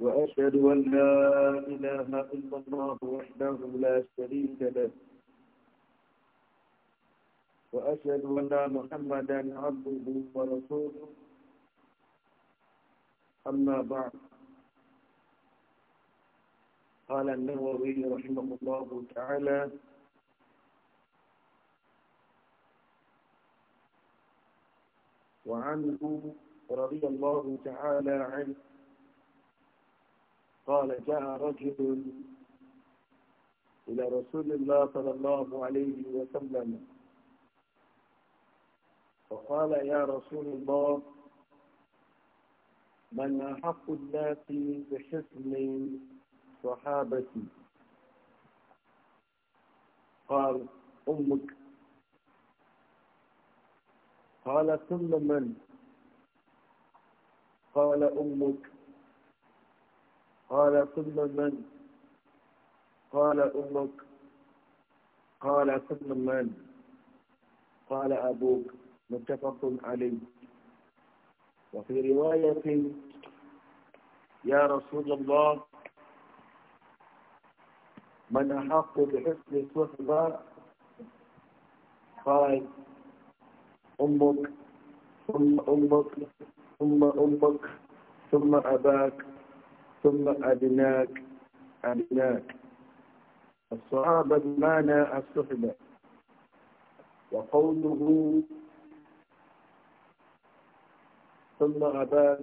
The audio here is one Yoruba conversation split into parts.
وأشهد أن لا إله إلا الله وحده لا شريك له وأشهد أن محمدا عبده ورسوله أما بعد قال النووي رحمه الله تعالى وعنه رضي الله تعالى عنه قال جاء رجل إلى رسول الله صلى الله عليه وسلم فقال يا رسول الله من أحق الناس بحسن صحابتي قال أمك قال ثم من قال أمك قال ثم من قال أمك قال ثم من قال أبوك متفق عليه وفي رواية يا رسول الله من أحق بحسن الصحبة قال أمك ثم أمك ثم أمك ثم أباك ثم أدناك أدناك الصحابة بمعنى الصحبة وقوله ثم أباك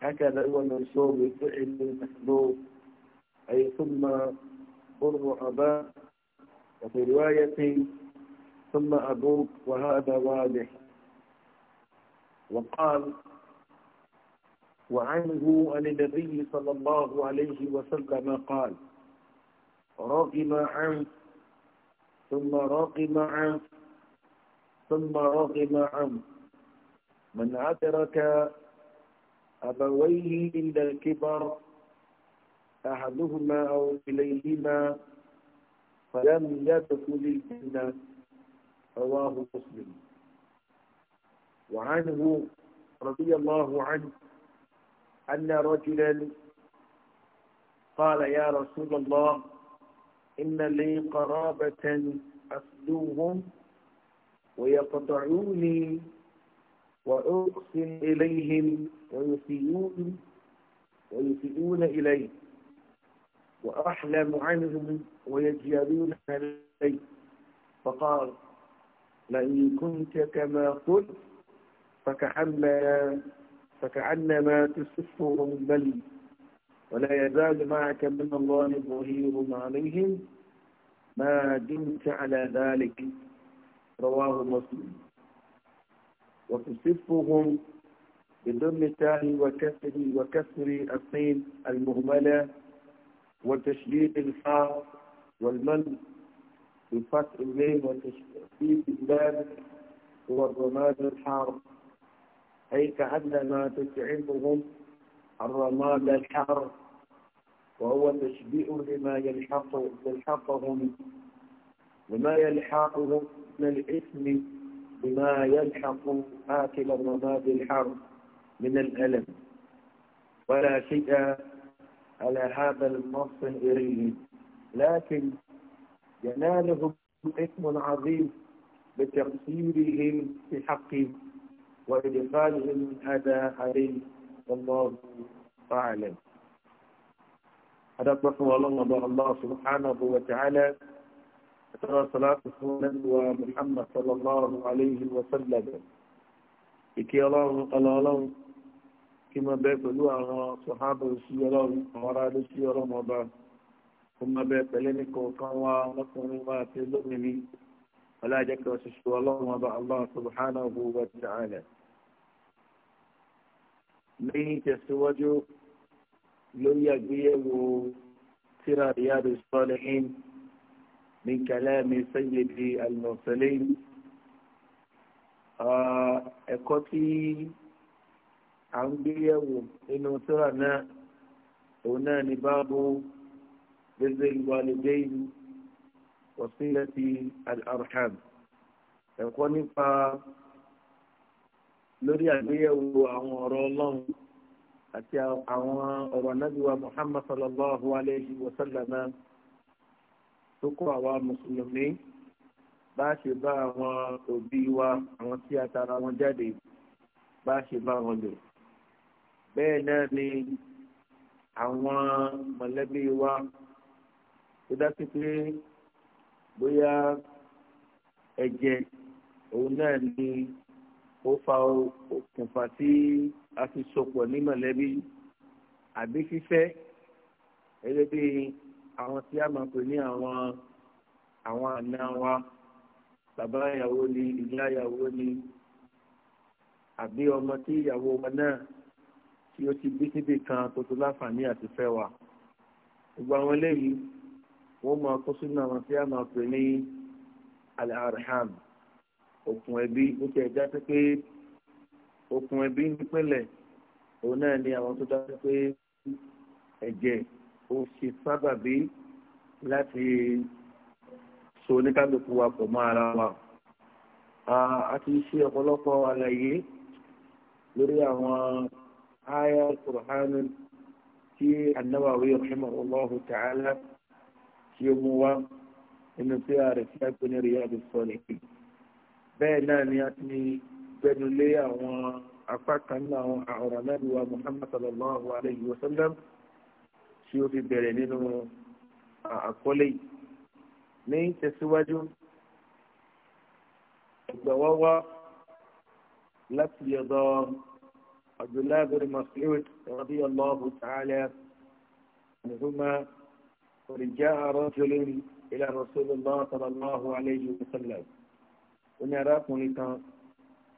هكذا هو منصوب بفعل المحبوب أي ثم قرب أباك وفي رواية ثم أبوك وهذا واضح وقال وعنه عن النبي صلى الله عليه وسلم قال راقم عنف ثم راقم عنف ثم راقم عنف من أدرك أبويه عند الكبر أحدهما أو إليهما فلم يدخل الجنة رواه مسلم وعنه رضي الله عنه أن رجلا قال يا رسول الله إن لي قرابة أخذوهم ويقطعوني وأقسم إليهم ويسيئون ويسيئون إلي وأحلم عنهم ويجيرون علي فقال لئن كنت كما قلت فكحمل فكأنما تسفهم البلي ولا يزال معك من الله ظهير عليهم ما دمت على ذلك رواه مسلم وتصفهم بضم التاه وكسر وكسر الصين المهملة وتشديد الفاء والمن بفتح الليل وتشديد الباب هو الرماد الحار أي كأنما تتعبهم الرماد الحر وهو تشبيه لما يلحق يلحقهم لما يلحقهم من الإثم بما يلحق آكل الرماد الحر من الألم ولا شيء على هذا النص إريه لكن ينالهم إثم عظيم بتقصيرهم في حقهم وإدخالهم هذا عليه والله أعلم أدقكم الله الله سبحانه وتعالى ترى صلاة ومحمد صلى الله عليه وسلم ìkí ọlọ́run ọlọ́ ọlọ́run kí mọ́ bẹ́ pẹ̀lú àwọn sọ̀hábà sí ọlọ́run àwọn ará ló sí ọlọ́run ọba kó mọ́ bẹ́ pẹ̀lú nìkọ̀ọ̀kan wá ọlọ́kùnrin wá àti lómìnir ọlá jẹ́ kí wọ́n ṣiṣẹ́ ọlọ́run ọba allah subhanahu wa ta'ala ní tẹ̀síwájú lórí àgbéyẹ̀wò tíra Riyadu Salihin min kalami sayyidi al-mursalin ẹ̀kọ́ tí a ń gbéyẹ̀wò nínú tíra náà òun náà ni báàbù bẹ́sẹ̀ ìwàlẹ̀dẹ́yìn wọ̀sílẹ̀ ti al-arham ẹ̀kọ́ nípa lórí àgbéyẹ̀wò àwọn ọ̀rọ̀ ọlọ́run àti àwọn ọ̀rọ̀ anábìwá muhammad sallallahu alayhi wa sallam tó kọ́ àwa mùsùlùmí bá a ṣe bá àwọn òbí wa àwọn tí a tara wọn jáde bá a ṣe bá wọn lò bẹ́ẹ̀ náà ni àwọn mọ̀lẹ́bí wa tó dákí pé bóyá ẹ̀jẹ̀ òun náà ni ó fa okùnfà tí a fi sopọ̀ ní mọ̀lẹ́bí àbí fífẹ́ gẹ́gẹ́ bí àwọn tí a máa pè ní àwọn àwọn àna wa bàbá ìyàwó ni ìyá ìyàwó ni àbí ọmọ tí ìyàwó wa náà tí ó ti bí síbi kan tó tó láǹfààní àti fẹ́ wa gbogbo àwọn eléyìí wọ́n máa kó sínú àwọn tí a máa pè ní al-arham okùn ẹbí ó ti ẹ̀já sí pé okùn ẹbí nípínlẹ̀ òun náà ni àwọn tó dá sí pé ẹ̀jẹ̀ ó ṣe sábàbí láti so oníkálukú wa pọ̀ mọ́ ara wa a ti ṣe ọ̀pọ̀lọpọ̀ àlàyé lórí àwọn aya kùrọ̀hánù tí anáwàwí rahimahullahu ta'ala tí ó mú wa inú tí a rẹ̀ sí àgbẹ̀nì riyadu sọ́ọ̀lì yìí. bẹ́ẹ̀ náà ni a ti ní gbẹnulé àwọn apá kan náà àwọn àwòrán náà wà muhammad sallallahu alayhi wa sallam tí ó fi bẹ̀rẹ̀ nínú àkọlé yìí ní tẹ̀síwájú ẹgbẹ́ wá wá láti yọ̀dọ̀ abdullahi bin rabi radiyallahu ta'ala anhuma رجاء رجل إلى رسول الله صلى الله عليه وسلم ó ní arákùnrin kan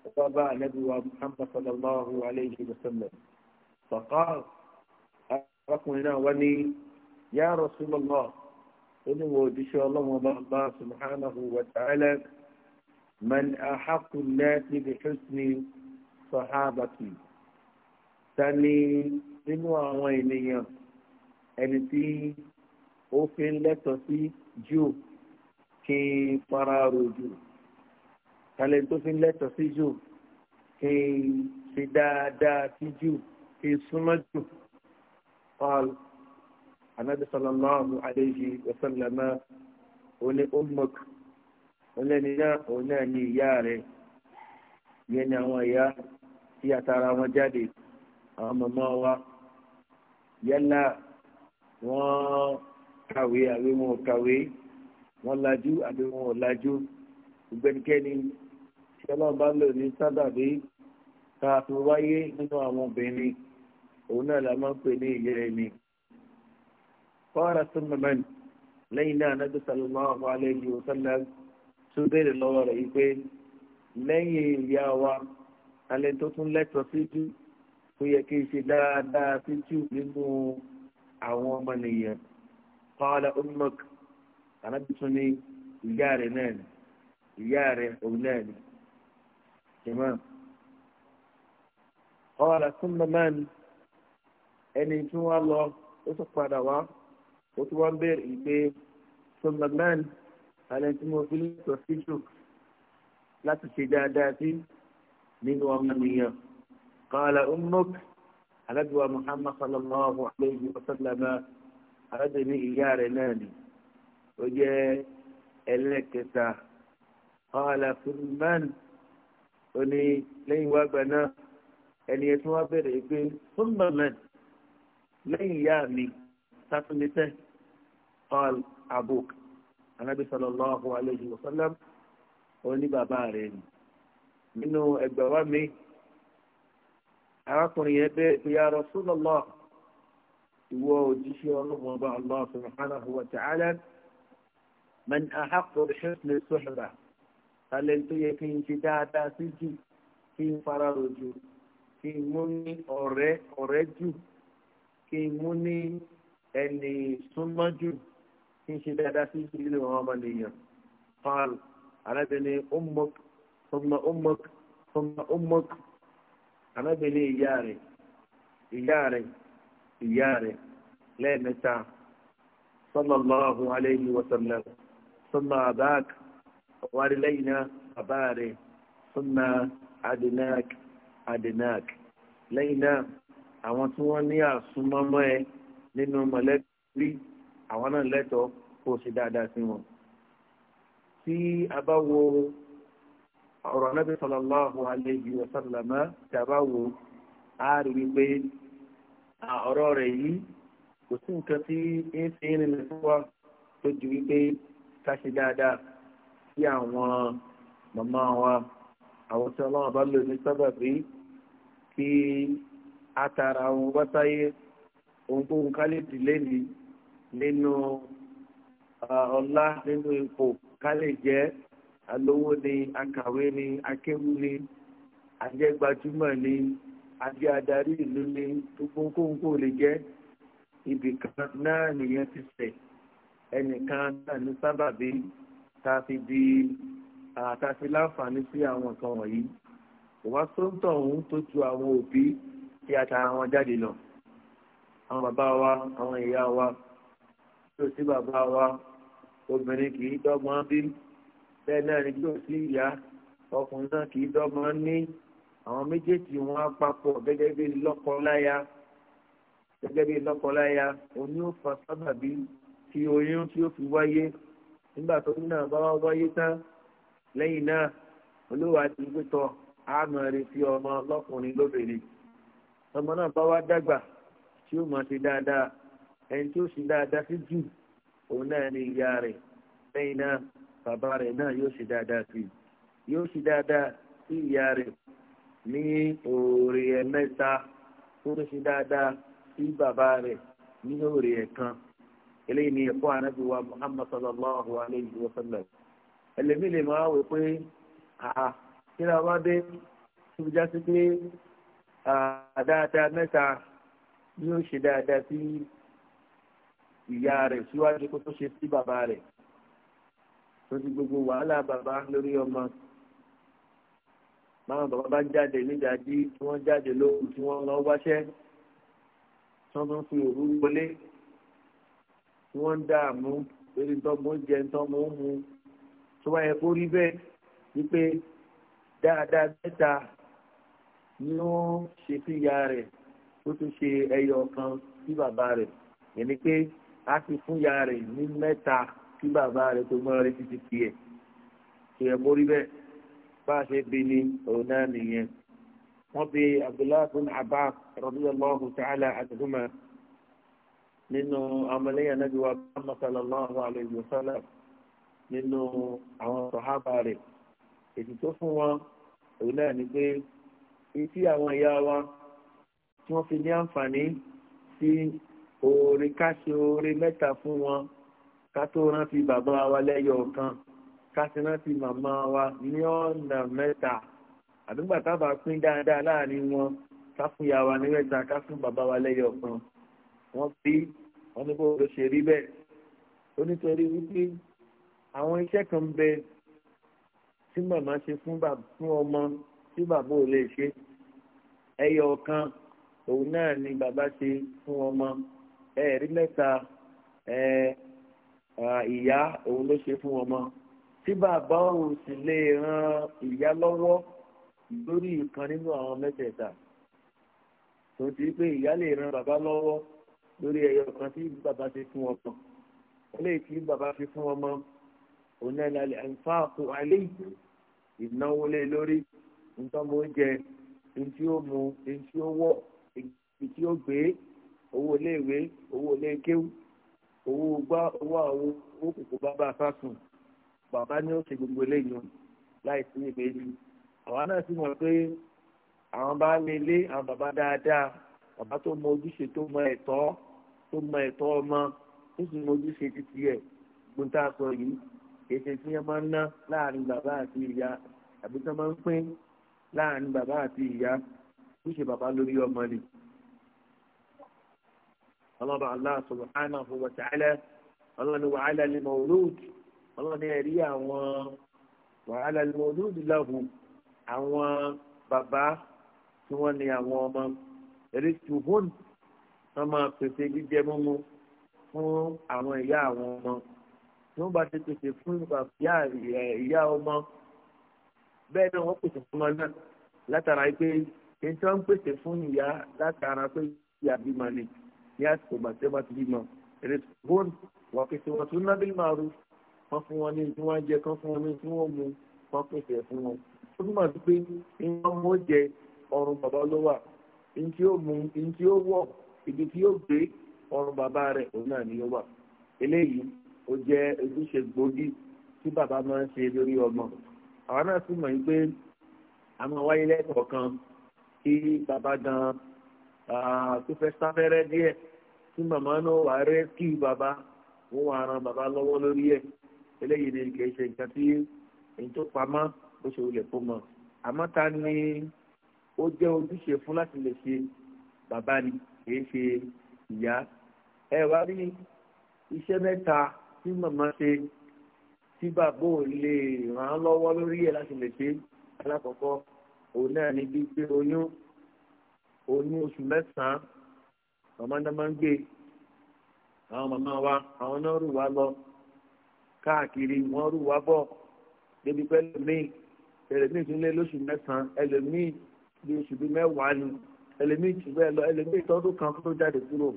ọba bá ànábì wa Muhammad sallallahu alayhi wa sallam faqal arákùnrin náà wá ní ya Rasulullah ó ní wo òjíṣẹ́ ọlọ́run ọba bá subhanahu wa ta'ala man ahaqqu an-nasi bi husni sahabati tani nínú àwọn ènìyàn ẹni tí ó fi ń lẹ́tọ̀ọ́ sí jù kí n fara rò tàlẹ́ tó fi lẹ́tọ̀ọ́ sí jù kí n ṣe dáadáa sí jù kí n súnmọ́ jù. قال النبي صلى الله عليه وسلم ولي أمك ولني لا ولني ياري yẹn àwọn ìyá tí àtàrà wọn jáde àwọn mọ̀mọ́ wa yálà wọ́n kàwé àbí wọn ò kàwé wọ́n lajú àbí wọn ò lajú ìgbẹ́nikẹ́ni tọ́lọ́n bá lò ní sábàbí tá a fi wáyé nínú àwọn obìnrin òun náà la máa ń pè ní ìyá ẹni. fọ́ọ̀rọ̀ tó mọ̀mọ́ ni lẹ́yìn náà nàbí sallallahu alayhi wa sallam tún béèrè lọ́wọ́ rẹ̀ wípé lẹ́yìn ìyá wa alẹ́ tó tún lẹ́tọ̀ọ́ sí jù ó yẹ kí n ṣe dáadáa sí jù nínú àwọn ọmọnìyàn. qala ummuk ànábì tún ní ìyá rẹ̀ náà ìyá rẹ̀ òun náà jẹ̀mọ́ ọ̀rọ̀ àtúntò náà ni ẹni tí wọ́n lọ ó tún padà wá ó tún wọ́n bẹ̀rẹ̀ ìgbé sọmọgbọ́n alẹ́ tí mo fi ń sọ fíjù láti ṣe dáadáa sí nínú ọmọ nìyẹn kọ́ọ̀lá ummuk alábìwá muhammad sallallahu alayhi wa sallam arábìnrin ìyá rẹ̀ náà ni ó jẹ́ ẹlẹ́kẹta kọ́ọ̀lá fúnmán ó ní lẹ́yìn wá gba náà ẹni ẹ tí wọ́n bẹ̀rẹ̀ pé fúnbàmẹ́n lẹ́yìn ìyá mi sátúndítẹ́ ọ̀l abuk anábì sallallahu alayhi wa sallam ó ní bàbá rẹ̀ ni nínú ẹgbẹ́ wa mi arákùnrin yẹn bẹ́ẹ̀ pé ya Rasulullah ìwọ òjíṣẹ́ ọlọ́run ọba Allah subhanahu wa ta'ala man ahaqqa bi husni suhbah alẹ́ tó yẹ kí n ṣe dáadáa sí jù kí n fara rò jù kí n mú ní ọ̀rẹ́ ọ̀rẹ́ jù kí n mú ní ẹni súnmọ́ jù kí n ṣe dáadáa sí jù nínú àwọn ọmọnìyàn paul arábìnrin ummuk thumma ummuk thumma ummuk arábìnrin ìyá rẹ̀ ìyá rẹ̀ ìyá rẹ̀ lẹ́ẹ̀mẹ́ta sallallahu alayhi wa sallam thumma wárí lẹ́yìn náà bàbá rẹ̀ súnmọ́ adinac adinac lẹ́yìn náà àwọn tí wọ́n ní àsúnmọ́mọ́ ẹ nínú mọ̀lẹ́bí àwọn náà lẹ́tọ̀ọ́ kó ṣe dáadáa sí wọn. tí a bá wo ọ̀rọ̀ anábì sallallahu alayhi wa sallama tí a bá wo a rí wípé ọ̀rọ̀ rẹ̀ yìí kò sí nǹkan tí ń fi ń rìn lẹ́fọ́ wa tó ju wípé ká ṣe dáadáa sí àwọn màmá wa àwọn tí ọlọ́run bá lò ní sábàbí kí atara àwọn bá sáyé ohun tó ń kálẹ̀ dìlé ní nínú ọlá nínú ipò kálẹ̀ jẹ́ alówó ni akàwé ni akéwú ni ajẹ́gbajúmọ̀ ni ajẹ́ adarí ìlú ni gbogbo kóńkó lè jẹ́ ibìkan náà nìyẹn ti sẹ̀ ẹnìkan náà ní sábàbí tá a fi di tá a fi láǹfààní sí àwọn nǹkan wọ̀nyí wá sóńtọ̀ òun tó àwọn òbí tí a tara wọn jáde lọ àwọn bàbá wa àwọn ìyá wa tó sí bàbá wa obìnrin kì í dọ́gbọ́n bí bẹ́ẹ̀ náà ni tó sí ìyá ọkùnrin náà kì í dọ́gbọ́n ní àwọn méjèèjì wọn á papọ̀ gẹ́gẹ́ bí lọ́kọ-láya gẹ́gẹ́ bí lọ́kọ-láya oní ò fa sábàbí tí oyún tí ó fi wáyé nígbà tó ní náà bá wá wáyé tán lẹ́yìn náà olúwa ti gbé tọ àmọ́ retí ọmọ ọmọ náà bá wá dàgbà tí ó mọ̀ sí dáadáa ẹni tí ó sì dáadáa sí jù òun náà ní ìyá rẹ̀ lẹ́yìn náà bàbá rẹ̀ náà yóò sì dáadáa sí yóò sì dáadáa sí ìyá rẹ̀ ní òòrè eléyìí ni ẹ̀kọ́ ànábì wa muhammad sallallahu alayhi wa sallam ẹlẹ́mí lè máa wò pé àhà kí ni a bá dé tó fi já sí pé dáadáa mẹ́ta ni ó ṣe dáadáa sí ìyá rẹ̀ síwájú kó tó ṣe sí bàbá rẹ̀ tó ti gbogbo wàhálà bàbá lórí ọmọ báwọn bàbá bá ń jáde nídàájí tí wọ́n jáde lóhùn tí wọ́n lọ wáṣẹ́ tí wọ́n fi òru wọlé tí wọ́n ń dààmú lórí tọ́mọ jẹ tọ́mọ mu tó bá yẹ kó rí bẹ́ẹ̀ wípé dáadáa mẹ́ta ni ó ṣe sí ìyá rẹ̀ ó tún ṣe ẹyọ kan sí bàbá rẹ̀ ẹni pé a ti fún ìyá rẹ̀ ní mẹ́ta sí bàbá rẹ̀ tó mọ́ rẹ̀ títí tiẹ̀ tó yẹ kó bẹ́ẹ̀ bá a ṣe bí ni òun náà nìyẹn wọ́n bi abdullahi bin abbas radiyallahu ta'ala anhuma nínú ọmọlẹ́yìn anábíwá Muhammad sallallahu alayhi wa sallam nínú àwọn sọ̀hábà rẹ̀ èdè tó fún wọn òun náà ni pé tí àwọn ìyá wa tí wọ́n fi ní àǹfààní sí oore káṣe oore ká tó rántí bàbá wa lẹ́yọ ọ̀kan ká sì rántí màmá wa ní ọ̀nà mẹ́ta àdúgbà tábà pín dáadáa láàrin wọn ká fún ìyá wa ní mẹ́ta ká fún bàbá wa lẹ́yọ ọ̀kan wọ́n fi wọ́n ní bó ló ṣe rí bẹ́ẹ̀ ó nítorí wípé àwọn iṣẹ́ kan bẹ tí màmá ṣe fún ọmọ tí bàbá ò lè ṣe ẹyọ kan òun náà ni bàbá ṣe fún ọmọ ẹ̀ẹ́rí mẹ́ta ẹ̀ẹ́ ìyá òun ló ṣe fún ọmọ tí bàbá òun sì lè ran ìyá lọ́wọ́ lórí ìkan nínú àwọn mẹ́tẹ̀ẹ̀ta tó ti pé ìyá lè ran bàbá lọ́wọ́ lórí ẹyọ kan tí bàbá ṣe fún ọmọ eléyìí tí bàbá ṣe fún ọmọ onílàlẹ àǹfààkù alẹ ìnáwó lé lórí ntọ́mọ oúnjẹ ntí ó mu ntí ó wọ̀ ntí ó gbé owó iléèwé owó iléekéwú owó gbá owó àwọn òkùnkùn bàbá fásùn bàbá ni ó ṣe gbogbo eléyìí láì sí ìbéèrè àwa náà sì mọ̀ pé àwọn bá lé àwọn bàbá dáadáa bàbá tó mọ ojúṣe tó mọ ẹ̀tọ́ tó mọ ẹ̀tọ́ ọmọ tó sì mojú ṣe títí ẹ̀ gbọ́ntà sọ yìí èsè tí wọ́n máa ń ná láàrin bàbá àti ìyá àbí tí wọ́n máa ń pín láàrin bàbá àti ìyá tó ṣe bàbá lórí ọmọ ni. ọlọ́ba Allah subhanahu wa ta'ala ọlọ́ni wàhálà lil mawlud ọlọ́ni ẹ̀rí àwọn wàhálà lil mawlud lahu àwọn bàbá tí wọ́n ní àwọn ọmọ rizquhun wọ́n máa pèsè jíjẹ mímu fún àwọn ìyá àwọn ọmọ tí wọ́n bá ti pèsè fún ìyá ọmọ bẹ́ẹ̀ náà wọ́n pèsè fún ọmọ náà látara pé ẹni tí wọ́n ń pèsè fún ìyá látara pé ìyá bímọ ni ní àsìkò ìgbà tí wọ́n bá ti bímọ èrè bóun wọ́n pèsè wọn tún nábìlì máa ru wọ́n fún wọn ní tí wọ́n jẹ kán fún wọn ní tí wọ́n mu wọ́n pèsè fún wọn ó túmọ̀ sí pé ìwọ́n mú jẹ ọrùn bàbá ló wà ìyí tí ó mu ìyí tí ó wọ̀ ibi tí yóò gbé ọrùn bàbá rẹ̀ òun náà ni yóò wà eléyìí ó jẹ́ ojúṣe gbòógì tí bàbá máa ń ṣe lórí ọmọ àwọn náà sì mọ̀ yín pé a máa wáyé lẹ́kọ̀ọ́ kan kí bàbá gan tó fẹ́ sáfẹ́rẹ́ díẹ̀ tí màmá náà wà rẹ́ kí bàbá wọ́n wà ran bàbá lọ́wọ́ lórí ẹ̀ eléyìí ni kì í ṣe nǹkan tí èyí tó pamọ́ bó ṣe wulẹ̀ fún mọ́ àmọ́ ta ni ó jẹ́ ojúṣe fún láti lè ṣe bàbá ni kìí ṣe ìyá ẹ wá rí iṣẹ́ mẹ́ta tí màmá ṣe tí bàbá ò lè ràn án lọ́wọ́ lórí ẹ̀ láti lè ṣe alákọ̀ọ́kọ́ òun náà ni gbígbé oyún oyún oṣù mẹ́sàn-án màmá náà máa ń gbé àwọn màmá wa àwọn náà rù wá lọ káàkiri wọ́n rù wá bọ̀ débi pẹ́lú míì ẹlòmíì tún lé lóṣù mẹ́sàn ẹlòmíì bí oṣù bíi mẹ́wàá ni ẹlẹ́mìí jù bẹ́ẹ̀ lọ ẹlẹ́mìí tọ́dún kan tó jáde kúrò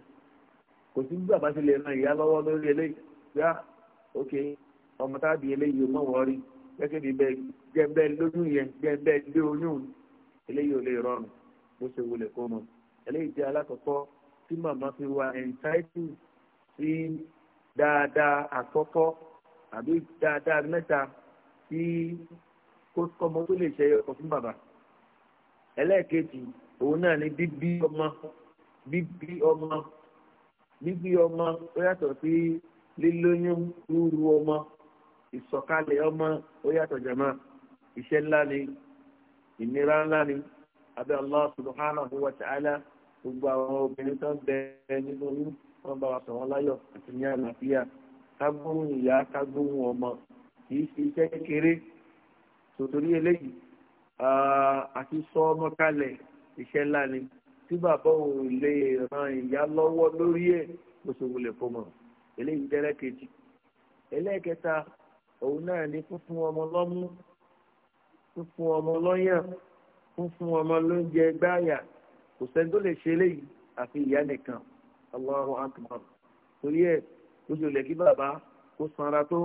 kò sí bí bàbá ti lè ran ìyá lọ́wọ́ lórí eléyìí yá ok ọmọ tábì eléyìí ò mọ̀ wọ́n rí gẹ́gẹ́ bí bẹ́ẹ̀ jẹ́ bẹ́ẹ̀ lóyún yẹn jẹ́ bẹ́ẹ̀ lé oyún eléyìí ò lè rọrùn bó ṣe wulẹ̀ kó mọ eléyìí jẹ́ alákọ̀ọ́kọ́ tí màmá fi wà entitled sí dáadáa àkọ́kọ́ àbí dáadáa mẹ́ta tí kó kọ́mọ tó lè ṣe ọkọ̀ fún bàbá ẹlẹ́ẹ̀kejì òun náà ni bíbí ọmọ bíbí ọmọ bíbí ọmọ ó yàtọ̀ sí lílóyún rúru ọmọ ìsọ̀kalẹ̀ ọmọ ó yàtọ̀ jàmá iṣẹ́ ńlá ni ìnira ńlá ni abẹ́ Allah subhanahu wa ta'ala gbogbo àwọn obìnrin tó ń bẹ nínú oyún wọn bá wa sọ wọn láyọ̀ àti ní àlàáfíà kágbóhùn ìyá kágbóhùn sọ iṣẹ́ ńlá ni tí bàbá ò lè ran ìyá lọ́wọ́ lórí ẹ̀ bó ṣe wulẹ̀ fọmọ eléyìí jẹ́rẹ́ kejì ẹlẹ́ẹ̀kẹta òun náà ni fúnfún ọmọ lọ́mú fúnfún ọmọ lọ́yàn fúnfún ọmọ lóúnjẹ gbáàyà kò sẹ́ni tó lè ṣe eléyìí àfi ìyá nìkan Allahu akbar torí ẹ̀ kó ṣe olè kí bàbá kó sanra tó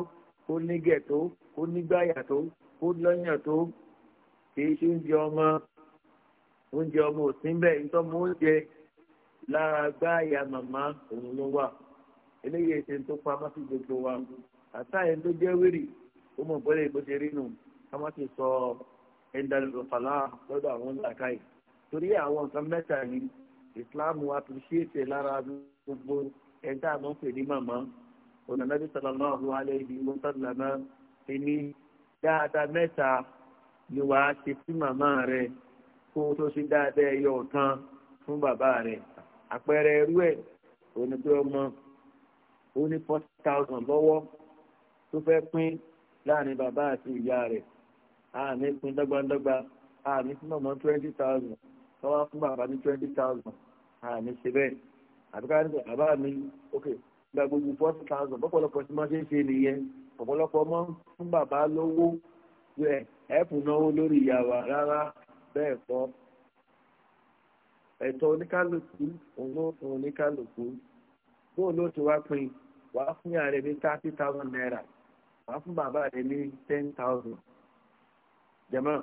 kó nígẹ̀ tó kó nígbàyà tó kó lọ́yàn tó kì í ṣe oúnjẹ ọmọ oúnjẹ ọmọ òsín bẹ́ẹ̀ nítorí ọmọ oúnjẹ lára gbáàyà màmá òun ló wà eléyìí ètò tó pa mọ́tò gbogbo wa àtàyè tó jẹ́ wírì ó mọ̀ bọ́lẹ̀ bó ṣe rí nù ká má ti sọ ẹ̀ńdàlùfàlà lọ́dọ̀ àwọn làkàyè torí àwọn nǹkan mẹ́ta yìí ìsìláàmù appreciate lára gbogbo ẹ̀dá àmọ́ pè ní màmá onanabi sallallahu alayhi wa sallam ẹni dáadáa mẹ́ta ni wàá ṣe sí màmá rẹ̀ kó o tó ṣe dáadáa ẹyọ ọ̀kan fún bàbá rẹ̀ àpẹẹrẹ ẹrú ẹ̀ òní pé ọmọ ó ní forty thousand lọ́wọ́ tó fẹ́ pín láàrin bàbá àti ìyá rẹ̀ àmì pín dọ́gbandọ́gba àmì fún ọmọ twenty thousand tọ́wọ́ fún bàbá ní twenty thousand àmì ṣe bẹ́ẹ̀ àbíká ní bàbá mi ok gba gbogbo forty thousand bọ́pọ̀lọpọ̀ sí máa ṣe ń ṣe nìyẹn ọ̀pọ̀lọpọ̀ ọmọ fún bàbá lówó ẹ̀ ẹ̀fùn náwó lórí ìyá wa rárá bẹ́ẹ̀ kọ́ ẹ̀tọ́ oníkálukú òun ló oníkálukú bóun ló ti wá pín wá fún ìyá rẹ ní thirty thousand naira wá fún bàbá rẹ ní ten thousand jẹ̀mọ́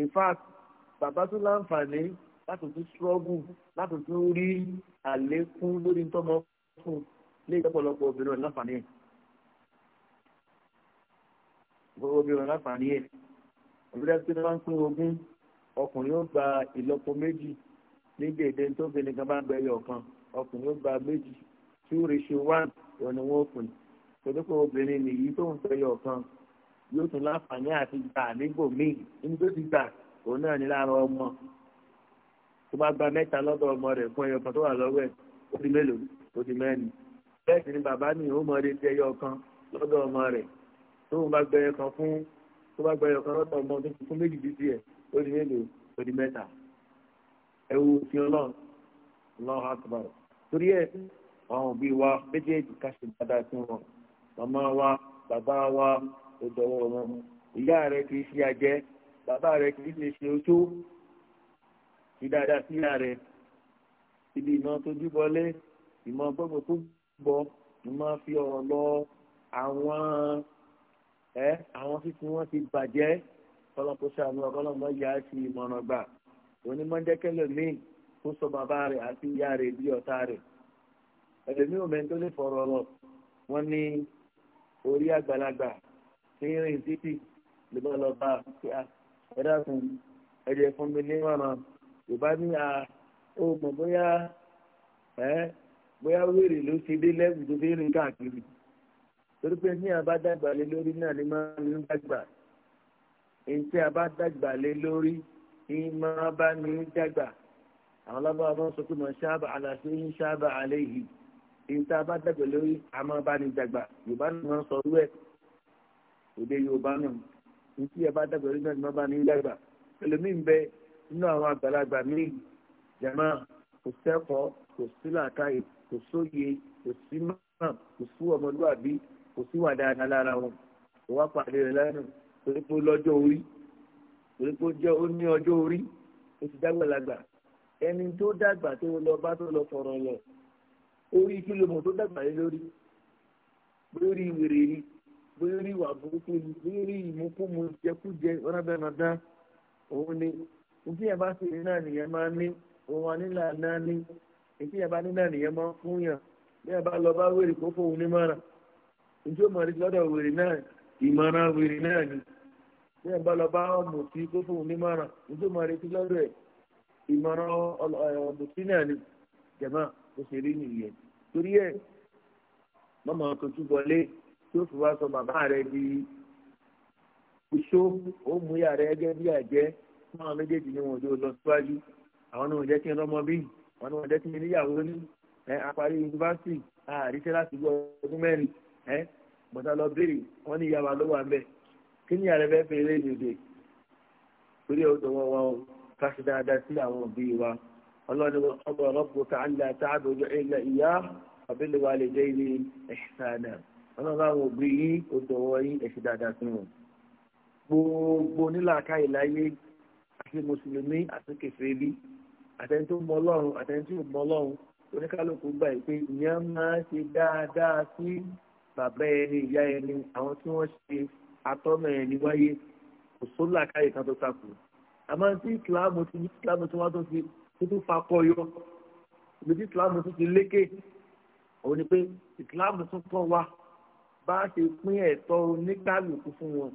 in fact bàbá tún láǹfààní láti tún struggle láti tún rí àlékún lórí tọ́mọ fún ilé ìjọpọ̀lọpọ̀ obìnrin láǹfààní ẹ̀ obìnrin láǹfààní ẹ̀ òbí rẹ ti ń pín ogún ọkùnrin ó gba ìlọ́po méjì ní gbèdé tóbìnrin kan bá gba ẹyọ kan ọkùnrin ó gba méjì two ratio one wọn ni wọn pè tòdókò obìnrin nìyí tó ń fẹyọ kan yóò tún láǹfààní àti gbà nígbò míì níbi tó ti gbà òun náà ní lára ọmọ tó bá gba mẹ́ta lọ́dọ̀ ọmọ rẹ̀ fún ẹyọ tó wà lọ́wọ́ ẹ̀ ó di mélòó ó di mẹ́rin bẹ́ẹ̀ sì ni bàbá mi ò mọ ọdẹ tí ẹyọ kan lọ́dọ̀ ọmọ rẹ̀ tó ń bá gbẹyọ kan fún tó bá gbẹyọ kan lọ́dọ̀ ọmọ tó ti fún méjì dídí ẹ̀ ó di mélòó ó di mẹ́ta ẹ wo òfin ọlọ́run ọlọ́run àtúbọ̀rọ̀ torí ẹ àwọn òbí wa méjèèjì ká ṣe dáadáa sí wọn màmá wa bàbá wa ó dọwọ́ wọn ìyá rẹ kì í ṣe àjẹ́ bàbá rẹ kì í ṣe ṣe oṣó fi dáadáa sí ìyá rẹ ibi ìmọ̀ tójú bọlé ìmọ̀ gbọ́gbọ́ tó gbọ́ ìmọ̀ fi ọ̀rọ̀ lọ àwọn ẹ àwọn títí wọn ti bàjẹ́ kọ́lọ́kó sàánú ọkọ́lọ́mọ yá sí ìmọ̀ràn gbà onímọ̀jẹ́kẹ́lẹ̀ míì kó sọ bàbá rẹ̀ àti ìyá rẹ̀ bí ọ̀tá rẹ̀ ẹlẹ́mi ò mẹ́tò lè fọ̀rọ̀ lọ wọ́n ní orí àgbàlagbà ní rìn títì ló bá lọ bá ẹ dákun fún mi nímọ̀ràn yorùbá ní a ó bóyá ẹ bóyá wèrè ló ti dé lẹ́wù tó fi rìn káàkiri torí pé ní àbádàgbà lé lórí náà ní máa ń dàgbà ntí a bá dàgbà lé lórí ní máa bá ní dàgbà àwọn lábàá bá sọ pé mo ṣáàbà àlàsí ń ṣáàbà àlẹ́ yìí ntí a bá dàgbà lórí a máa bá ní dàgbà yorùbá náà máa ń sọ wẹ́ẹ̀ òde yorùbá náà ntí a bá dàgbà lórí náà máa bá ní dàgbà ẹlòmíín bẹ nínú àwọn àgbàlagbà míì jama kò sẹ́kọ̀ọ́ kò sí làákàyè kò sóye kò sí mọ́ kò sí ọmọlúwàbí kò sí wà torí pé ó lọ́jọ́ orí torí pé ó jẹ́ ó ní ọjọ́ orí ó ti dágbàlagbà ẹni tó dàgbà tó lọ bá tó lọ fọ̀rọ̀ lọ orí kí ló mọ̀ tó dàgbà lé lórí lórí wèrè ni lórí ìwà burúkú ni lórí ìmúkúmu jẹkújẹ ọ̀nàbẹ̀nàdán òun ni ìdí yẹn bá sì ní náà nìyẹn máa ní òun ànílà náà ní ìdí yẹn bá ní náà nìyẹn máa fún yàn bí yẹn bá lọ bá wèrè kó fóun ní mọ́ra ìjọ́ mọ̀rí lọ́dọ̀ wèrè náà ìmọ̀ràn wèrè náà ni ní ẹ̀bá lọ bá ọmọ tí kó fún un nímọ̀ràn nítorí máa retí lọ́dọ̀ ẹ̀ ìmọ̀ràn ọ̀mùtí náà ni jẹ̀mọ́ kò ṣe rí nìyẹn torí ẹ̀ mọ́mọ́ tuntun wọlé tí ó fi wá sọ bàbá rẹ̀ di oṣó ó mú ìyá rẹ̀ gẹ́gẹ́ bí àjẹ́ fún àwọn méjèèjì ni wọn ò lọ síwájú àwọn náà jẹ́ kí n rọ́mọ bí àwọn náà jẹ́ kí n níyàwó ní àparí yunifásitì àríṣẹ́ láti gbọ́ ọdún mẹ́rin bọ̀dá lọ béèrè wọ́n ní ìyá wa ló kí ni ààrẹ fẹ́ fi eré dìde torí ọ̀dọ̀ wọn wọn ká ṣe dáadáa sí àwọn òbí wa ọlọ́ni ọgbà ọlọ́pù káàlá ta'budu illa iyyah wa bil walidayni ihsana ọlọ́run àwọn òbí yìí ọ̀dọ̀ wọn yìí ẹ̀ṣẹ̀ dáadáa sí wọn. gbogbo nílàáká ìláyé àti mùsùlùmí àti kèfèrí àtẹni tó mọ ọlọ́run àtẹni tó mọ ọlọ́run oníkálukú gbà pé ìyẹn máa ṣe dáadáa sí bàbá ẹni ìyá ẹni àwọn tí wọ́n ṣe atọ́nà ẹ̀ ní wáyé kò sólà káyè kan tó takò àmọ́ tí ìsìláàmù ti ní ìsìláàmù tí wọ́n tó fi tó tó fakọ yọ ibi tí ìsìláàmù tó ti lékè òun ni pé ìsìláàmù tún kọ́ wa bá a ṣe pín ẹ̀tọ́ oníkálùkù fún wọn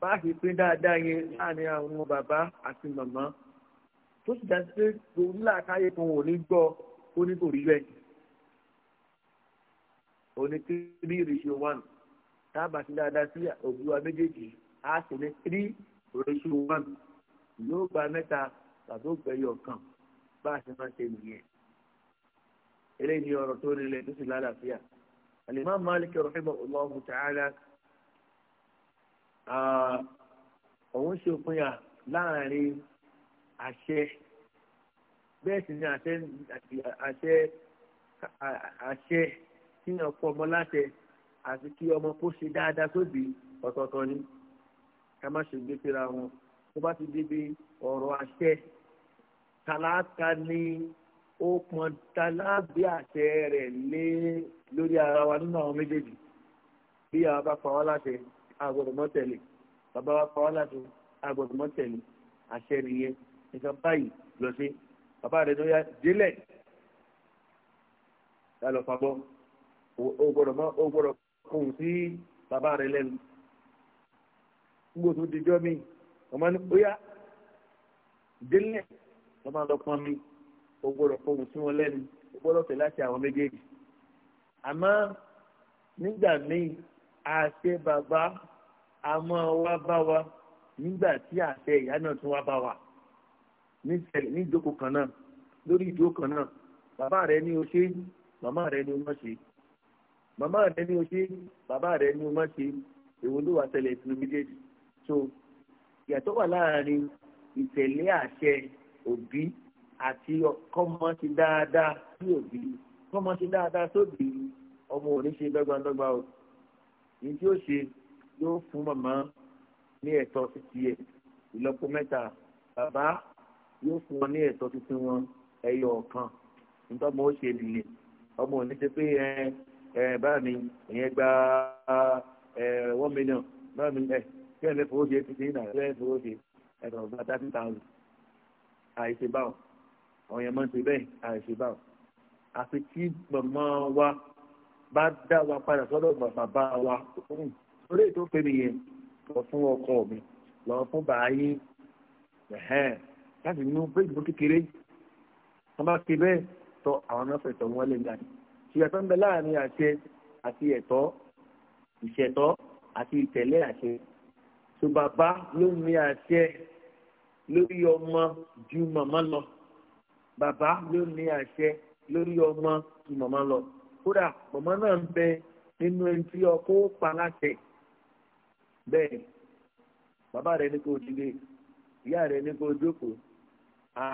bá a ṣe pín dáadáa yẹn láàrin àwọn bàbá àti màmá tó sì dájú pé òun làákàyè kan ò ní gbọ́ ó ní kò rí bẹ́ẹ̀ òun ni three ratio one tábà sí dáadáa sí òbí wa méjèèjì á sì ní three ratio one yóò gba mẹ́ta tàbí ògbẹ́yọ̀ kan bá a ṣe máa ṣe nìyẹn eléyìí ni ọ̀rọ̀ tó rinlẹ̀ tó sì lálàáfíà alimam malik rahimahullahu ta'ala òun ṣe òpinya láàrin àṣẹ bẹ́ẹ̀ sì ni àṣẹ àṣẹ àṣẹ tí wọ́n fọ ọmọ láṣẹ àti kí ọmọ kó ṣe dáadáa sóbì ọ̀tọ̀ọ̀tọ̀ ni ká má ṣe gbé síra wọn tó bá ti débi ọ̀rọ̀ àṣẹ tàlàkà ni ó pọn tàlàbí àṣẹ rẹ̀ lé lórí ara wa nínú àwọn méjèèjì bí àwọn bá pa wá láṣẹ àgbọ̀dọ̀ mọ́ tẹ̀lé bàbá wa pa wá láṣẹ àgbọ̀dọ̀ mọ́ tẹ̀lé àṣẹ nìyẹn nǹkan báyìí lọ sí bàbá rẹ̀ ló yá délẹ̀ ta lọ fàbọ̀ o gbọ́dọ̀ mọ́ o gbọ́dọ̀ ohun sí bàbá rẹ̀ lẹ́nu gbogbo tó dijọ́ mi ọmọ ní bóyá délẹ̀ lọ́mọ lọ́pọ́n mi ó gbọ́dọ̀ fohùn sí wọn lẹ́nu ó gbọ́dọ̀ tẹ̀ láti àwọn méjèèjì àmọ́ nígbà míì àṣẹ bàbá àmọ́ wa bá wa nígbà tí àṣẹ ìyá náà tún wá bá wa ní ìjókòó kan náà lórí ìjókòó kan náà bàbá rẹ ní o ṣe Mama rẹ ní o má ṣe màmá rẹ ní o ṣe bàbá rẹ ní o má ṣe èwo ló wà tẹ̀lé ìfúnni méjèèjì so ìyàtọ̀ wà láàrin ìtẹ̀lé àṣẹ òbí àti kọ́mọ ti dáadáa sí òbí kọ́mọ ti dáadáa sóbí ọmọ ò ní ṣe dọ́gbandọ́gba o ní tí ó ṣe yóò fún màmá ní ẹ̀tọ́ títí ẹ̀ ìlọ́po mẹ́ta bàbá yóò fún wọn ní ẹ̀tọ́ tuntun wọn ẹyọ ọ̀kan nítorí ọmọ ó ṣe nìyẹn ọmọ ò ní ṣe pé ẹ ẹ eh, ìyẹn gba ẹ eh, one million báà eh, kí ẹ lè fowó ṣe náà ẹ lè fowó ṣe thirty thousand àìṣe báwò ọ̀yàn máa ń ṣe bẹ́ẹ̀ àìṣe báwò àfi tí màmá wa bá dá wa padà sọ́dọ̀ bàbá wa hmm. orí ètò pé mi yẹn lọ fún ọkọ mi lọ fún bàáyí láti nú bẹ́ẹ̀ ìbò kékeré wọ́n bá ṣe bẹ́ẹ̀ tọ àwọn náà fẹ̀tọ̀ wọn lè gbà ìyàtọ̀ ń bẹ láàrin àṣẹ àti ẹ̀tọ́ ìṣẹ̀tọ́ àti ìtẹ̀lé àṣẹ tó bàbá ló ní àṣẹ lórí ọmọ ju màmá lọ bàbá ló ní àṣẹ lórí ọmọ ju màmá lọ kódà màmá náà ń bẹ nínú ẹni tí ọkọ pa láṣẹ bẹ́ẹ̀ bàbá rẹ ní kó dìde ìyá rẹ ní kó jókòó a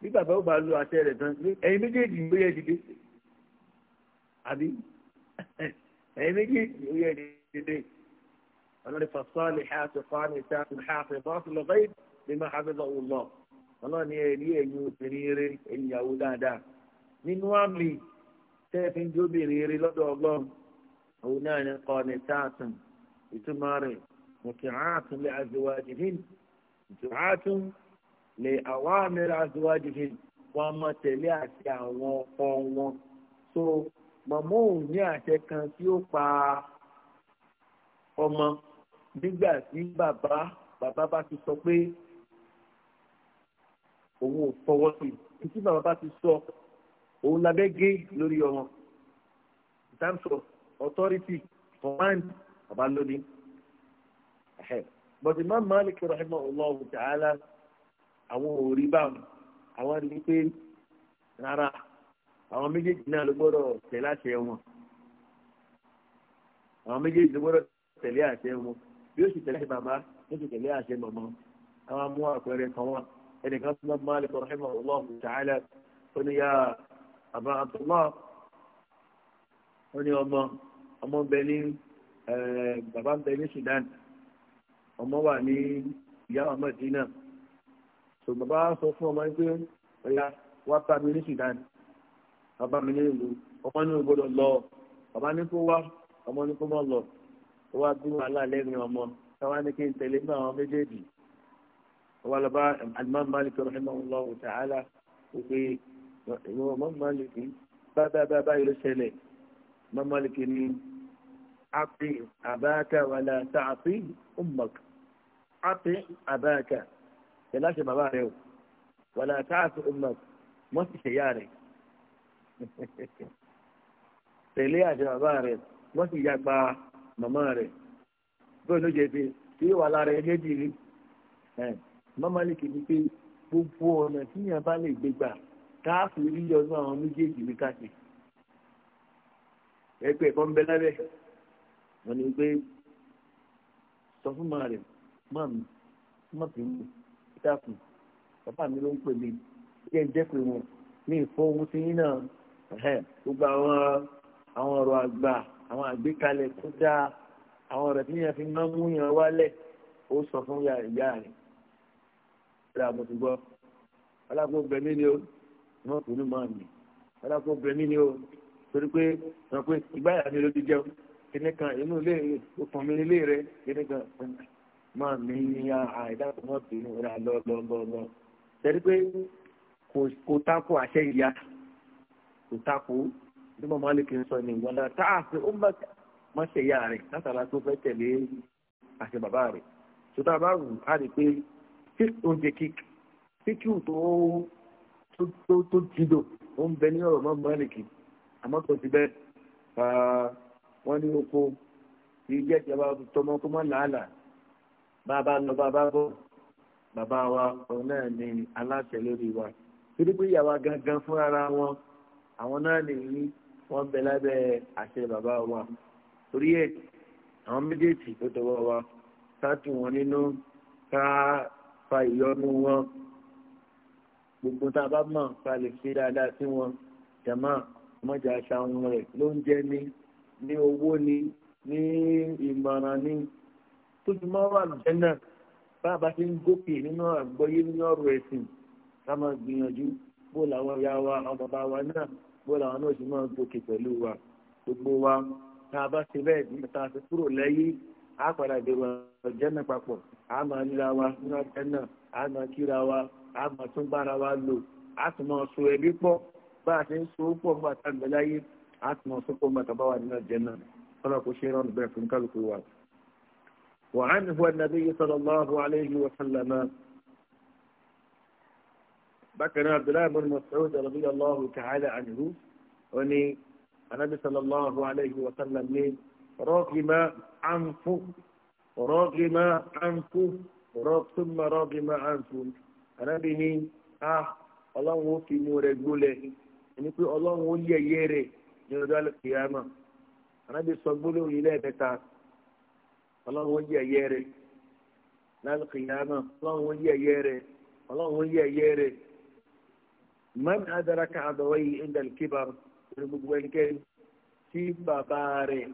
bí bàbá ó bá lo àṣẹ rẹ tán ẹyin méjèèjì ló yẹ dìde àbí ẹ̀yìn méjèèjì ó yẹ dédé ọlọ́run fasọ́ọ̀lì ṣáàtì fáàmì ṣáàtì ṣáàtì bọ́ọ̀sì lọ́gbà ìgbìmọ̀ àbẹ̀bọ̀ ọ̀lọ́ ọlọ́run ẹ̀rí ẹ̀yìn obìnrin rere ìyàwó dáadáa nínú àmì tẹ́ẹ̀fín jó obìnrin rere lọ́dọ̀ ọlọ́run òun náà ní kọ́ni ṣáàtì ìtumọ̀ rẹ̀ mùtìrátù lè àzíwájìhìn mùtìrátù lè àwọn àmì àzíwájìhìn wọn mọ̀ tẹ̀lé àti àwọn ọkọ wọn so mọ̀mọ́ ò ní àṣẹ kan tí ó pa ọmọ nígbà tí bàbá bàbá bá ti sọ pé òun ò fọwọ́ sí i tí bàbá bá ti sọ òun labẹ́ gé lórí ọmọ terms of authority command bàbá lónìí but Imam Malik rahimahullah ta'ala àwọn ò rí báwọn àwọn rí i pé rárá àwọn méjèèjì náà ló gbọ́dọ̀ tẹ̀lé àṣẹ wọn àwọn méjèèjì ló gbọ́dọ̀ tẹ̀lé àṣẹ wọn bí ó sì tẹ̀lé bàbá ló sì tẹ̀lé àṣẹ màmá káwọn mú àpẹẹrẹ kan wá ẹnìkan tó máa máa lè kọ́ rahimah allah ta'ala ó ní yá àbá abdullah ó ní ọmọ ọmọ bẹ ní bàbá bẹ ní sudan ọmọ wà ní ìyá ọmọ ìdínà so bàbá sọ fún ọmọ ẹgbẹ́ ọ̀yà wá bá mi ní sudan bàbá mi ní ìlú ọmọ ní ògbọ́dọ̀ lọ bàbá ní kó wá ọmọ ní kó mọ̀ lọ ó wá bí wàhálà lẹ́rìn ọmọ táwa ní kí n tẹ̀lé ní àwọn méjèèjì ó wá lọ bá alimam malik rahimahullahu ta'ala ó pé ìwọ ọmọ malik bá bá bá bá yóò ṣẹlẹ̀ ọmọ malik ní àti àbáàkà wàlà tààfin ummak àti àbáàkà tẹ̀láṣẹ bàbá rẹ o wàlà tààfin ummak mọ́ sì ṣẹ̀yà rẹ̀ tẹ̀lé àṣẹ bàbá rẹ̀ wọ́n sì yapa màmá rẹ̀ bẹ́ẹ̀ ló jẹ́ pé tí wà lára ẹ méjì rí màmá lè kéde pé gbogbo ọ̀nà tíyàn bá lè gbé gbà káàfù rí ọdún àwọn méjèèjì ní káàkiri ẹgbẹ́ ẹ̀kọ́ ń bẹ lábẹ́ wọn ni pé sọ fún màá rẹ̀ máa mi má fi mú dákun bàbá mi ló ń pè mí jẹ́ ń jẹ́ pé wọn mi ìfọ ohun tí yín náà gbogbo àwọn àwọn ọ̀rọ̀ àgbà àwọn àgbékalẹ̀ tó dáa àwọn ọ̀rọ̀ tí yẹn fi máa ń mú yàn wálẹ̀ ó sọ fún ìyá ìyá rẹ̀ rẹ̀ àbọ̀tìgbọ́ alákòó bẹ̀mí ni ó wọn kò ní máa mì alákòó bẹ̀mí ni ó torí pé wọn pé ìgbáyà mi ló ti jẹun kíní kan inú ilé òkun mi nílé rẹ kíní kan máa mi ní àìdáàbò mọ́tò inú rẹ̀ lọ́ọ́lọ́ọ́lọ́ tẹ́lí pé kò tako àṣẹ ìyá kò tako bí mo máa lè kí n sọ ní ìwọ́n náà táà sí ó bá má ṣe ìyá rẹ̀ látara tó fẹ́ tẹ̀lé àṣẹ bàbá rẹ̀ ṣùgbọ́n a bá wù á rí i pé kí oúnjẹ kíkì kíkì tó tó jìdò ó ń bẹ ní ọ̀rọ̀ mọ́ mọ́lìkì àmọ́ tó ti bẹ́ẹ̀ wọ́n ní oko ilé ìjọba tọmọ kó mọ́ làálàá bàbá lọ bàbá bọ̀ bàbá wa òun náà ni aláṣẹ lórí wa torí pé ìyàwó gangan fúnra wọn àwọn náà nìyí wọ́n bẹ lábẹ́ àṣẹ bàbá wa torí ẹ̀ àwọn méjèèjì tó tọwọ́ wa ká tù wọ́n nínú ká fa ìyọnu wọn gbogbo tá a bá mọ̀ ká lè ṣe dáadáa sí wọn jàmá mọ́jà aṣa wọn rẹ̀ ló ń jẹ́ ní ní owó ni ní ìmọ̀ràn ni tó fi mọ́ wà lùjẹ́ náà bá a bá ti ń gòkè nínú àgbọ́yé nínú ọ̀rọ̀ ẹ̀sìn ká máa gbìyànjú bó làwọn ìyá wa ọmọ bàbá wa náà bóyá àwọn náà ṣe máa gòkè pẹ̀lú wa gbogbo wa tá a bá ṣe bẹ́ẹ̀ nígbà tá a ṣe kúrò lẹ́yìn á padà dèrò àlùjánnà papọ̀ á máa ríra wa nínú àlùjánnà á máa kíra wa á máa tún bára wa lò á tún máa so ẹbí pọ̀ bá a ṣe ń so pọ̀ nígbà tá a gbẹ láyé á tún máa so pọ̀ nígbà tá a bá wà nínú àlùjánnà kọ́lá kò ṣe é rán bẹ́ẹ̀ fún kálukú wa. وعنه النبي صلى الله عليه وسلم bákan náà abdullahi ibn Mas'ud radiyallahu ta'ala anhu ó ní anabi sallallahu alayhi wa sallam ní rọ́ọ̀kìmá ànfù rọ́ọ̀kìmá ànfù rọ́ọ̀kìmá rọ́ọ̀kìmá ànfù anabi ní a ah, ọlọ́run ó fi inú rẹ̀ gbólẹ̀ ẹni pé ọlọ́run ó yẹ̀yẹ́ rẹ̀ ní ọjọ́ àlùkìyàmà anabi sọ gbólóhùn yìí lẹ́ẹ̀mẹ́ta ọlọ́run ó yẹ̀yẹ́ rẹ̀ lálùkìyàmà ọlọ́run ó yẹ̀yẹ́ rẹ̀ ọlọ́run ó yẹ̀yẹ́ rẹ̀ man adaraka àdọ̀wẹ́yì inda al-kibar gbogbo ẹnikẹ́ni tí bàbá rẹ̀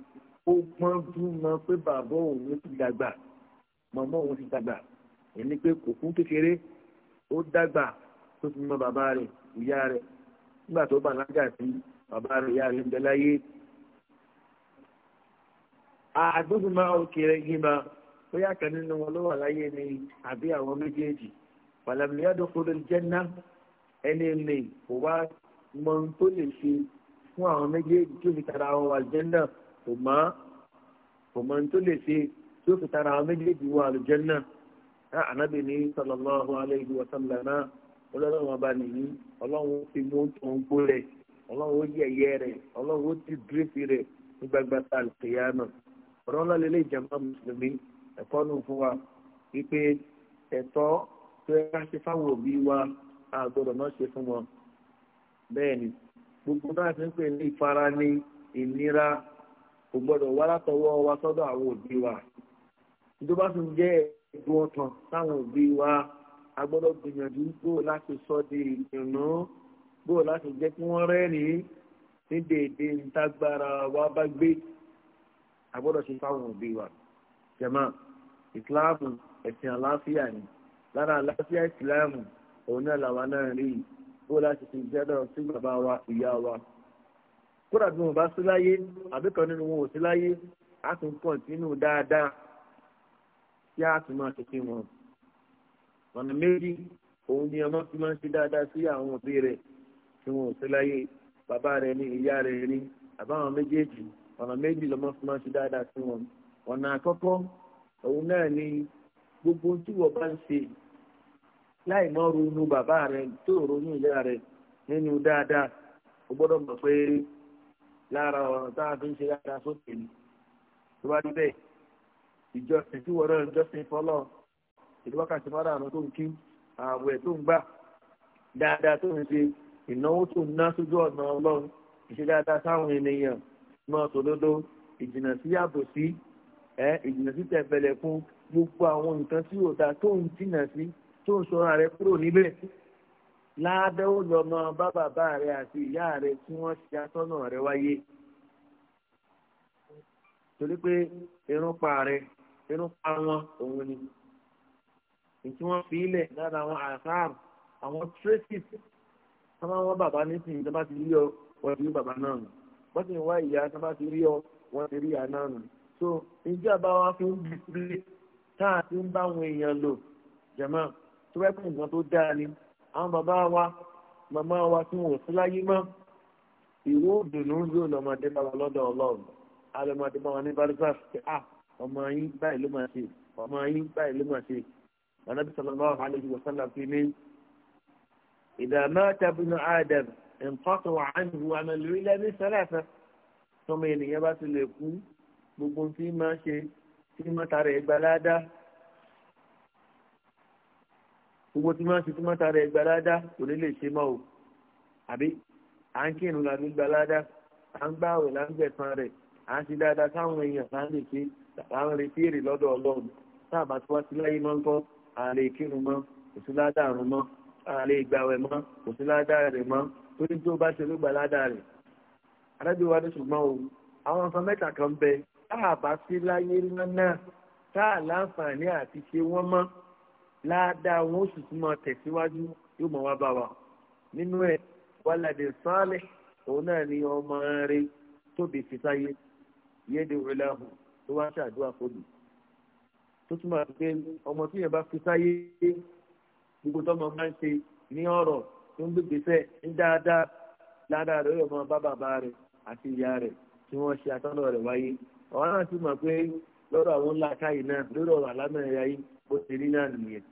ó gbọ́n dúmọ́ pé bàbá òun ti dàgbà màmá òun ti dàgbà ẹni pé kò kún kékeré ó dàgbà tó fi mọ bàbá rẹ̀ ìyá rẹ̀ nígbà tó bàlágà sí bàbá rẹ̀ ìyá rẹ̀ ń bẹ láyé àdúgbò òkèrè gíma bóyá kan nínú wọn ló wà láyé ni àbí àwọn méjèèjì pàlàmìlíàdókòrò jẹ́ náà ẹni lè kò wá mọ ohun tó lè ṣe fún àwọn méjèèjì tí ó fi tara àwọn àlùjẹ́nà kò mọ́ kò mọ ohun tó lè ṣe tí ó fi tara àwọn méjèèjì wọ àlùjẹ́nà ànábì ní sallallahu alayhi wa sallam ọlọ́run ọba nìyí ọlọ́run fi mú ohun gbó rẹ̀ ọlọ́run ó yẹ̀yẹ́ rẹ̀ ọlọ́run ó ti dírẹ́sì rẹ̀ ní gbagba tá a lè kéya náà ọ̀rọ̀ ńlá lélẹ́ ìjàmbá mùsùlùmí ẹ̀kọ́ nù fún wa wípé ẹ̀tọ́ tó yẹ ká ṣe fáwọn òbí wa a gbọ́dọ̀ má ṣe fún wọn bẹ́ẹ̀ ni gbogbo náà ti ń pè ní ìfara ní ìnira kò gbọ́dọ̀ wá látọwọ́ wa sọ́dọ̀ àwọn òbí wa tó bá tún jẹ́ ẹ̀dùn ọ̀tàn táwọn òbí wa a gbọ́dọ̀ gbìyànjú bó láti sọ di ìdùnnú bó láti jẹ́ kí wọ́n rẹ́rìn-ín ní dèédé ntágbára wa bá gbé a gbọ́dọ̀ ṣe fáwọn òbí wa jẹ̀mọ́ ìsìláàmù ẹ̀sìn àlàáfíà ni lára àlàáfíà ìsìláàmù òun náà làwọn náà rí i ó láti fi ìjẹ́dọ̀ sí bàbá wa ìyá wa kódà bí wọn bá sí láyé àbí kan nínú wọn ò sí láyé á tún kọ̀ǹtínú dáadáa tí a tún máa tètè wọn ọ̀nà méjì òun ni ọmọ fi máa ń ṣe dáadáa sí àwọn òbí rẹ̀ tí wọn ò sí láyé bàbá rẹ̀ ní ìyá rẹ̀ ní àbáwọn méjèèjì ọ̀nà méjì lọ́mọ fi máa ń ṣe dáadáa sí wọn ọ̀nà àkọ́kọ́ òun náà ni gbogbo tí wọ́n bá ń ṣe láì mọ ronú bàbá rẹ tó ronú ìyá rẹ nínú dáadáa o gbọ́dọ̀ mọ̀ pé lára ọ̀rọ̀ tá a fi ń ṣe dáadáa sókè ni tó bá rí bẹ́ẹ̀ ìjọsìn tí wọ́n rẹ̀ ń jọ́sìn fọlọ́ ìlú wákàtí mọ́ra àná tó ń kí ààwẹ̀ tó ń gbà dáadáa tó ń ṣe ìnáwó tó ń ná sójú ọ̀nà ọlọ́run ìṣe dáadáa sáwọn ènìyàn máa tòdodo ìjìnà sí àbòsí ìjìnà sí tẹ̀bẹ̀lẹ̀ fún gbogbo àwọn nǹkan tí ò dáa tó ń jìnà sí tó ń sọ ara rẹ kúrò níbẹ̀ ládẹ́wò lọ́mọ bá bàbá rẹ àti ìyá rẹ tí wọ́n ṣe atọ́nà rẹ wáyé torí pé irúpa rẹ irúpa wọn òun ni ètí wọ́n fi ilẹ̀ lára àwọn àṣàr àwọn traces sábà wọn bàbá nísìnyí tó bá ti rí ọ wọ́n ti rí bàbá náà nù wọ́n sì wá ìyá tó bá ti rí ọ wọ́n ti rí ìyá náà nù so ìjọba wa fi ń bí sílé táà ti ń bá àwọn èèyàn lò jẹ̀mọ́ tó bá kún nǹkan tó dáa ni àwọn bàbá wa màmá wa tí wọn ò sí láyé mọ́ ìwé òdùnnú yóò lọ máa dé bá wa lọ́dọ̀ ọlọ́run a lọ máa dé bá wa ní bàdúrà pé à ah, ọmọ yín báyìí ló máa ṣe ọmọ yín báyìí ló máa ṣe mànàbí sallallahu alaihi wa sallam fi ní idha mata ibnu adam wà á nìhu àmàlú ilẹ̀ ní sẹ́lẹ̀fẹ́ tọmọ ènìyàn bá ti lè kú gbogbo tí máa ṣe tí máa tara ẹ̀ gbogbo tí wọ́n ti tí wọ́n tara ẹgbẹ́ aládá kò ní lè ṣe mọ́ o àbí à ń kírun là ń gba aládá à ń gbá àwẹ̀ là ń gbẹ̀san rẹ̀ à ń ṣe dáadáa sáwọn èèyàn là ń lè ṣe à ń retí èrè lọ́dọ̀ ọlọ́run sáàbà tí wọ́n ti láyé mọ́ ń kọ́ à lè kírun mọ́ kò sí ládà mọ́ à lè gbàwẹ̀ mọ́ kò sí ládà rẹ̀ mọ́ torí tí ó bá ṣe ló gba ládà rẹ̀ adájọ́wá ní ṣùgbọ́n o àwọn nǹkan mẹ́ta kan bẹ táàbà sí láyé náà táà láadáa wọn ó sì tún máa tẹ̀síwájú yóò máa wá bá wa nínú ẹ̀ wàlàdé sálẹ̀ òun náà ni ọmọ rẹ tóbi fitáyé yéde ìrẹ̀lẹ́hùn tó wá ṣàdúrà fòdù tó túmọ̀ pé ọmọ tí yẹn bá fitáyé gbogbo tọmọ máa ń ṣe ní ọ̀rọ̀ tó ń gbégbèsẹ̀ ń dáadáa ládàá rẹ yóò máa bá bàbá rẹ àti ìyá rẹ tí wọ́n ṣe àtọ́nà rẹ̀ wáyé ọ̀hún náà ti mọ̀ lọ́dọ̀ àwọn ńlá káyìí náà lórí ọ̀rọ̀ àlámẹ́rẹ̀ ayé bó ti rí náà nìyẹn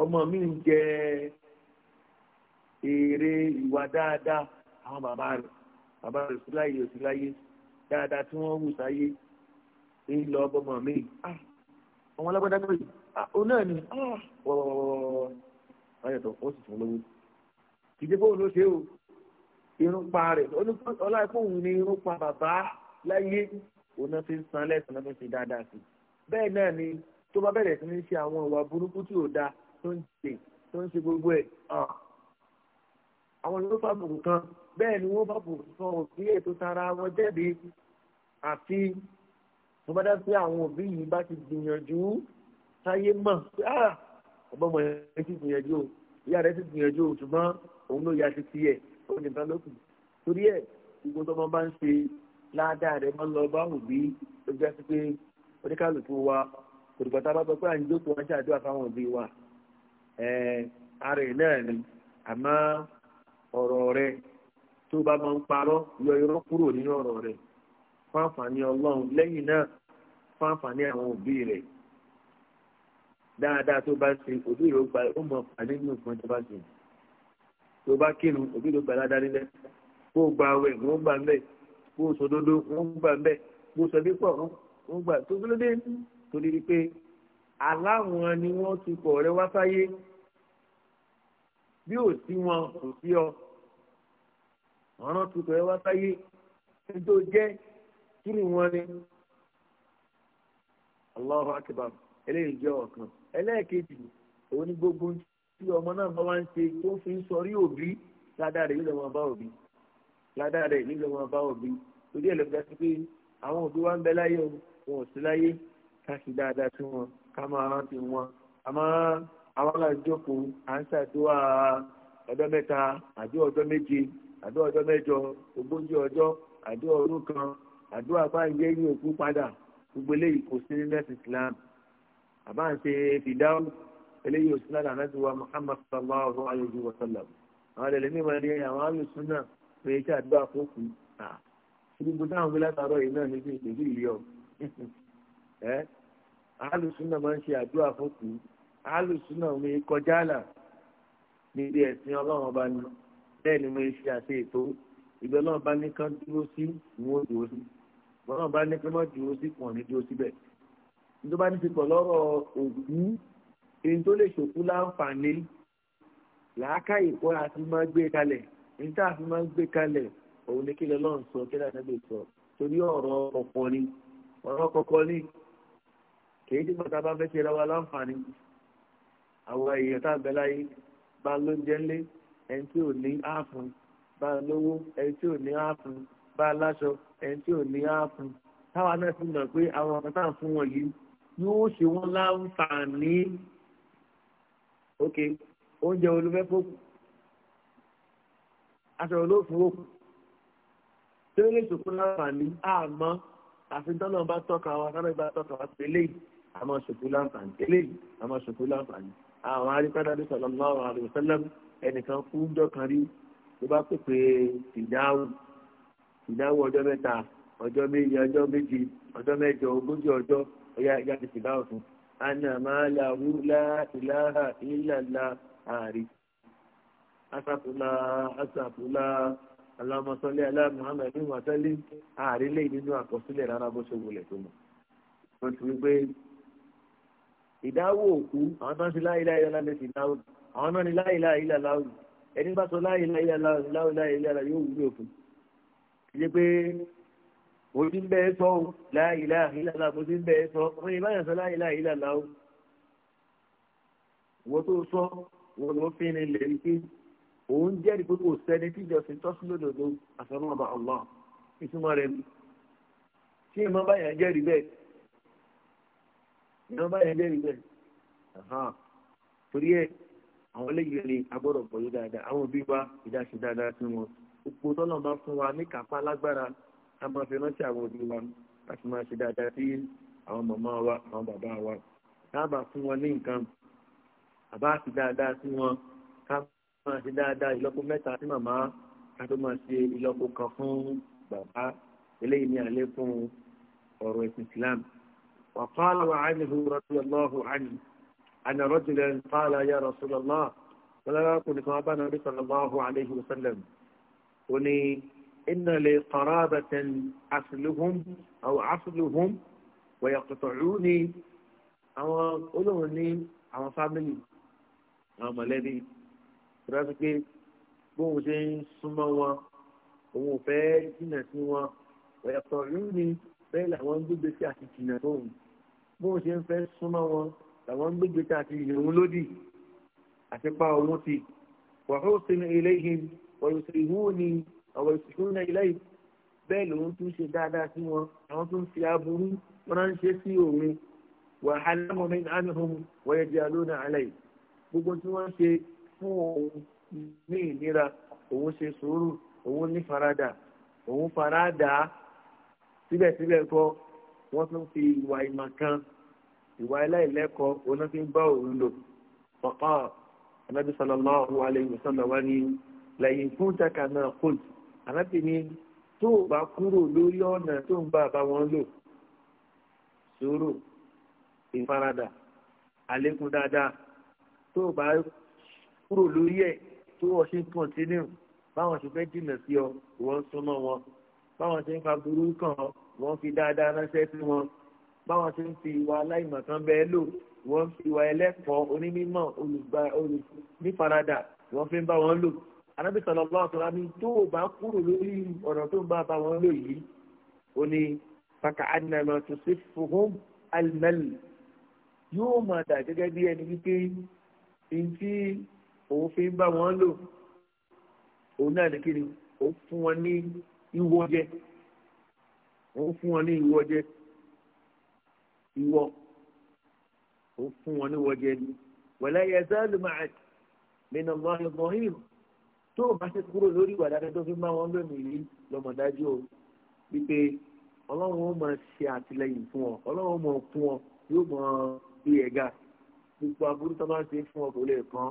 ọmọ mi ń jẹ èrè ìwà dáadáa àwọn bàbá rẹ̀ bàbá rẹ̀ sí láyé sí láyé dáadáa tí wọ́n wù sáyé ń lọ ọmọ mi ah, ọmọ alágbádá náà yìí ó ah, náà ni ah, wọ́wọ́wọ́wọ́ ayọ̀tọ̀ ó sì fún lówó kì í ṣe fóun ló ṣe o irun pa rẹ̀ ọláìfóun ni irun pa bàbá láyé òun náà fi ń san lẹ́sìn náà fi ń ṣe dáadáa sí bẹ́ẹ̀ náà ni tó bá bẹ̀rẹ̀ sí ní ṣe àwọn ìwà burúkú tí ò dáa tó ń ṣe tó ń ṣe gbogbo ẹ̀ àwọn ló fàbùkù kan bẹ́ẹ̀ ni wọ́n fàbùkù kan òbí ètò tara wọn jẹ́bi àti tó bá dá sí àwọn òbí yìí bá ti gbìyànjú táyé mọ̀ pé ọ̀bọ̀n mọ̀ ẹ̀ ti gbìyànjú o ìyá rẹ̀ ti gbìyànjú o ṣùgbọ́n òun ló ya ti tiẹ̀ ó nìkan ló kù torí ẹ̀ gbogbo tó máa bá ń ṣe ládàá rẹ̀ máa ń lọ bá òbí ló jẹ́ sí pé oníkàlùkù wa kò dìgbà tá a bá gbọ́ pé à ń jókòó wá ṣàdúrà fáwọn òbí wa. ara ẹ̀ náà ni àmọ́ ọ̀rọ̀ rẹ tó bá máa ń parọ́ yọ irọ́ kúrò nínú ọ̀rọ̀ rẹ fún ọlọ́run lẹ́yìn náà fún àwọn òbí rẹ dáadáa tó bá ṣe òbí rẹ ó gba ó mọ àǹfààní nínú ìpín tó bá ṣe tó bá kírun òbí rẹ ó gba ládàá nílẹ̀ kó gba awẹ wọn gbà mbẹ kó dodo wọn gba mbẹ kó o sọ bí pọ wọn gbà tó dé torí pé aláwọn ni wọ́n ti pọ̀ rẹ wá sáyé bí ò sí wọn kò sí ọ ọ̀ràn ti pọ̀ rẹ wá sáyé ní tó kí ni wọ́n ní. Allahu akbar eléyìí jẹ́ ọ̀kan ẹlẹ́ẹ̀kejì òun ni gbogbo tí ọmọ náà bá wá ń ṣe tó fi ń sọrí òbí ládàá rẹ̀ nílò wọn bá òbí ládàá rẹ̀ nílò wọn bá òbí torí ẹ̀ lọ́gbà pé àwọn òbí wa ń bẹ láyé wọn ò sí láyé ká sì dáadáa sí wọn ká máa rántí wọn àmọ́ àwọn aláìjókòó à ń ṣàdúrà ọjọ́ mẹ́ta àdúrà ọjọ́ méje àdúrà ọjọ́ mẹ́jọ ogójì ọjọ́ àdúrà ọdún kan àdúrà bá ń yẹ yín òkú padà gbogbo eléyìí kò sí nínú ẹ̀sìn Islam àbá ń ṣe fìdáwù eléyìí ò sí lára ànájú wa Muhammad sallallahu alayhi wa sallam àwọn ẹlẹ́mìí máa ní àwọn alùsùn náà pé iṣẹ́ àdúrà fókù à gbogbo táwọn gbé látàrọ yìí náà níbi ìpèsè ìlú ọ alùsùnà máa ń ṣe àdúrà fòkù alùsùnà mi kọjá là níbi ẹ̀sìn ọlọ́run ọba ni bẹ́ẹ̀ ni mo ṣe àṣẹ ètò ìgbẹ́ náà bá ní kán dúró sí ni wọ́n dúró sí ìgbẹ́ náà bá ní kán má dúró sí kàn ní dúró síbẹ̀ nítorí bá ní ti pọ̀ lọ́rọ̀ òkú èyí tó lè ṣòkú láǹfààní làákàyè kọ́ àti máa gbé kalẹ̀ ní tá a fi máa gbé kalẹ̀ òun ni kí lọ́lọ́run sọ kí lọ́lọ́run sọ torí ọ̀rọ̀ ọ̀pọ̀ ni ọ̀rọ̀ kọ̀ọ̀kan ni kìí tí bàtà bá fẹ́ ṣe ra wa láǹfààní àwọn èèyàn tá à ń bẹ láyé bá ló ń jẹ́lé ẹni tí ò ní ààfin bá lówó ẹni tí ò ní ààfin bá láṣọ ẹni tí ò ní ààfin táwa náà fi mọ̀ pé àwọn ọ̀kan tá à ń fún wọn yìí yóò ṣe wọ́n láǹfààní ok oúnjẹ olùfẹ́fọ́kù aṣọ olófòókù tí ó lè ṣòkó láǹfààní àmọ́ àfi dọ́nà bá tọ́ka wa sábẹ́ bá tọ́ka wa sí eléyìí a máa ṣòfò láǹfààní eléyìí a máa ṣòfò láǹfààní àwọn arípẹ́nàdé sallallahu alaihi wasallam ẹnìkan kú dọ́kan rí ló bá pèpè ìdáhù ìdáhù ọjọ́ mẹ́ta ọjọ́ méje ọjọ́ méje ọjọ́ mẹ́jọ ogójì ọjọ́ ọyá ìyá ti ti dáhù fún ana máa la hu la ilaha illa la ààrí asàfùlà asàfùlà alámọsọlẹ alámọhàmẹdínwàsálẹ ààrí lè nínú àkọsílẹ̀ rárá bó ṣe wọlé tó mọ ìdáwó òkú àwọn tó ń ṣe láìláì lọ́la lè fi dáwó àwọn náà ni láìláì ilà láwù ẹni bá sọ láìláì ilà láwù láìláì ilà yóò wúlò fún ṣe pé ojú ń bẹ ẹ sọ láìláì ilà láwù ojú ń bẹ ẹ sọ wọn yìí báyọ̀ sọ láìláì ilà láwù wọ́n tó sọ wọn ló fi ní ilẹ̀ wípé òun jẹ́rìí pé kò sẹ́ni tíjọsìn tọ́sí lódodo àfẹnumọ́ bá ọlọ́ọ̀ ìtumọ̀ rẹ̀ ìran báyìí lẹ́rìí bẹ́ẹ̀ torí ẹ̀ àwọn eléyìí ni a gbọ́dọ̀ pọ̀jù dáadáa àwọn òbí wa ìdáṣe dáadáa sí wọn òpó tọ́lọ̀ bá fún wa ní kápá lágbára a máa fi rántí àwọn òbí wa láti máa ṣe dáadáa sí àwọn màmá wa àwọn bàbá wa dábàá fún wọn ní nǹkan àbá ti dáadáa sí wọn ká máa ṣe dáadáa ìlọ́po mẹ́ta sí màmá ká tó máa ṣe ìlọ́po kan fún bàbá eléyìí ni àlékún ọ̀rọ̀ ẹ̀sìn Islam وقال وعنه رضي الله عنه أن رجلا قال يا رسول الله ولا أكون قرابة النبي صلى الله عليه وسلم وني إن لقرابة أصلهم أو عصلهم ويقطعوني أو أولوني أو فاملي أو ملدي رافقي bóun ṣe ń súnmọ́ ويقطعوني òun ò fẹ́ jìnnà sí bó ṣe ń fẹ́ súnmọ́ wọn làwọn ń gbégbé tá àti ìrìn lódì àti pa òun ti wàhálà sínú ilé yìí wọ̀nyí sí ìhú ni àwọn ìsìnkú náà ilé yìí bẹ́ẹ̀ lòun tún ṣe dáadáa sí wọn àwọn tún fi aburú wọn ń ṣe sí òun wàhálà mọ̀mí ánìhùn wọ́n yẹ jẹ́ alónà alẹ́ yìí gbogbo tí wọ́n ṣe fún òun ní ìnira òun ṣe sùúrù òun ní farada òun farada síbẹ̀síbẹ̀ kọ́ wọ́n tún fi ìwà ìmọ̀kan ìwà ẹlẹ́ẹ̀lẹ́kọ̀ọ́ oná fi ń bá òun lò ọ̀pá anábì sallallahu alaihi wasallam wá ní lẹ́yìn fún jàkà náà kóòtù anábì ní tó o bá kúrò lórí ọ̀nà tó ń bá bá wọn lò sùúrù ìfaradà àlékún dáadáa tó o bá kúrò lórí ẹ̀ tó o ṣe ń kọ̀ntínú báwọn ṣe fẹ́ jìnnà sí ọ ìwọ súnmọ́ wọn báwọn ṣe ń fa burú kàn ọ́ wọ́n fi dáadáa ránṣẹ́ sí wọn báwọn ti ń fi ìwà aláìmọ̀kan bẹ́ẹ̀ lò wọ́n ń fi ìwà ẹlẹ́kọ̀ọ́ onímọ̀ olùgbà olùnífaradà wọ́n fi ń bá wọn lò anábì sọlọ́lá ọ̀tọ̀lá ni tó o bá kúrò lórí ọ̀nà tó ń bá bá wọn lò yìí ó ní fàkà ànàmà tó sí fòhún alimẹ́lì yóò máa dà gẹ́gẹ́ bí ẹni wípé ntí òun fi ń bá wọn lò òun náà ní kíni òun fún wọn ní ìwọ́jẹ́ òun fún wọn ní ìwọ jẹ ìwọ òun fún wọn ní ìwọ jẹ ni wala yazalu ma'ak min Allah ibrahim tó o bá ṣe kúrò lórí ìwà dáadáa tó fi máa wọn lónìí yìí lọ́mọdájú o wípé ọlọ́run ó máa ṣe àtìlẹyìn fún ọ ọlọ́run ó máa fún ọ yóò máa bí ẹ̀gá gbogbo aburú tó máa ń ṣe fún ọ lè kàn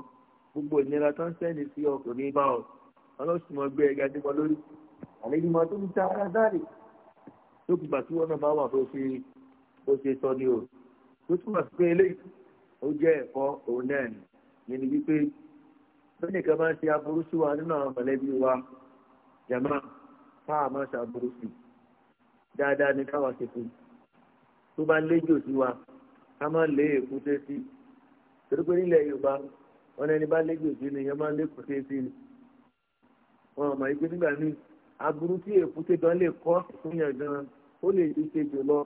gbogbo ìnira tó ń sẹ́ni sí ọ bá ọ ọlọ́sùn máa gbé ẹ̀gá dípọ̀ lórí àlejò máa tó ń ta ara dáre lókùn ìgbà tí wọ́n náà bá wà tó fi ó ṣe sọ ni o tó túmọ̀ sí pé eléyìí ó jẹ́ ẹ̀kọ́ òun náà ni yẹn ni wípé bẹ́ẹ̀ kan máa ń ṣe aburú sí wa nínú àwọn mọ̀lẹ́bí wa jàmá fáà máa ṣe aburú sí dáadáa ni káwa ṣe fún tó bá léjò sí wa ká máa lé èkúté sí torí pé nílẹ̀ yorùbá wọn ẹni bá léjò sí ni yẹn máa lé èkúté sí ni wọn mọ̀ yìí pé nígbà míì aburú tí èkúté gan lè kọ́ fún yàn gan ó lè ṣe jù lọ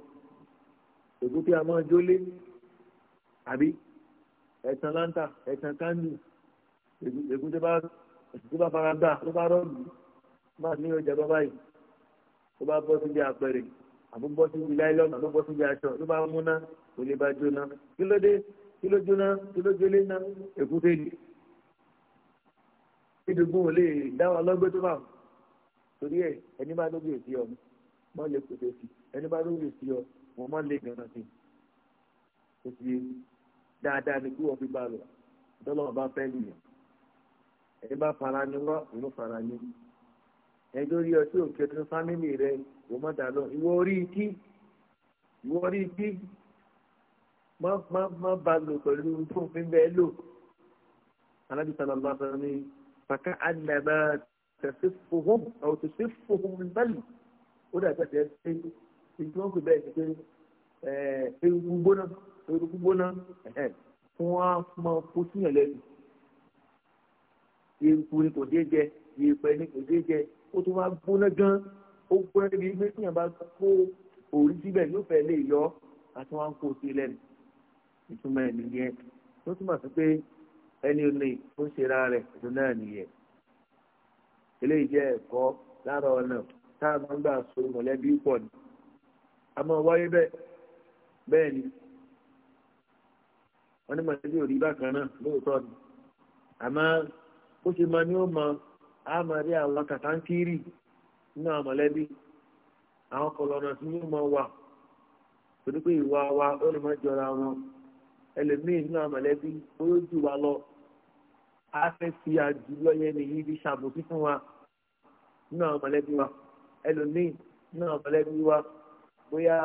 ègún kí a máa jólé àbí ẹ̀sán láńtà ẹ̀sán kánú ègún tó bá tó bá fara gbà tó bá rọ́ọ̀lù bá ní ọjà bá báyìí tó bá bọ́ síbi àpẹẹrẹ àbúbọ́ síbi láìlọ́nù àbúbọ́ síbi aṣọ tó bá múná kò lè bá jóná kí ló dé kí ló jóná kí ló jólé ná ègún fèlè ìdùnnú ò lè dá wa lọ́gbẹ́ tó bá torí ẹ̀ ẹni bá lóbi èsì ọ̀hún má lè pèsè sí ẹni bá lórí sí ọ wọn má lè gànà sí o ti dáadáa ni kí wọn fi bá lọ dọ́là ọba fẹ́ nìyẹn ẹni bá fara ni wọn ìlú fara ni ẹjọ́ rí ọ sí òkè tó fámìlì rẹ wọn má dà lọ ìwọ orí ikí ìwọ orí ikí má má má ba lò pẹ̀lú fún fífẹ́ lò alábi sàlámà sọ ni fàkà ànàmà tẹ̀sífòhùn àwọn tẹ̀sífòhùn bẹ́ẹ̀ ó dàgbà tẹ pé èyí wọn pè bẹ́ẹ̀ ni pé eruku gbóná eruku gbóná fún wa mọ fosúnyàn lẹ́nu eruku ni kò dé jẹ yèèpẹ̀ ni kò dé jẹ ó tún wá gbóná gan ó gbóná débi pé tíyàn bá kó òrí síbẹ̀ yóò fẹ́ lè yọ àti wọn kó o sí lẹ́nu ìtumọ̀ ẹ̀ nìyẹn tó túmọ̀ sí pé ẹni ní ó ń ṣera rẹ̀ ìdùnnà nìyẹn eléyìí jẹ́ ẹ̀kọ́ lára ọ̀nà tá a máa ń gbà so mọ̀lẹ́bí pọ̀ ni a máa wáyé bẹ́ẹ̀ bẹ́ẹ̀ ni wọ́n ní mọ̀lẹ́bí ò rí bákan náà lóòótọ́ ni àmọ́ mọ a rí àwọn kàtàǹkìrì nínú àwọn mọ̀lẹ́bí àwọn kọlọ́nà tí yóò máa wà torí pé ìwà wa ó lè má jọra wọn ẹlòmíín nínú àwọn mọ̀lẹ́bí ó yóò lọ a fẹ́ fi àjùlọ yẹn nìyí bí ṣàbòsí fún wa nínú àwọn mọ̀lẹ́bí wa. ẹlòmíì náà mọ̀lẹ́bí wa bóyá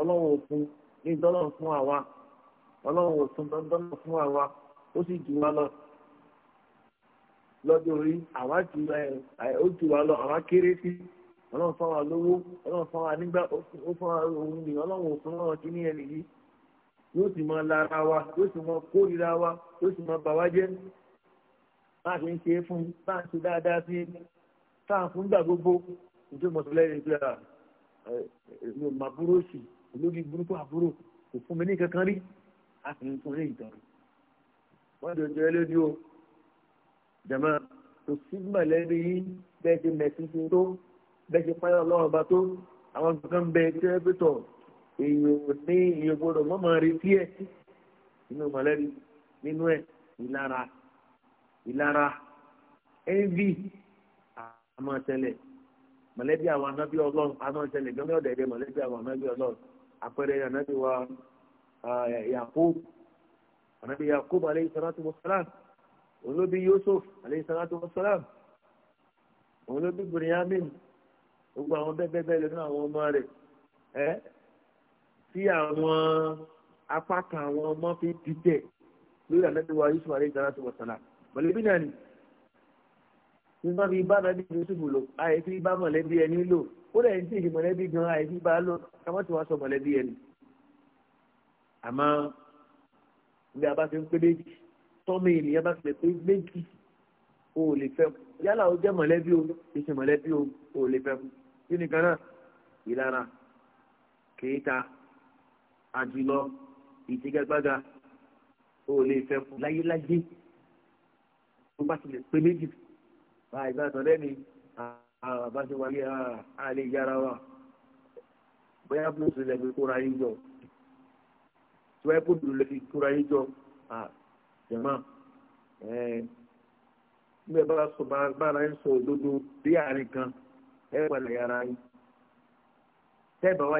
ọlọ́run òfin ní dọ́là fún àwa ọlọ́run òfin dọ́là fún àwa ó sì jù wá lọ lọ́dún orí àwa jù ó jù wá lọ àwa kéré sí ọlọ́run fún wa lówó ọlọ́run fún wa nígbà ó fún wa òun ni ọlọ́run òfin náà kí ní ẹnì yìí yóò sì mọ lára wa yóò sì mọ kórìíra wa yóò sì mọ táà fún gbà gbogbo nítorí mo sọ lẹ́yìn pé ah, mi ò mà búrò sí olórí burúkú àbúrò kò fún mi ní kankan rí a sì ń fún ní ìtọ́rọ wọ́n jọ jẹ́ lórí o jẹ̀mọ́ kò sí mọ̀lẹ́bí yìí bẹ́ẹ̀ ti mẹ̀sí sí tó bẹ́ẹ̀ ti pààyàn ọlọ́run ọba tó àwọn kankan bẹ tẹ́ pé tọ̀ èèyàn ní èèyàn gbọdọ̀ mọ́ máa retí ẹ̀ nínú mọ̀lẹ́bí nínú ẹ̀ ìlara ìlara envy a máa ṣẹlẹ̀ mọ̀lẹ́bí àwọn anábí ọlọ́run a máa ṣẹlẹ̀ gbọ́dọ̀ dẹ̀dẹ̀ mọ̀lẹ́bí àwọn anábí ọlọ́run àpẹẹrẹ anábí wa yakub anábí yakub aleyhi salatu wa salam òun ló bí yusuf aleyhi salatu wa salam òun ló bí bunyamin gbogbo àwọn bẹ́ẹ̀ bẹ́ẹ̀ lẹ́nu àwọn ọmọ rẹ̀ ẹ́ tí àwọn apá kan àwọn ọmọ fi dìtẹ̀ lórí anábí wa yusuf aleyhi salatu wa mọ̀lẹ́bí náà ni nígbà bíi bá nàbí yusufu lò àyèfi bá mọ̀lẹ́bí ẹni lò ó lẹ̀ ń tìjì mọ̀lẹ́bí gan àyèfi bá lò kámọ́ tí wọ́n sọ mọ̀lẹ́bí ẹni. àmọ́ bí a bá fi ń pé méjì tọ́mọ ènìyàn bá fi lè pé méjì o ò lè fẹ́ yálà ó jẹ́ mọ̀lẹ́bí o ìṣe mọ̀lẹ́bí o ò lè fẹ́ kí ni náà ìlara kèéta àjùlọ ìtìgàgbága o ò lè fẹ́ láyéláyé tó bá ti lè pé méjì fún àìgbà tọ̀lẹ́ ni àwọn bá wáyé wa bóyá lẹ́gbẹ̀ẹ́ kóra yín jọ tí wáyé lẹ́gbẹ̀ẹ́ kóra yín jọ bá sọ bára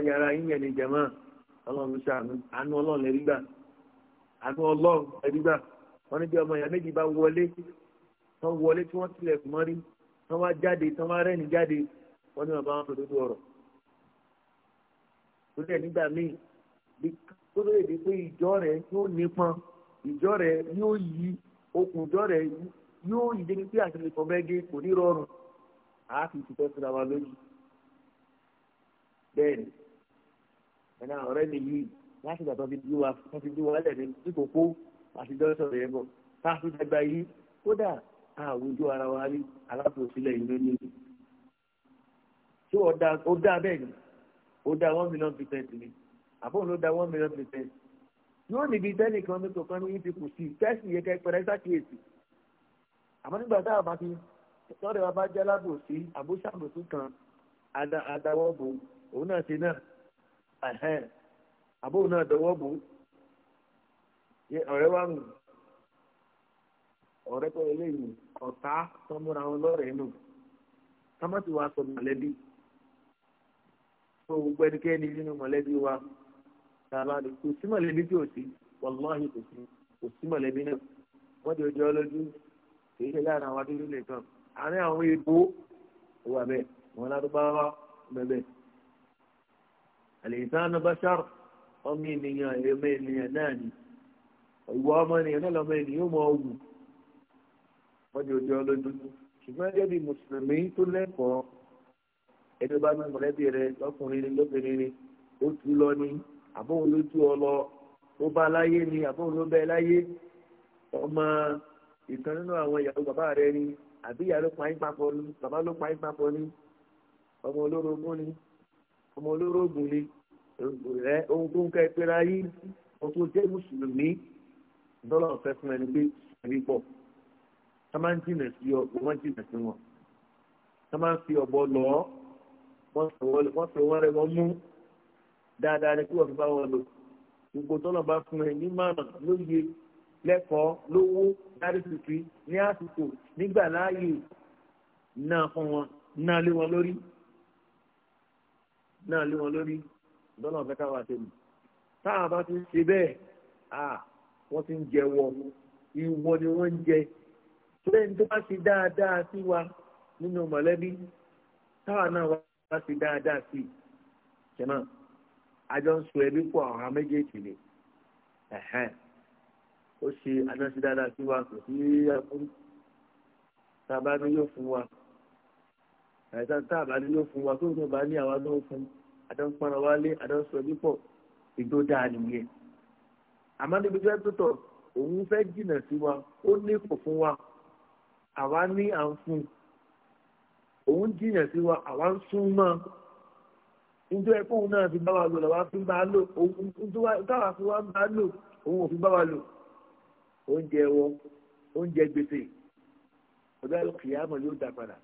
kan yín wá ni jẹ̀mọ́ ọlọ́run àánú ọlọ́run gbà àánú ọlọ́run gbà tán wọlé tí wọ́n tilẹ̀kùn mọ́rí tán wá jáde tán wá rẹ́ni jáde wọ́n ní bàbá wọn tó dúdú ọ̀rọ̀ tó dẹ̀ nígbà míì bí tó lè dé pé ìjọ rẹ̀ yóò nípọn ìjọ rẹ̀ yóò yí okùn ìjọ rẹ̀ yóò yí débi pé àti nìkan bẹ́ẹ̀ gé kò ní rọrùn àáfi ìtìtọ́ síra wa lójú bẹ́ẹ̀ ni ẹ̀nà ọ̀rẹ́ mi yìí láti ìgbà tó fi dúwà tó fi dúwà lẹ̀ ní kókó àti dọ́sọ̀rọ̀ yẹn bọ̀ tá a fi dàgbà yìí kódà àwùjọ ara wa rí alábòsílẹ̀ ìlú ní ìlú. tí ó dá bẹ́ẹ̀ ni ó dá one million percent ni àbóhùn ló dá one million percent. yóò níbi tẹ́nìkan ní kọ̀ọ̀kan ní yín ti kù sí tẹ́sì yẹ kẹ́ pẹ̀lẹ́ sàkíyèsí. àmọ́ nígbà tá a bá fi tọ́lẹ̀ wa bá jẹ́ alábòsí àbóṣàbòsí kan adáwọ́bù òun náà ṣe náà àbóhùn náà dọwọ́bù ọ̀rẹ́ wa mú un ọ̀rẹ́ tó eléyìí ọ̀tá tọmúra wọn lọ́rẹ̀ẹ́ nù kámọtì wa sọ mọ̀lẹ́bí tó gbogbo ẹnikẹ́ni nínú mọ̀lẹ́bí wa tààlà ni kò sí mọ̀lẹ́bí tí ò sí wàlúwàhì kò sí kò sí mọ̀lẹ́bí náà wọ́n ti jọ lójú kì í ṣe láàrin àwọn adúlú nìkan àárín àwọn èèbó wà bẹ́ẹ̀ wọn ládùbáwá bẹ́ẹ̀ àlèyìntàn bashar ọmọ ènìyàn ẹ̀mọ ènìyàn náà ni ìwà ọmọ ènìyàn náà lọmọ ènìyàn mọ ọgùn mọ́jọ ojú ọlọ́dún ṣùgbọ́n gẹ́gẹ́ bí mùsùlùmí tó lẹ́kọ̀ọ́ ẹni bá ní mọ̀lẹ́bí rẹ lọ́kùnrin ni lóbìnrin ni ó tú lọ ni àbóhùn ló tú ọ lọ ó bá láyé ni àbóhùn ló bẹ láyé ọmọ ìkan nínú àwọn ìyàwó bàbá rẹ ni àbí ìyá ló pa yín papọ̀ ni bàbá ló pa yín papọ̀ ni ọmọ olórogún ni ọmọ olórogún ni rẹ ohun tó ń kẹ́ pẹ́ra yín ohun jẹ́ mùsùlùmí lọ́lọ́run fẹ́ fún ẹni pé ẹni pọ̀ tá máa ń jìnà sí ọ wọ́n jìnà sí wọn tá máa ń fi ọ̀bọ lọ wọ́n sọ wọ́n rẹ wọ́n mú dáadáa ni kí wọ́n fi bá wọn lò gbogbo tọ́nà bá fún ẹ ní márùn lóye lẹ́kọ̀ọ́ lówó dárísìkì ní àsìkò nígbà láàyè náà fún wọn náà lé wọn lórí náà lé wọn lórí tọ́nà ọ̀fẹ́ káwá tẹ̀lé táwọn bá ti ń ṣe bẹ́ẹ̀ wọ́n ti ń jẹ wọ ìwọ ni wọ́n ń jẹ lẹ́yìn tó bá ṣe dáadáa sí wa nínú mọ̀lẹ́bí táwa náà wá ṣe dáadáa sí i jẹ́mọ́ àjọ ń so ẹbí pọ̀ àwọn méjèèjì ni ó ṣe àjọṣe dáadáa sí wa kò sí ẹkún tàbá ni yóò fún wa àìsàn tàbá ni yóò fún wa tó tó bá ní àwa náà fún àjọ ń pọnra wálé àjọ ń so ẹbí pọ̀ ìjó dáa nìyẹn àmọ́ níbi fẹ́ tó tọ̀ òun fẹ́ jìnnà sí wa ó ní kò fún wa àwa ní à ń fún òun jìyàn sí wa àwa ń sún mọ́ nítorí ẹ̀kọ́ òun náà fi bá wa lò làwa fi bá lò òun táwa fi wá bá lò òun ò fi bá wa lò oúnjẹ ẹwọ oúnjẹ gbèsè ọ̀dọ́ àlùkìyàmọ̀ yóò dá padà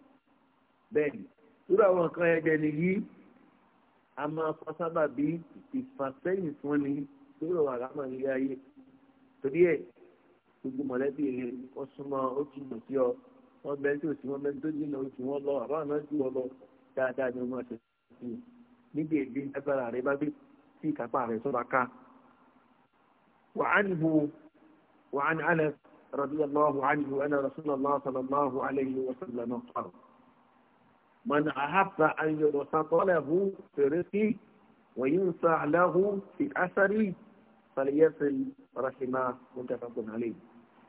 bẹ́ẹ̀ ni irú àwọn nǹkan ẹ̀jẹ̀ nìyí a máa fọ́ sábà bí ìfàsẹ́yìn fún ni lórí ọ̀rọ̀ àlámọ̀ ilé ayé torí ẹ̀ gbogbo mọ̀lẹ́bí rẹ̀ ó súnmọ́ ó ti mọ̀ sí ọ wọ́n bẹ tí ò sí wọ́n bẹ tó jìnnà ó ti wọ́n lọ àbá náà jù ọ lọ dáadáa ni wọ́n ṣe sí i níbi èdè agbára rẹ bá bí tí ìkápá rẹ sọ́ba ká. وعنه وعن أنس رضي الله عنه أن رسول الله صلى الله عليه وسلم قال من أحب أن يرسط له في رزقه وينصح له في أثره فليصل رحمه متفق عليه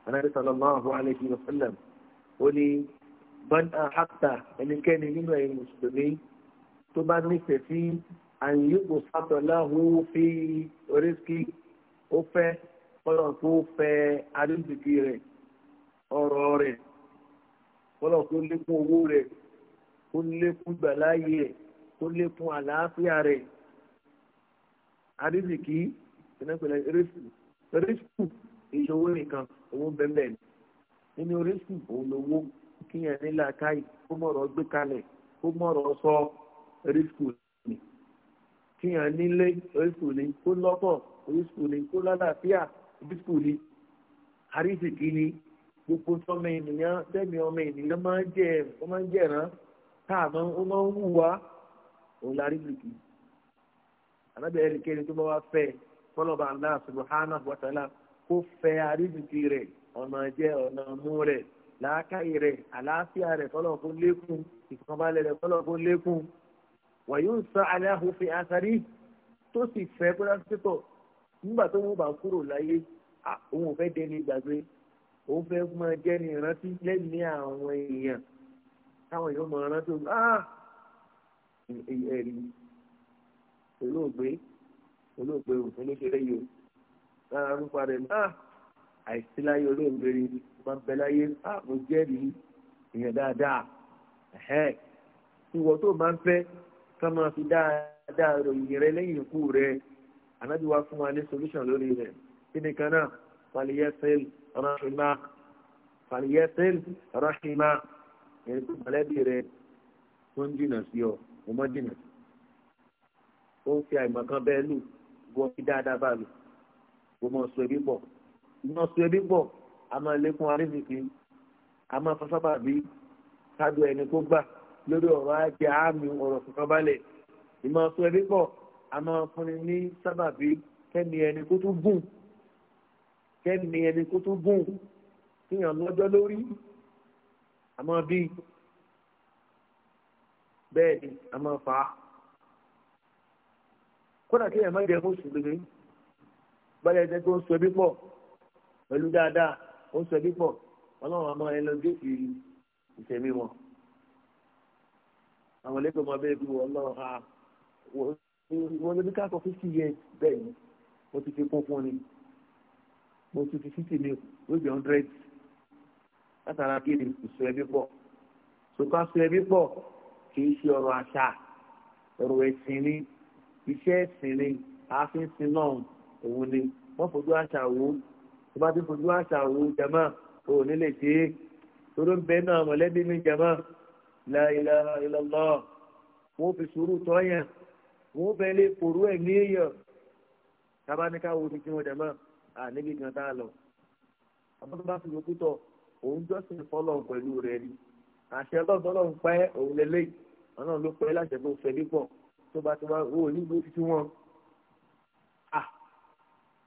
النبي صلى الله عليه وسلم ولي من أحب أن كان من المسلمين تبني في أن يبسط له في رزقه وفي ọlọ́run tó fẹ́ adúlùdìkì rẹ̀ ọ̀rọ̀ rẹ̀ ọlọ́run tó lékún owó rẹ̀ tó lékún gbàláyé rẹ̀ tó lékún àlàáfíà rẹ̀ adúlùdìkì ìnápẹ̀lẹ̀ rísù rísù ìṣòwò nìkan owó bẹ́ẹ̀ nínú rísù òun lówó kíyàn nílà káyì kó mọ̀rọ̀ gbé kalẹ̀ kó mọ̀rọ̀ sọ rísù ni kíyàn nílé rísù ni kó lọ́kọ̀ rísù ni kó lálàáfíà rísù ni àrísìkí ni gbogbo sọmọ ènìyàn tẹ́mi ọmọ ènìyàn máa ń jẹ́ ọ máa ń jẹ̀rán táàmù ó máa ń hùwà òun la rísìkí ànábẹ́rẹ́ nìkẹ́ni tó bá wá fẹ́ ẹ kọ́lọ́ba Allah subhanahu wa ta'ala kó fẹ́ àrídìkì rẹ̀ ọ̀nà jẹ́ ọ̀nà mú rẹ̀ làákàyè rẹ̀ àlàáfíà rẹ̀ kọ́lọ́ fún lékún ìfọ̀nbalẹ̀ rẹ̀ kọ́lọ́ fún lékún wàyí ń sọ aláhùnfin àkàrí tó sì fẹ́ kó láti pọ̀ nígbà tó wọ́n bá kúrò láyé òun ò fẹ́ dẹni gbàgbé òun fẹ́ máa jẹ́ ní ìrántí àwọn èèyàn táwọn èèyàn máa rántí òun ah ẹ̀rí olóògbé olóògbé òfin ló ṣeré yìí o lára ń parẹ náà àìsí láyé olóògbé rí máa bẹ láyé á ah, mo jẹ́rìí èèyàn dáadáa ìwọ tó máa ń fẹ́ ká máa fi dáadáa ròyìn rẹ lẹ́yìn ikú rẹ ànábi wá fún wa ní solution lórí rẹ kí ni kan náà faliyẹsẹl rahima faliyẹsẹl rahima ẹni tó mọ̀lẹ́bí rẹ tó ń jìnnà sí ọ mo mọ̀ jìnnà ó ń fi àìmọ̀ bẹ́ẹ̀ lù gbọ́ fi dáadáa bá mi kò mọ̀ sọ ebi bọ̀ ìmọ̀ sọ ebi bọ̀ a máa lékún arísìkì a máa fasábà bí kájú ẹni tó gbà lórí ọ̀rọ̀ ajé àmì ọ̀rọ̀ kankan balẹ̀ ìmọ̀ sọ ebi bọ̀ a máa fúnni ní sábàbí kẹ́mi ẹni tó tún gùn kẹ́mi ẹni tó tún gùn kíyàn lọ́jọ́ lórí àmọ́ bíi bẹ́ẹ̀ ni a máa fà á kódà kí èèyàn má jẹ mùsùlùmí bọ́lá ẹ̀jẹ̀ tó ń sọ ẹbí pọ̀ pẹ̀lú dáadáa ó ń sọ ẹbí pọ̀ ọlọ́run àmọ́ ẹ lọ dé ìrì ìṣẹ̀mí wọn. àwọn lẹ́gbẹ̀ẹ́ ọmọ abẹ́rẹ́ ah, bí wọ́n lọ́wọ́ ha wọ́n lóbi ká kọ fifty years bẹ́ẹ̀ ni mo ti fi kún fún ni mo ti fi fifty mi ó jẹ́ hundred látara kí ni ìṣọ ẹbí pọ̀ ṣùgbọ́n aṣọ ẹbí pọ̀ kì í ṣe ọ̀rọ̀ àṣà ọ̀rọ̀ ẹ̀sìn ni iṣẹ́ ẹ̀sìn ni ààfin sin náà òun ni wọ́n fojú àṣà wo tó bá ti fojú àṣà wo jama òun ní lè ṣe é toró ń bẹ náà mọ̀lẹ́bí mi jama la ilaha illallah wọ́n fi sùúrù tọ́ yẹn wọ́n fẹ́ lè kóró ẹ̀ ní èèyàn tábà ní ká wo ti kí wọn jama àníbi kan tá a lọ àbúrò bá fi yòókù tọ̀ òun jọ́sìn fọ́lọ̀ pẹ̀lú rẹ̀ ni àṣẹ ọlọ́dọ́lọ́ ń pẹ́ òun lélẹ́yìn ọlọ́run ló pẹ́ láṣẹ tó fẹ́ nípọ̀ tó bá ti wá owó yìí ló ti wọn.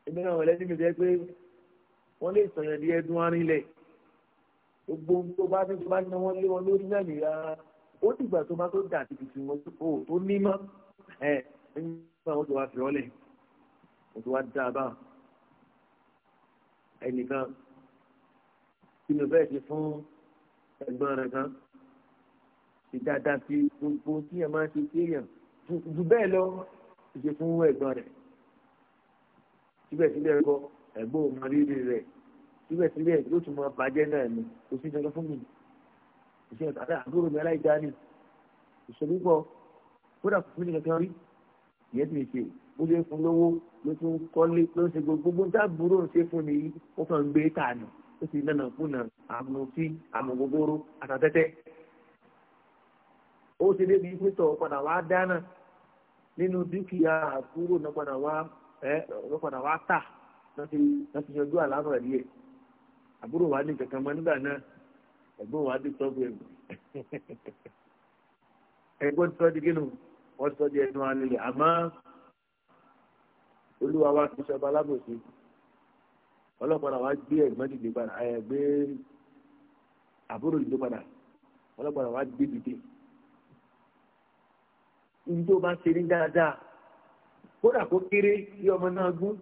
ẹgbẹ́ ah, náà wọlé sí mi jẹ́ pé wọ́n lè sọ̀yàn di ẹdun arinlẹ̀ gbogbo tó bá ti bá ná wọn lé wọn lórí náà nìyá ah, ó dìgbà tó bá tó dà sí ibi tí wọn kò tó ní mọ́ ẹ̀ nígbà wọn tó wá fi ọ́lẹ̀ wọn tó wá dá a bá ẹnìkan tí mo bẹ́ẹ̀ ṣe fún ẹgbọ́n rẹ̀ kan ìdáadáa sí gbogbo tí ẹ máa ṣe sí èèyàn jù bẹ́ẹ̀ lọ ṣe fún ẹ̀gbọ́n rẹ̀ síbẹ̀síbẹ̀ kọ́ ẹ̀gbọ́n ọmọ rírì rẹ̀ síbẹ̀síbẹ̀ yóò tún máa bàjẹ́ náà ni kò sí dandan fún mi kò sí àtàkà àbúrò mi aláìdáni ìṣòro pọ̀ kódà kò fún mi kankan rí ìyẹn ti ṣe bó ṣe fún lówó ló tún kọ́lé ló ṣe gbogbo ń dábúrò ṣe fún mi yìí ó kàn gbé tà ní ó sì nánà fún nà àmọ̀ sí àmọ̀ gbogbooro ó ṣe débi pétọ̀ padà wá dáná nínú dúkìá àbúrò náà padà wá ẹ ló padà wá tà láti láti yanjú àlàáfà rí ẹ àbúrò wa ní kankan mọ nígbà náà ẹ̀gbọ́n wa dé tọ́jú ẹ̀gbọ́n ẹ̀gbọ́n ti tọ́jú gínú wọ́n ti tọ́jú ẹnu alẹ́ àmọ́ olúwa wa ti sọba alábòsí ọlọ́pàá wa gbé ẹ̀gbọ́n dìde padà ẹ̀ gbé àbúrò dìde padà ọlọ́pàá wa gbé dìde ibi tó bá ṣe ní dáadáa kódà kó kéré kí ọmọ náà gún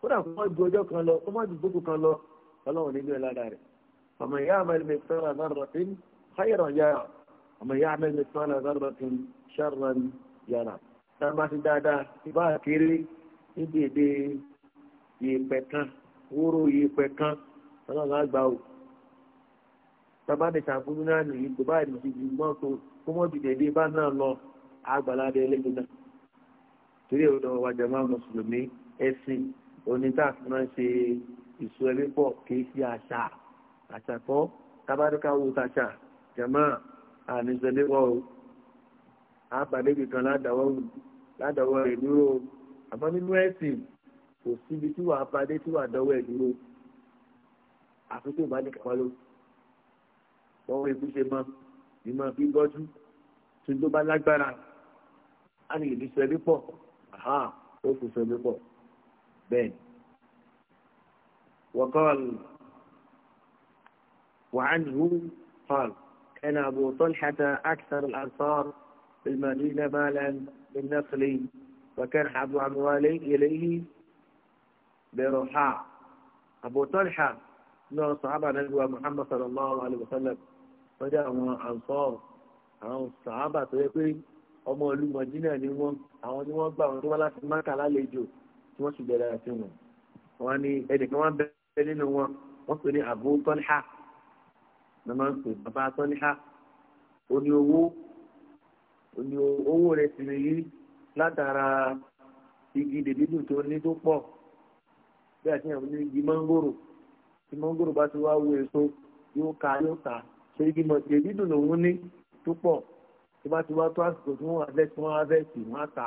kódà kó má ju ọjọ́ kan lọ kó má ju gbogbo kan lọ ọlọ́run nílò ẹ̀ládàá rẹ̀ ọmọ ìyá àmàlẹ́ mi sọ́ra lárọ̀tín káyọ̀rọ̀ yára ọmọ ìyá àmàlẹ́ mi sọ́ra lárọ̀tín ṣàrọ̀ yára tá a bá ṣe dáadáa ìbá kéré níbi èdè yèèpẹ̀ kan wóró yèèpẹ̀ kan ọlọ́run á gbà ó ní sàfúnú náà nìyí kò bá ìdí mọ́tò kó mọ́ àgbàládé ẹlẹ́gbẹ̀dá torí ẹ̀rọ wa jàmá mùsùlùmí ẹ̀sìn onítàkùn máa ń ṣe ìṣó ẹbí pọ̀ kì í ṣe àṣà àṣà kọ́ tábàdúkà wo tàṣà jàmá àníṣẹ́lẹ́ wọ́ o àpàdébì kan ládàwọ́ rẹ̀ dúró àmọ́ nínú ẹ̀sìn kò síbi tí wàá padé tí wàá dọ́wọ́ ẹ̀ dúró àfi tó bá ní kápá ló wọ́n wọ́n ikú ṣe mọ́ ìmọ̀ bí gbọ́jú tó tó bá lágbára a ní ìdí sẹ́bí pọ̀ aha ó fi sẹ́bí pọ̀ bẹ́ẹ̀ وقال وعنه قال كان أبو طلحة أكثر الأنصار في المدينه مالا من نخل وكان حب أموالي إليه برحاء أبو طلحة من الصحابة نجوى محمد صلى الله عليه وسلم فجاء من الأنصار àwọn sàábà tó ọmọ ìlú mọ̀dínà ni wọ́n àwọn tí wọ́n gbà wọn tó wá láti máka lálejò tí wọ́n sì bẹ̀rẹ̀ sí wọn. wọ́n ní ẹnìkan wọ́n bẹ̀rẹ̀ nínú wọn wọ́n pè ní àbú tọ́líhà ní wọ́n pè bàbá tọ́líhà ó ní owó ó ní owó rẹ̀ sì rí látara igi dèbídù tó ní tó pọ̀ bí àti àwọn ní igi mọ́ngòrò tí mọ́ngòrò bá ti wá wo èso yóò ka yóò ta ṣe igi dèbídù lòún ní tó pọ̀ tí wọ́n ti wá tó àsìkò tí wọ́n wá fẹ́ tí wọ́n wá fẹ́ tì wọ́n ta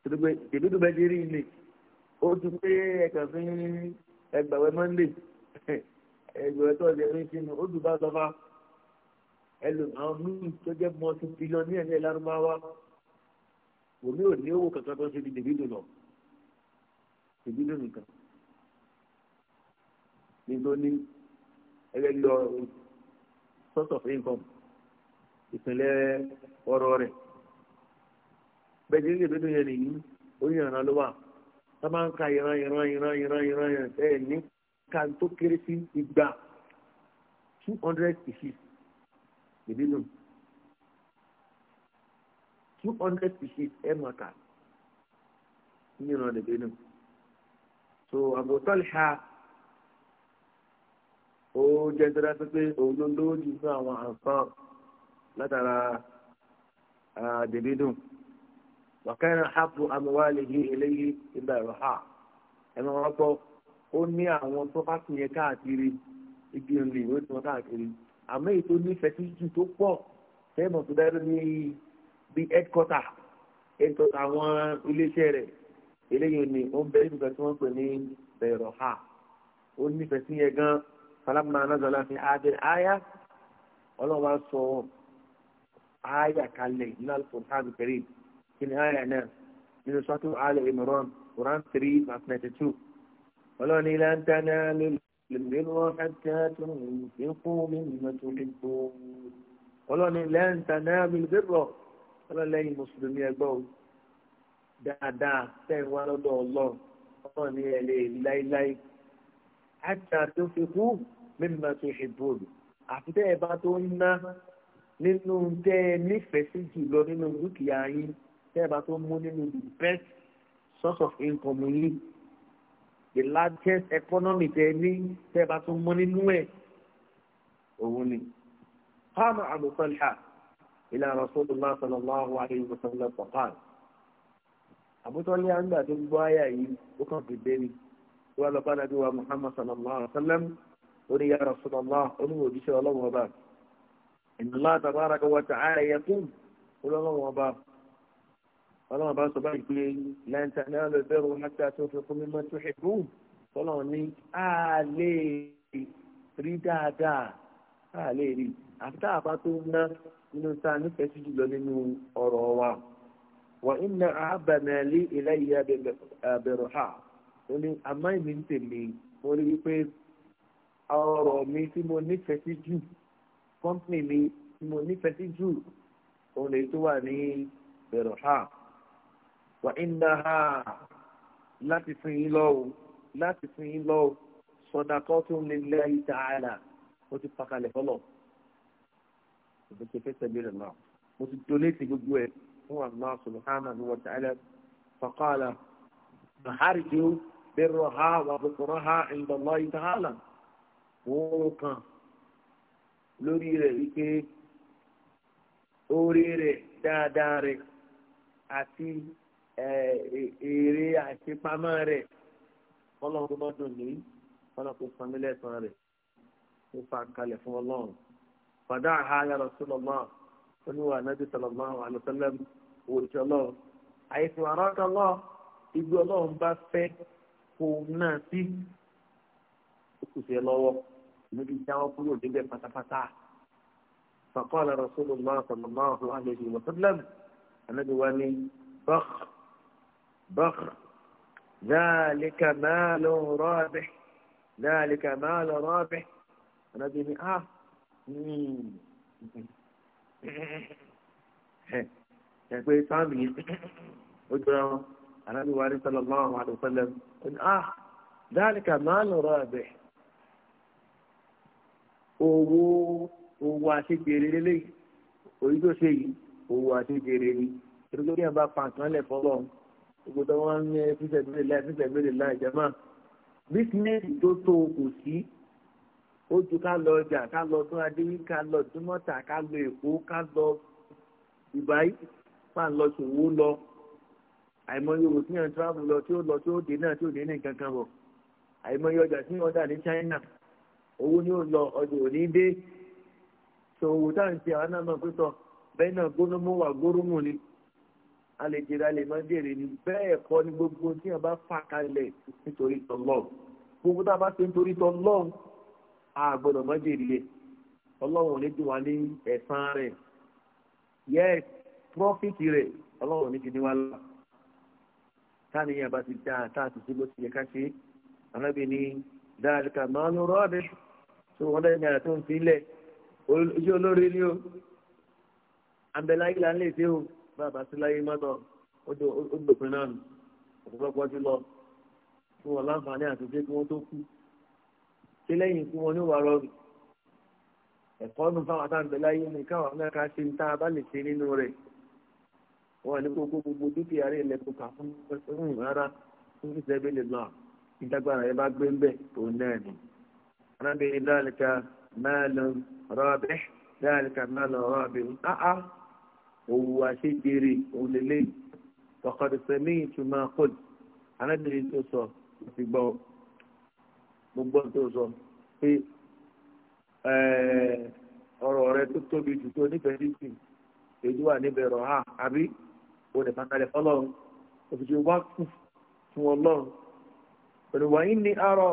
tẹ̀lé tẹ̀lé tó bẹ ti rí ilé ó ti pé ẹ̀kan fi ẹgbẹ̀wẹ̀ mọ́ndé ẹgbẹ̀wẹ̀ tó ọ̀dẹ̀ rí sínú ó dùn bá sọfá ẹlò àwọn míì tó jẹ́ mọ́tò bílíọ̀nù ní ẹ̀lẹ́ lárúbáwá òmí ò ní owó kankan tó ṣe di dèbí dùn lọ dèbí dùn nìkan nítorí ẹgbẹ́ lọ source of income ìpínlẹ̀ ọ̀rọ̀ rẹ̀ bẹ́ẹ̀ ní ìbínú yẹn nìyí oyin ìran ló wà tá máa ń ka ìran ìran ìran ìran ìran ẹ̀ ní ká tó kéré sí igba two hundred species ìbínú two hundred species ẹ̀ máa kà ní ìran ìbínú so àbòtọ́lìṣà ó jẹ́ ìdájọ́ pé òun ló lóòjì fún àwọn àǹfààní látara dèbídùn wàkàrà hapù amúwálégé eléyìí ìgbà ẹ̀rọ ha ẹ̀rọ wọn gbọ́ ó ní àwọn pọ́pátì yẹn káàkiri igi òǹlì ó ti wọn káàkiri àmọ́ èyí tó nífẹ̀ẹ́ sí jù tó pọ̀ fẹ́ẹ̀mọ̀ tó dájú ní bí headquarter headquarter àwọn iléeṣẹ́ rẹ̀ eléyìí ni ó ń bẹ́ẹ̀ nígbà tí wọ́n pè ní bẹ̀rọ̀ ó nífẹ̀ẹ́ sí yẹn gan falamma nazala fi adé aya ọlọ́run sọ àyà kalẹ̀ nínú al-Qur'an al-Karim kí ni àyà náà nínú sọ́tò Ali Imran Quran three verse ninety two ọlọ́run ní lan tanalu al-birra hatta tunfiqu mimma tuhibbun ọlọ́run ní lan tanalu al-birra ọlọ́run lẹ́yìn mùsùlùmí ẹgbọ́ dáadáa sẹ́yìn wá lọ́dọ̀ ọlọ́run ọlọ́run ní ẹ̀ lè láíláí hatta tunfiqu mimma tuhibbun àfitẹ́ ẹ̀ tó ń ná nínú tẹ́ ẹ nífẹ̀ẹ́ sí jùlọ nínú dúkìá yín tẹ́ ẹ bá tó mú nínú the best source of income yín the largest economy tẹ́ ẹ ní tẹ́ ẹ bá tó mú nínú ẹ̀ òun ni. قام أبو طلحة إلى رسول الله صلى الله عليه وسلم فقال أبو طلحة عند الرواية وكان في الدين وقال نبي محمد صلى الله عليه وسلم قل يا رسول الله قل هو بشر الله وبارك إن الله تبارك وتعالى يقول قل الله أبا ọlọ́run bá sọ báyìí pé lẹ́ńtà náà lè bẹ̀rù láti àtúnfẹ́kọ́ mímọ́ tó ṣẹ̀kú ọlọ́run ní a lè rí dáadáa a lè rí àfi tá a bá tó ná nínú tá nífẹ̀ẹ́ sí jùlọ nínú ọ̀rọ̀ wa wà nínú àbàmẹ́lì eléyìí abẹ̀rù ha ó ní àmọ́ ìmí ń tèmi mo rí i pé ọ̀rọ̀ mi tí mo nífẹ̀ẹ́ sí jù kọ́ńpìnì mi tí mo nífẹ̀ẹ́ sí jù òun lè tó wà ní bẹ̀rọ̀ ha wà ìnà ha láti fún yín lọ́wọ́ láti fún yín lọ́wọ́ sọ̀dàkọ́ tó ń lè lẹ́yìn tààlà ó ti pàkàlẹ̀ fọlọ́ ìbùkún fẹ́ tẹ̀lé rẹ̀ náà mo ti donate gbogbo ẹ̀ fún Allah subhanahu wa ta'ala faqala mahariju birraha wa bukraha inda Allah ta'ala wọ́n kan lórí rẹ̀ wípé oore rẹ̀ dáadáa rẹ̀ àti èrè àṣepamọ́ rẹ̀ fọlọ́run tó bá dùn ní fọlọ́run tó sanmi lẹ́sàn rẹ̀ ó fa kalẹ̀ fún ọlọ́run fàdá àhàyà ní wà àìsàn àrọ́tọ́ ọlọ́run bá fẹ́ kó náà sí ó kù sí ẹ lọ́wọ́. الذي توافل الدنيا فتفتح فقال رسول الله صلى الله عليه وسلم أنا دواني بخ بخ ذلك مال رابح ذلك مال رابح أنا دواني آه يقول سامي أنا دواني صلى الله عليه وسلم آه ذلك مال رابح owó owó àṣegbèrè lélẹ́yìí òyí tó ṣe yìí owó àṣegbèrè ni ìrúgbó yẹn bá pa nǹkan lẹ̀ fọ́lọ́ gbogbo tó wọ́n ń yẹ fífẹ́ gbélé láì fífẹ́ gbélé láì jẹ́mọ́ bísíǹnẹ́sì tó tó kò sí ó ju ká lọ ọjà ká lọ tún adéyí ká lọ dúmọ́tà ká lọ èkó ká lọ ìbáyí má lọ ṣòwò lọ àìmọye òwò tí lọ tí ó lọ tí ó dé náà tí ò dé ní nǹkan kan àìmọye ọjà tí wọ́n dà ní China owó ni ó lọ ọjọ́ òní dé so owó tá à ń ṣe àwọn náà máa pẹ́tọ̀ bẹ́ẹ̀ náà gbónúmú wà gbónúmú ni a lè jèrè a lè má jèrè ni bẹ́ẹ̀ kọ́ ni gbogbo tí wọ́n bá fà kalẹ̀ nítorí tọ́lọ́ gbogbo tá a bá ṣe nítorí tọ́lọ́ a gbọ́dọ̀ má jèrè yẹ ọlọ́run ò ní ti wà ní ẹ̀sán rẹ̀ yẹ́ẹ̀ prọ́fìtì rẹ̀ ọlọ́run ní ti ní wá lọ táníyàn bá ti dáa táà ti ṣe bó ti yẹ ká ṣe anábì ní dáadéka máa ń rọ́ọ̀dẹ́ tó wọn lẹ́yìn náírà tó ń filẹ̀ ojú olóore ni o àbẹ̀láyé là ń lè dé o bàbá síláyé mọ́nà ó dòpin náà nù ọ̀pọ̀lọpọ̀ ti lọ fún wọn láǹfààní àti pé kí wọ́n tó kú ṣé lẹ́yìn ikú wọn ní wàá rọrùn ẹ̀kọ́ nù fáwọn àtàǹbẹ̀láyé ni káwọn náà ká ṣe ń tá a bá lè ṣe nínú rẹ̀ wọn ní gbogbo gbogbo dúkìá rẹ̀ lẹ́kọ̀ọ́ kà fún rárá fún ìṣẹ́bí ìdágbára ẹ bá gbé ń bẹ̀ òun náà nìyí arábìnrin dáríkà máàlù rọ́bì dáríkà máàlù rọ́bì áá òwú àṣejèrè òlélẹ́ tọkọtìfẹ́ míì tún máa kọ́lù arábìnrin tó sọ ti gbọ́ gbogbo tó sọ pé ọ̀rọ̀ rẹ tó tóbi jù tó nífẹ̀ẹ́ sí sí èyí níbẹ̀ rọ̀ ha àbí olè pàtàkì fọlọ́run òfìsì wá kù fún ọlọ́run pẹ̀lú wàá ní àárọ̀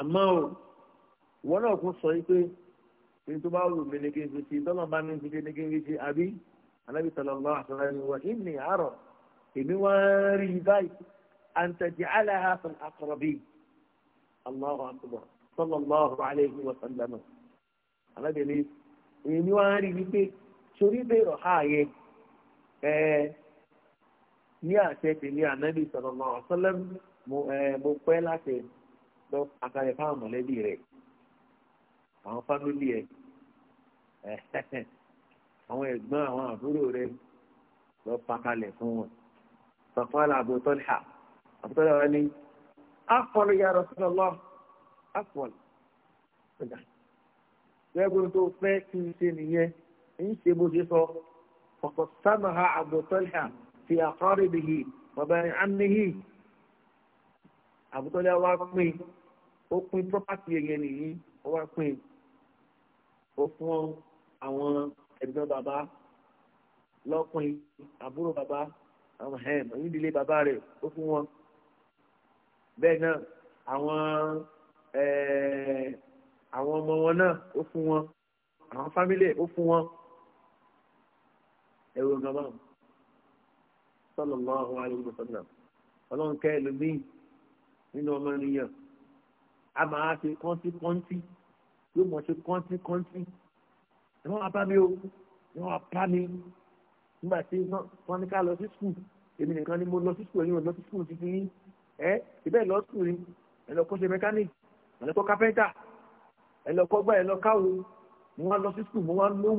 àmọ́ o ìwọ náà kún sọ pé ní tó bá wù mí ní kéwì sí tọ́lá bá ní ti ní kéwì sí àbí anábì sọlọ́lá àṣọlá ni wà ìmì àárọ̀ èmi wá ń rí i báyìí àǹtàjì aláha fún akọrọbí aláhu akọrọ sọlọ́lá ọ̀rọ̀ aláìhí wa sàlámà anábì ní èmi wá ń rí i pé sórí bèrò ààyè ẹ ní àṣẹ tèmi ànábì sọlọ́lá ọ̀sọ́lẹ́mù mo pẹ́ láti lọ akalẹ̀ fáwọn mọ̀lẹ́bí rẹ̀ àwọn fámìlì ẹ̀ àwọn ẹ̀gbọ́n àwọn àbúrò rẹ̀ lọ pakalẹ̀ fún wọn fàfàlà àbótọ́lá àbótọ́lá wọn ni afọlù ya Rasulullah afọlù ọjà gbẹ́gbẹ́ tó fẹ́ kí n ṣe nìyẹn ń ṣe bó ṣe sọ ọkọ̀ sábà àbótọ́lá fi àkọ́rẹ́bìhì ọ̀bẹ̀rin àmìhì àbútọ́lá wa pín ó pín property yẹn nìyí ó wá pín ó fún àwọn ẹ̀gbọ́n bàbá lọ́pin àbúrò bàbá àwọn ẹ̀m onídìílé bàbá rẹ̀ ó fún wọn bẹ́ẹ̀ náà àwọn àwọn ọmọ wọn náà ó fún wọn àwọn fámílì ó fún wọn ẹ̀rọ gàmọ́ sọlọ́mọ́ àwọn àlejò sọ́nà ọlọ́run kẹ́ ẹ̀ lómi nínú ọmọ ènìyàn a máa ṣe kọ́ńtì kọ́ńtì yóò mọ̀ ṣe kọ́ńtì kọ́ńtì ẹ wọ́n apá mi o ẹ wọ́n apá mi nígbà tí wọ́n ní ká lọ sí skul èmi nìkan ni mo lọ sí skul ẹ̀yin ò lọ sí skul títí yín ẹ ìbẹ́ lọ skul ni ẹ lọ kọ́ ṣe mẹkáníkì ẹ lọ kọ́ kápẹ́ntà ẹ lọ kọ́ gbá ẹ lọ káwọ́ mo wá lọ sí skul mo wá lówó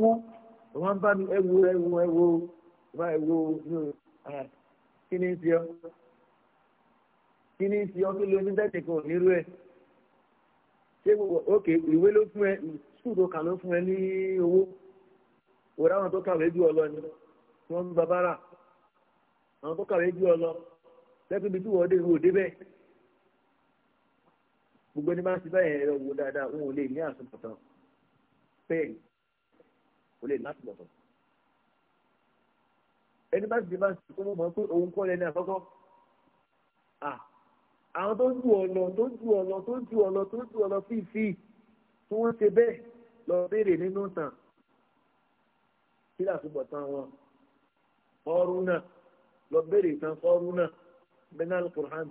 mo wá ń bá mi ẹ wo ẹ wo ẹ wo ẹ wo ah, kí ni ń ṣe ọ. kí ni ti ọtí lo ní tẹ́tì kan nírú ẹ̀ ṣé òkè ìwé ló fún ẹ sùkúù kà ló fún ẹ ní owó òrà àwọn tó kàwé ọlọ ni wọn ń babára àwọn tó kàwé tí wọ́n dé débẹ̀ gbogbo ẹni máa ń dáadáa ò lè ní àsopọ̀tàn bẹ́ẹ̀ ò lè ẹni bá ti di bá ti àwọn tó ju ọ̀nà tó ju ọ̀nà tó ju ọ̀nà tó ju ọ̀nà fífi tí wọ́n ṣe bẹ́ẹ̀ lọ béèrè nínú tàn kí làtúbọ̀ tán wọn fọ́ọ̀rù náà lọ béèrè tán fọ́ọ̀rù náà bẹ́nà alukur'an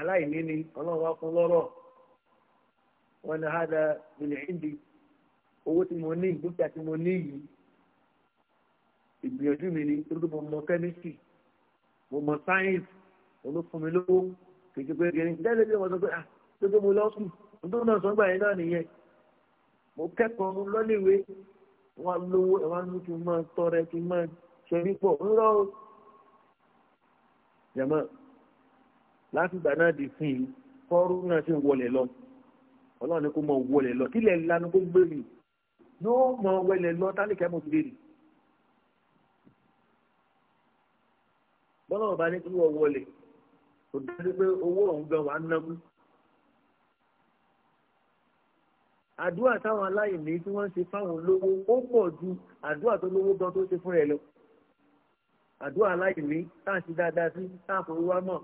aláìní ni ọlọ́run wá fún lọ́rọ̀ wọn ni hada bìlẹ̀ ìdí owó tí mo ní ìgbésẹ̀ tí mo ní yìí ìgbìyànjú mi ni tó dúró mo mọ kẹ́mísì mo mọ sáyẹ́nsì olófún mi lówó kìkì pé kìrì dẹ́lẹ̀ bí wọ́n sọ pé ah gbogbo mo lọ́ọ́ sùn nítorí náà sọ́gbà yẹn náà nìyẹn mo kẹ́kọ̀ọ́ mo lọ́lẹ̀wé wọn lówó ẹ̀ wá ní kí n máa tọrẹ kí máa ṣe mí pọ̀ ńlọ o jẹ̀mọ́ látìgbà náà di fún yìí kọ́rú náà ṣe wọlé lọ ọlọ́run ni kò mọ wọlé lọ kílẹ̀ lanu kó gbé mi yóò mọ wọlé lọ tálíkẹ́ mo ti lè bọ́lá ọba ní kí wọ́n wọlé kò dájú pé owó ọ̀hún gan wà á náwó. àdúrà táwọn aláìní tí wọ́n ń ṣe fáwọn olówó ó pọ̀ ju àdúrà tó lówó gan tó ṣe fúnra ẹ̀ lọ. àdúrà aláìní tá à ń ṣe dáadáa sí tá à ń fowó wá mọ̀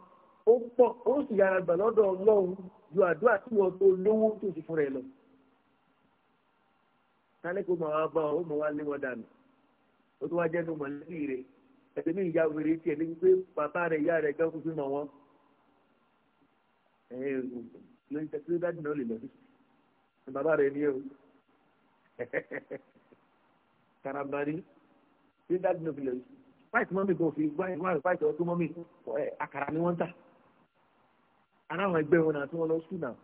ó pọ̀ ó sì yára gbà lọ́dọ̀ ọlọ́run ju àdúrà tí wọ́n tó lówó tó ṣe fúnra ẹ̀ lọ. tálẹ́ kó máa wá bá ọ ó máa wá lé wọn dànù ó tún wá jẹ́ nu mọ̀lẹ́bí rẹ̀ ẹ̀sìn ní ìyá wèrè lóyún tẹkiri dájú náà lè lọ sí bàbá rẹ ní o lọ sí white mọ́mí kò ni wọ́n ń tà ara àwọn ẹgbẹ́ wọn lọ sùn náà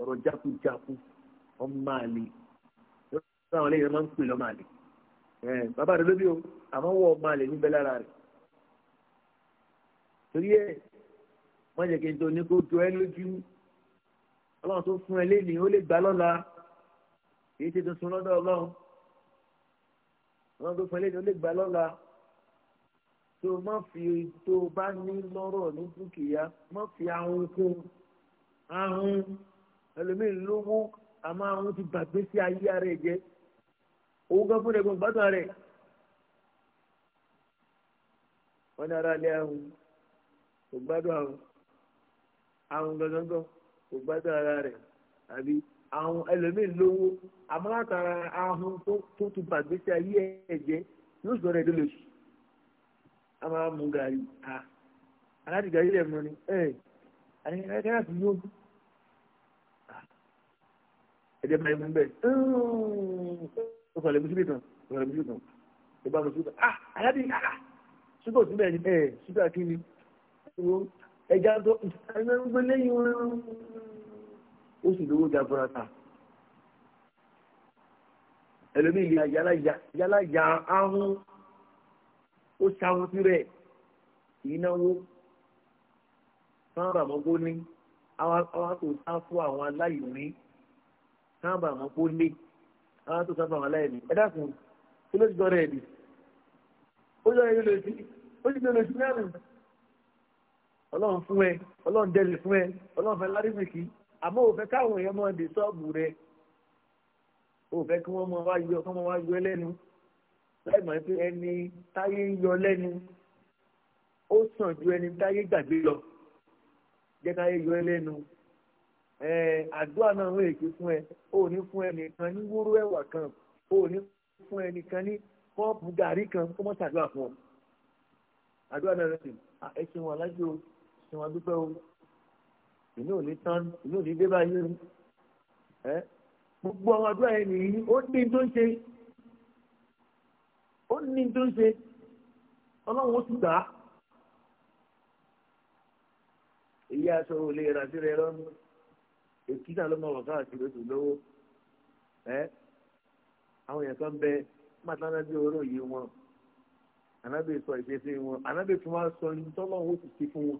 ọ̀rọ̀ jákujáku ọmọ àlè lọ́wọ́ àwọn ẹlẹ́yìn o àmọ́ wọ ọmọ àlè níbẹ̀ lára wọ́n jẹ́ kí n tó ní kó jọ ẹ́ lójú ọlọ́run tó fún ẹ lénìí ó lè gbà lọ́la kì í ṣe tuntun lọ́dọ̀ ọlọ́run ọlọ́run tó fún ẹ lénìí ó lè gbà lọ́la tó má fi tó bá ní lọ́rọ̀ ní dúkìá má fi ahun kún ahun ẹlòmíì lówó àmọ́ ahun ti bàgbé sí ayé ara ẹ̀ jẹ́ owó kan fún ẹ̀gbọ́n gbàtà rẹ̀ wọ́n ní ara lé ahun kò ahun àwọn gangan kò gbádùn ara rẹ̀ àbí àwọn ẹlòmíín lówó àmọ́ látara ahun tó tún bàgbésí ayé ẹ̀jẹ̀ yóò sọ̀rọ̀ ẹ̀dọ́ lòsù a máa mú gàrí a aláàdì gàrí rẹ̀ mọ́ ni ẹ̀ àti ẹ̀kẹ́rẹ́ àti yóò ẹ̀jẹ̀ máa mú bẹ́ẹ̀ ó sọ̀rọ̀ ẹ̀mí síbi kan sọ̀rọ̀ ẹ̀mí síbi kan ó bá mú síbi kan ah aláàdì ah ṣúgbọ́n síbẹ̀ ni ẹ̀ ṣúgbọ́n kí ni ẹja tó ẹgbẹ́ ń gbé lẹ́yìn oorun ó sì lówó dabura ta ẹlòmíì ìyá yálàjà ahun ó sáwọn tirẹ̀ ìnáwó sábà mọ́gbó ní àwọn tó sá fún àwọn aláìní sábà mọ́gbó ní àwọn tó sá fún àwọn aláìní ẹ dákun kí ló ti dọ́rẹ̀ ẹ̀dì ó yọ ẹ̀yìn lòdì ó ti dọ́rẹ̀ ẹ̀dì náà ọlọ́run fún ẹ ọlọ́run dẹ́lẹ̀ fún ẹ ọlọ́run fẹ́ lárìbìkì àmọ́ ò fẹ́ káwọn èèyàn máa dé sọ́ọ̀bù rẹ ò fẹ́ kí wọ́n máa wá yọ kí wọ́n wá yọ lẹ́nu láì mọ̀ pé ẹni táyé ń yọ lẹ́nu ó sàn ju ẹni táyé gbàgbé lọ jẹ́ káyé yọ lẹ́nu àdúrà náà ń èké fún ẹ ò ní fún ẹnìkan ní wóró ẹ̀wà kan ò ní fún ẹnìkan ní kọ́ọ̀pù gàrí kan kó mọ́ ṣàdúrà fún ọ àdúrà náà rẹ̀ ẹ ṣeun alájò tí wọ́n dúpẹ́ o inú ò ní tán inú ò ní dé báyìí o ẹ gbogbo àwọn àdúrà yẹn nìyí ó ní tó ń ṣe ó ní tó ń ṣe ọlọ́run ó tún gbà á èyí aṣọ olè ìrántí rẹ lọ́nu ló oṣù lówó ẹ àwọn èèyàn kan bẹ mátánà bí oró yìí wọn ànábì sọ ìṣesí wọn tún wá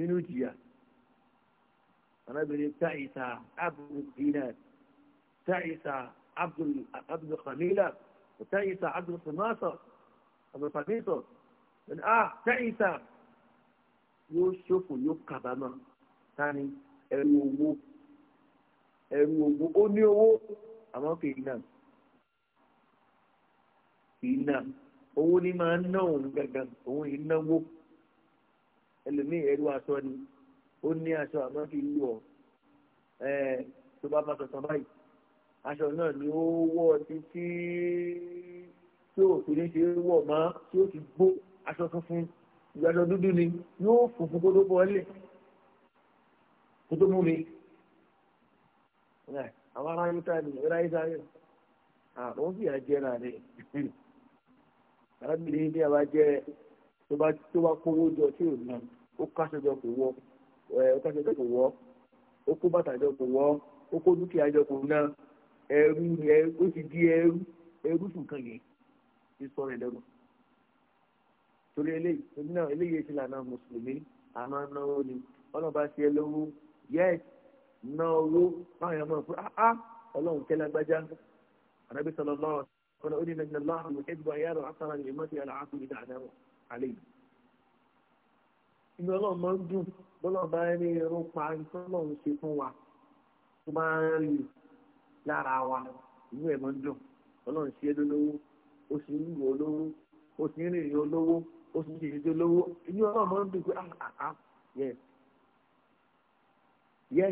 nínú ìjìyà arábìnrin táìsà abdul dinar táìsà abdul khamila táìsà abdul samasa abdul samisa ah táìsà yóò ṣòfò yóò kábàámọ̀ tani ẹrù owó ẹrù owó ó ní owó àwọn kì í nà kì í nà owó ní máa ń ná òun gàgà òun yìí náwó ẹlòmíì ẹrú aṣọ ni ó ní aṣọ àmọ́ kì í lù ọ́ tó bá bá sọ̀tàn báyìí aṣọ náà ni ó wọ̀ títí tí ò fi ní ṣe wọ̀ mọ́ tí ó ti gbó aṣọ funfun ìgbàṣọ dúdú ni yóò funfun kó tó bọ́ọ̀lẹ̀ kó tó mú mi àwọn ará yóò tàbí ìrá ìsá yóò àwọn fi àjẹrà rẹ arábìnrin bí a bá jẹ tó bá kówó jọ tí ò náà ó káṣọ jọ kò wọ ó káṣọ jọ kò wọ ó kó bàtà jọ kò wọ ó kó dúkìá jọ kò ná ẹrú ẹrú ó ti di ẹrú ẹrú fún kan yẹn ti sọ rẹ lẹ́nu torí eléyìí torí náà eléyìí ti lànà mùsùlùmí àmọ́ náwó ni ọlọ́ba ṣe lówó yẹ́ẹ̀sì ná owó báwọn yẹn mọ̀ fún áá ah, ah, ọlọ́run kẹ́lá gbájá ànábì sọlọ lọ́wọ́ kọ́nà ó ní nàìjíríà lọ́wọ́ àwọn ẹgbẹ́ ayára àtàrà ìmọ̀tì àlàáfíà ìdáná àlẹ́ yìí. inú ọlọ́run máa ń dùn bọ́lá bá rí irun pa nǹkan ọlọ́run ṣe fún wa tó bá ń lára wa inú ẹ̀ máa ń dùn ọlọ́run ṣe é lólówó ó sì ń lù olówó ó sì ń rìnrìn olówó ó sì ń ṣèṣe olówó inú ọlọ́run máa ń dùn pé yẹ yẹ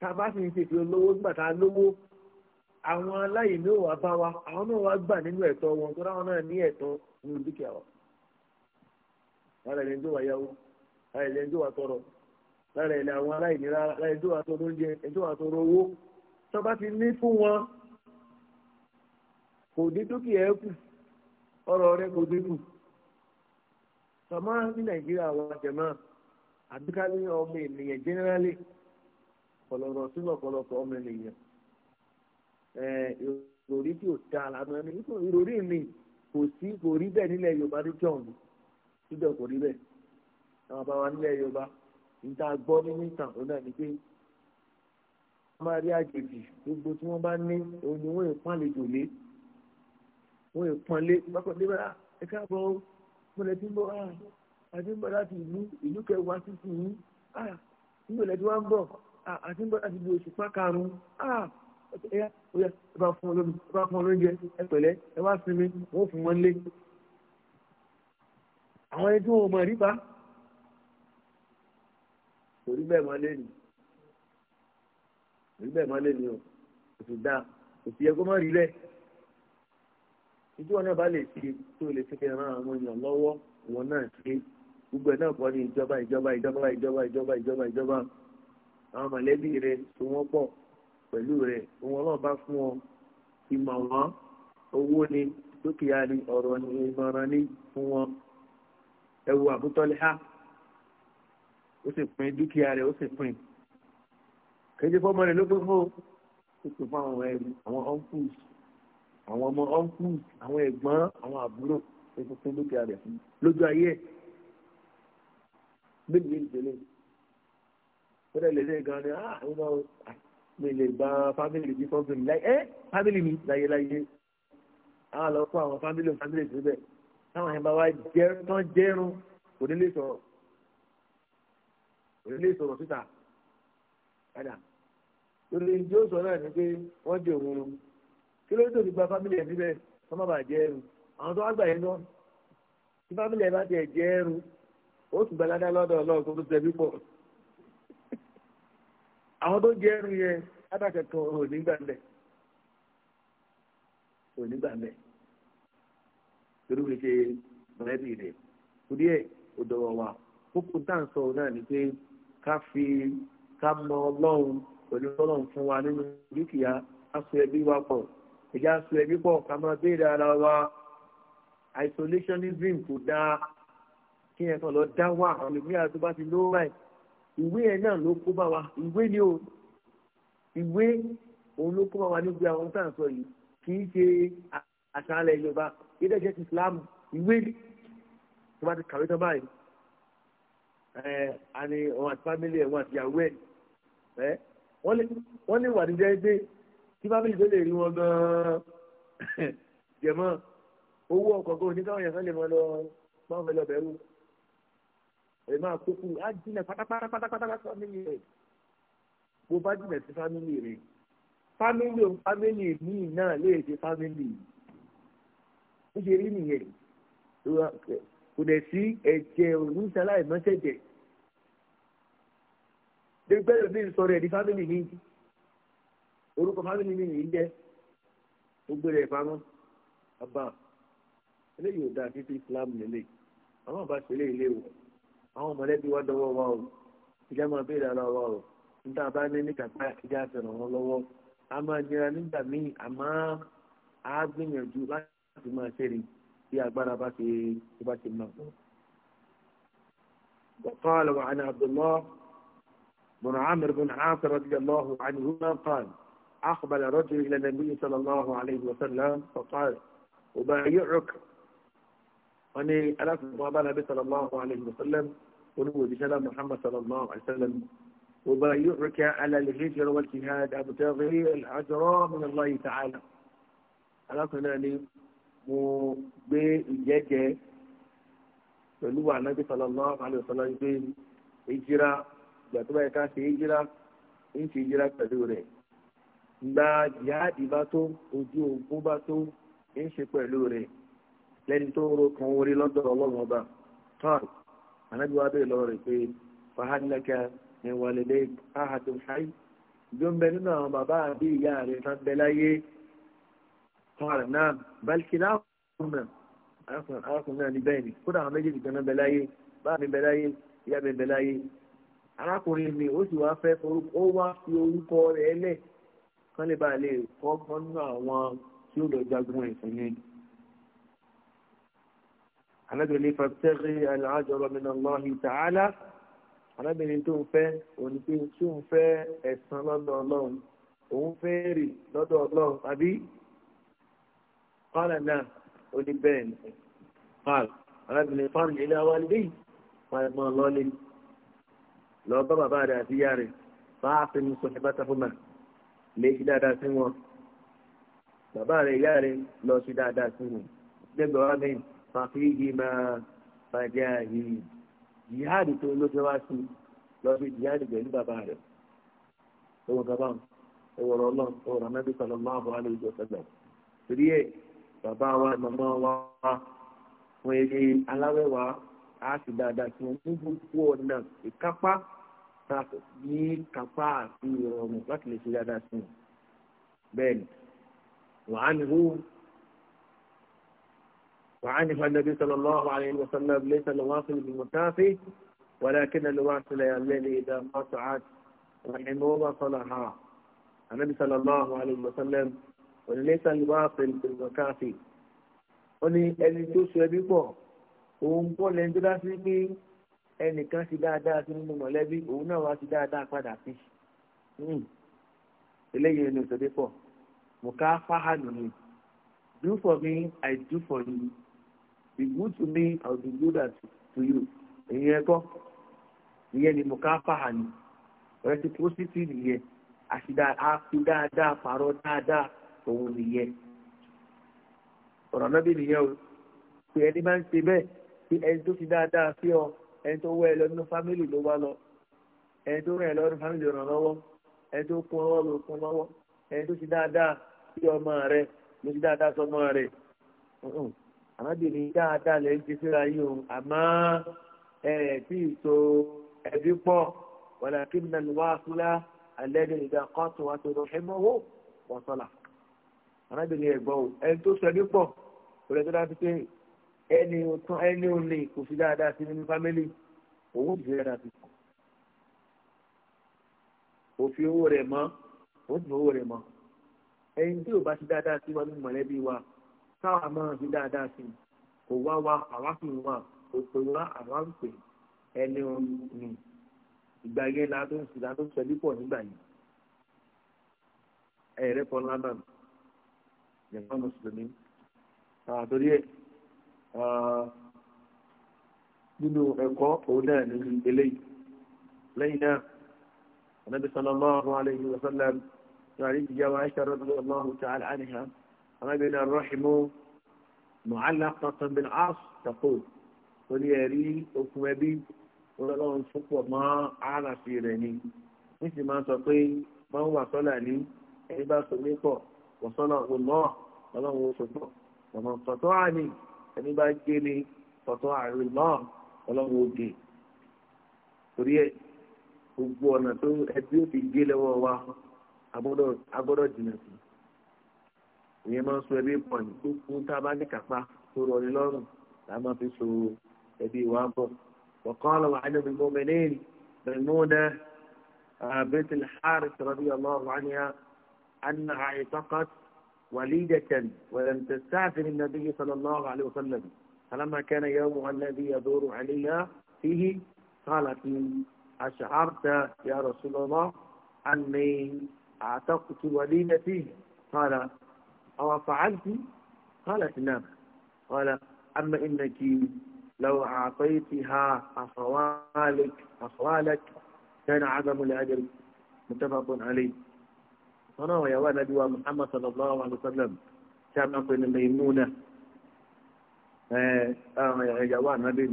tá a bá sì ń nígbà tá a lówó àwọn aláìní ò wá bá wa àwọn náà wá gbà nínú ẹ̀tọ́ wọn tó dáwọn náà ní lára ẹni tó wà yáwó lára ẹni tó wà tọrọ lára ẹni àwọn aláìní lára ẹni tó wà tọrọ oúnjẹ ẹni tó wà tọrọ owó tó ti ní fún wọn kò dín dúkìá ẹ kù ọrọ̀ rẹ kò dín kù sọmọ ní nàìjíríà wa jẹmọ àbíkálí ọmọ ènìyàn jẹnẹrálì ọlọrọ sínú ọ̀pọ̀lọpọ̀ ọmọ ènìyàn ìròrí tí ò dáa lànà ní ìròrí mi kò sí kò rí bẹ́ẹ̀ nílẹ̀ yorùbá ní jọ̀ọ̀nù síbẹ̀ kò rí bẹ́ẹ̀ àwọn bá wa nílẹ̀ Yorùbá níta gbọ́ nínú ìtàn òun náà ni pé wọ́n máa rí àjèjì gbogbo tí wọ́n bá ní òun ni wọ́n yóò pàlejò lé wọ́n yóò pọ́n lé bákan dé bá ẹ káàbọ̀ ó mọ̀lẹ́ tí ń bọ̀ á ah, àti ń bọ̀ láti ìlú ìlú kẹwàá títí yìí á ah, nígbàlẹ̀ tí wọ́n ń bọ̀ àti ah, ń bọ̀ láti ibi oṣù pákàrún á ẹ̀yà ó yà ẹ bá fún olómi ẹ bá fún olóúnjẹ ẹ pẹ̀lẹ́ ẹ wá sinmi wọ́n fún wọn lé àwọn ẹni tí wọn ò mọ̀ rípa kò rí bẹ́ẹ̀ máa lé ní kò rí bẹ́ẹ̀ máa lé ní o kò sì dáa kò náà bá lè ṣe tó lè àwọn èèyàn lọ́wọ́ wọn náà ṣe gbogbo ẹ̀ náà ní ìjọba ìjọba ìjọba ìjọba ìjọba ìjọba ìjọba àwọn mọ̀lẹ́bí tó wọ́n pọ̀ pẹ̀lú bá fún ìmọ̀ wọn ẹ wo àbútọ́lẹ́há ó sì pín dúkìá rẹ̀ ó sì pín kéde fọ́mọ rẹ̀ ló pín fún ó sì pín fún àwọn ẹrú àwọn uncles àwọn ọmọ uncles àwọn ẹ̀gbọ́n àwọn àbúrò ó sì pín dúkìá rẹ̀ fún lójú ayé ẹ̀ bẹ́ẹ̀ ni ìdílé fẹ́rẹ̀ lè dé gan ni ah ìwọ mi lè gba fámìlì bí fọ́ọ̀mù mi láyé ẹ́ eh, fámìlì mi láyé láyé á lọ fún àwọn fámìlì fámìlì síbẹ̀. táwọn yẹn bá wá jẹ́ tán jẹ́rún kò ní sọrọ sọ̀rọ̀ kò ní lè síta padà lórí ní ó sọ náà ni pé wọ́n jẹ òun kí ló dé òdìgbà fámìlì ẹ̀ níbẹ̀ wọ́n má bàa jẹ́ àwọn tó wá gbà yẹn náà tí fámìlì ẹ̀ bá tiẹ̀ jẹ́ ó sì gbalada lọ́dọ̀ tó tó pọ̀ àwọn tó yẹn látàkẹ́kọ̀ọ́ gbà torí wọ́n ṣe mọ̀lẹ́bí rẹ̀ torí ẹ̀ ò dọ̀wọ̀ wà kókó tá à ń sọ náà ni pé ká fi ká mọ ọlọ́run pẹ̀lú ọlọ́run fún wa nínú dúkìá ká so ẹbí wa pọ̀ ẹ̀já so ẹbí pọ̀ ká máa béèrè ara wa isolationism kò dáa kí ẹ kàn lọ dá wà àwọn ẹlòmíràn tó bá ti lóra ẹ̀ ìwé ẹ̀ náà ló kó bá wa ìwé ni o ìwé òun ló kó bá wa níbi àwọn tá à ń sọ yìí kì í ṣe àṣà alẹ́ yorùbá ilé iṣẹ́ ti islam ìwé ni tó bá ti kàwé tán báyìí ẹ àní òun àti fámìlì ẹ̀ wọn àti ìyàwó ẹ̀ ẹ wọ́n lè wà ní jẹ́gbé tí fámìlì tó lè rí wọn gan-an jẹ̀mọ́ owó ọ̀kọ̀ọ̀kan oníkàwọn yẹn fẹ́ lè mọ lọ máa fẹ́ lọ bẹ̀rù ẹ̀ máa kókó á jìnà pátápátápátá fámìlì rẹ̀ bó bá jìnà sí fámìlì rẹ̀ family, òun fámìlì míì náà lè ṣe fámìlì yìí ó ṣe rí nìyẹn kò dẹ̀ sí ẹ̀jẹ̀ òrùnsẹ̀ aláìmọ́sẹ̀jẹ̀ dẹ́gbẹ́ ló ní sọ̀rọ̀ ẹ̀ di fámìlì mi orúkọ fámìlì mi nìyí jẹ́ gbogbo rẹ̀ pamọ́ ọba eléyìí ò dáa títí Islam lélẹ̀ àwọn ọba ṣẹlẹ̀ ilé wọ̀ àwọn mọ̀lẹ́bí wa dọwọ́ wa o ìjà máa béèrè ara wa o níta bá ní ní kàkà ìjà àfẹ̀ràn wọn lọ́wọ́ a máa nira nígbà míì àmọ́ a gbìyànjú láti. láti máa ṣeré bí agbára bá ṣe tó bá ṣe máa. وقال وعن عبد الله بن عامر بن عاص رضي الله عنهما قال أقبل رجل إلى النبي صلى الله عليه وسلم فقال أبايعك wọ́n ní alákùnkùn abánabi sallallahu alayhi wa sallam olúwo ìdíṣẹ́lá muhammad sallallahu alayhi wa sallam ọba yóò rúkẹ́ alàlẹ́hìjọ́ wọ́n ti ha àbùtẹ́ rí àjọrọ́ min Allah ta'ala mo gbé ìjẹ́jẹ pẹ̀lú ànábì sallallahu alaihi wasallam gbé ìjìra ìgbà tó báyìí ká ṣe ìjìra ń ṣe ìjìra pẹ̀lú rẹ̀ gba jihadi bá tó ojú ogun bá tó ń ṣe pẹ̀lú rẹ̀ lẹ́ni tó ń kan orí lọ́dọ̀ ọlọ́run ọba tán ànábì wa bẹ́ẹ̀ lọ rẹ̀ pé bí ó ń قال نعم بل كلاهما arákùnrin náà ní bẹ́ẹ̀ ni kódà àwọn méjèèjì gan-an bẹ láyé báà mi bẹ láyé ìyá mi bẹ láyé arákùnrin mi ó sì wá fẹ́ ó wá fi orúkọ rẹ̀ lẹ̀ kán lè bá lè kọ́ nínú àwọn tí ó lọ jagun ẹ̀sìn ni. alábìnrin fàtẹ́rì aláàjọrọ mi náà lọ́hìn tààlà alábìnrin tó ń fẹ́ òní pé tó ń fẹ́ ẹ̀san lọ́dọ̀ ọlọ́run òun fẹ́ rì lọ́dọ̀ ọlọ́run àbí قال نعم قل بين قال رجل فرج إلى والديه قال ما الله لي لو ضرب بعد أتياري فأعطني صحبتهما ليش لا داسموا bàbá rẹ̀ ìyá rẹ̀ lọ sí dáadáa sí wọn gbẹgbẹ wa mi fàfihì máa fàjà yìí jihadi tó ló fẹ́ wá sí lọ sí jihadi pẹ̀lú bàbá rẹ̀ ewu bàbá ewu ọ̀rọ̀ ọlọ́run ewu ọ̀rọ̀ mẹ́bí sọ̀rọ̀ máa bọ̀ alẹ́ ìjọ sẹ́gbẹ̀ẹ́ torí ẹ̀ bàbá wa mọ̀mọ́ wa wọn èdè aláwẹ̀ wa á sì dáadáa tí wọn ní gbogbo ọ̀nà ìkápá ní kápá àti ìrọ̀rùn láti lè ṣe dáadáa sí wọn bẹ́ẹ̀ ni wàá nìhú. وعنف النبي صلى الله عليه وسلم ليس الواصل بالمسافي ولكن الواصل الذي إذا ما سعت رحمه وصلها النبي صلى الله عليه وسلم ònílẹ́sà ló bá pẹ̀lú pẹ̀lú káfí ó ní ẹni tó so ẹbí pọ̀ òun pọ̀ lẹ́ni tó dá sí pé ẹnìkan ti dáadáa sí nínú mọ̀lẹ́bí òun náà wá ti dáadáa padà sí hmm. eléyìí ni òṣèré pọ̀ mo ká fáhánù ni do for me I do for you be good to me I will be good to you èyí ẹ̀kọ́ ìyẹn ni mo ká fáhánù rẹ ti pósítì nìyẹn àti dáadáa pààrọ̀ dáadáa òun nìyẹn ọ̀rọ̀ náà bí nìyẹn o pé ẹni máa ń ṣe bẹ́ẹ̀ pé ẹni tó fi dáadáa sí ọ ẹni tó wẹ́ ẹ lọ nínú fámìlì ló wá lọ ẹni tó rìn ẹ lọ́rùn fámìlì ràn lọ́wọ́ ẹni tó kún ọwọ́ ló kún lọ́wọ́ ẹni tó fi dáadáa sí ọmọ rẹ ló fi dáadáa sọmọ rẹ arábìnrin dáadáa lẹ́yìn ti fẹ́ra yìí o àmọ́ ẹ̀ tí so ẹbí pọ̀ wàlàkí nàlùwà fúlá alẹ́ ní ìdá kọ́tù wa tó wọ́n sọ̀là arábìnrin ẹ̀gbọ́n o ẹni tó sọ ẹni pọ̀ òun ẹ̀tọ́ dáa ti pé ẹni tán ẹni ò lè kò sí dáadáa sí nínú fámẹ́lì òun ò sì rẹ̀ dàbí. òfin owó rẹ̀ mọ́ òun sì owó rẹ̀ mọ́ ẹni tí ò bá ti dáadáa sí wa nínú mọ̀lẹ́bí wa táwa máa fi dáadáa sí kò wá wa àwa sì wà kò pè àwa ń pè ẹni ò ní ìgbà yẹn la tó ń sì la tó ń sọ ẹni pọ̀ nígbà yìí ẹ̀rẹ́ pọ̀ lábàá mi. jẹ̀mọ́ mùsùlùmí آه، torí ẹ̀ آه، nínú ẹ̀kọ́ òun náà ní eléyìí lẹ́yìn náà النبي صلى الله عليه وسلم تعريف جوائش رضي الله تعالى عنها رجل الرحم معلقة بالعص تقول وليري أكمبي ولو انفق ما على سيرني مثل ما تقول ما هو صلاني عبا صديقه وصلاه الله ọlọ́run ó sọ̀tọ̀ ọmọ tọ̀tọ̀ àní ẹni bá gé ni tọ̀tọ̀ àrùn náà ọlọ́run ó gé torí ẹ gbogbo ọ̀nà tó ẹbí ó fi gé lọ́wọ́ wa agbọ́dọ̀ jìnnà sí ìyẹn máa ń sọ ẹbí pọ̀ ní tó kún tá a bá ní kápá tó rọrí lọ́rùn làá máa fi so ẹbí wa bọ̀ ọ̀kan ọlọ́wọ́ àdébí mọ́mẹ́lẹ́rì mẹ́múdà bẹ́tẹ̀lì hàrì sọ̀rọ̀ bí ọlọ́run wá ní à أنها اعتقت وليدة ولم تستعفن النبي صلى الله عليه وسلم فلما كان يومها الذي يدور عليها فيه قالت أشعرت يا رسول الله أني أعتقت وليدتي قال أو فعلت قالت نعم قال أما إنك لو أعطيتها أخوالك أخوالك كان عدم الأجر متفق عليه wọn náà yàwó anabi wa muhammad sallallahu alayhi wa sallam tí a máa pè ní maimuna yàwó anabi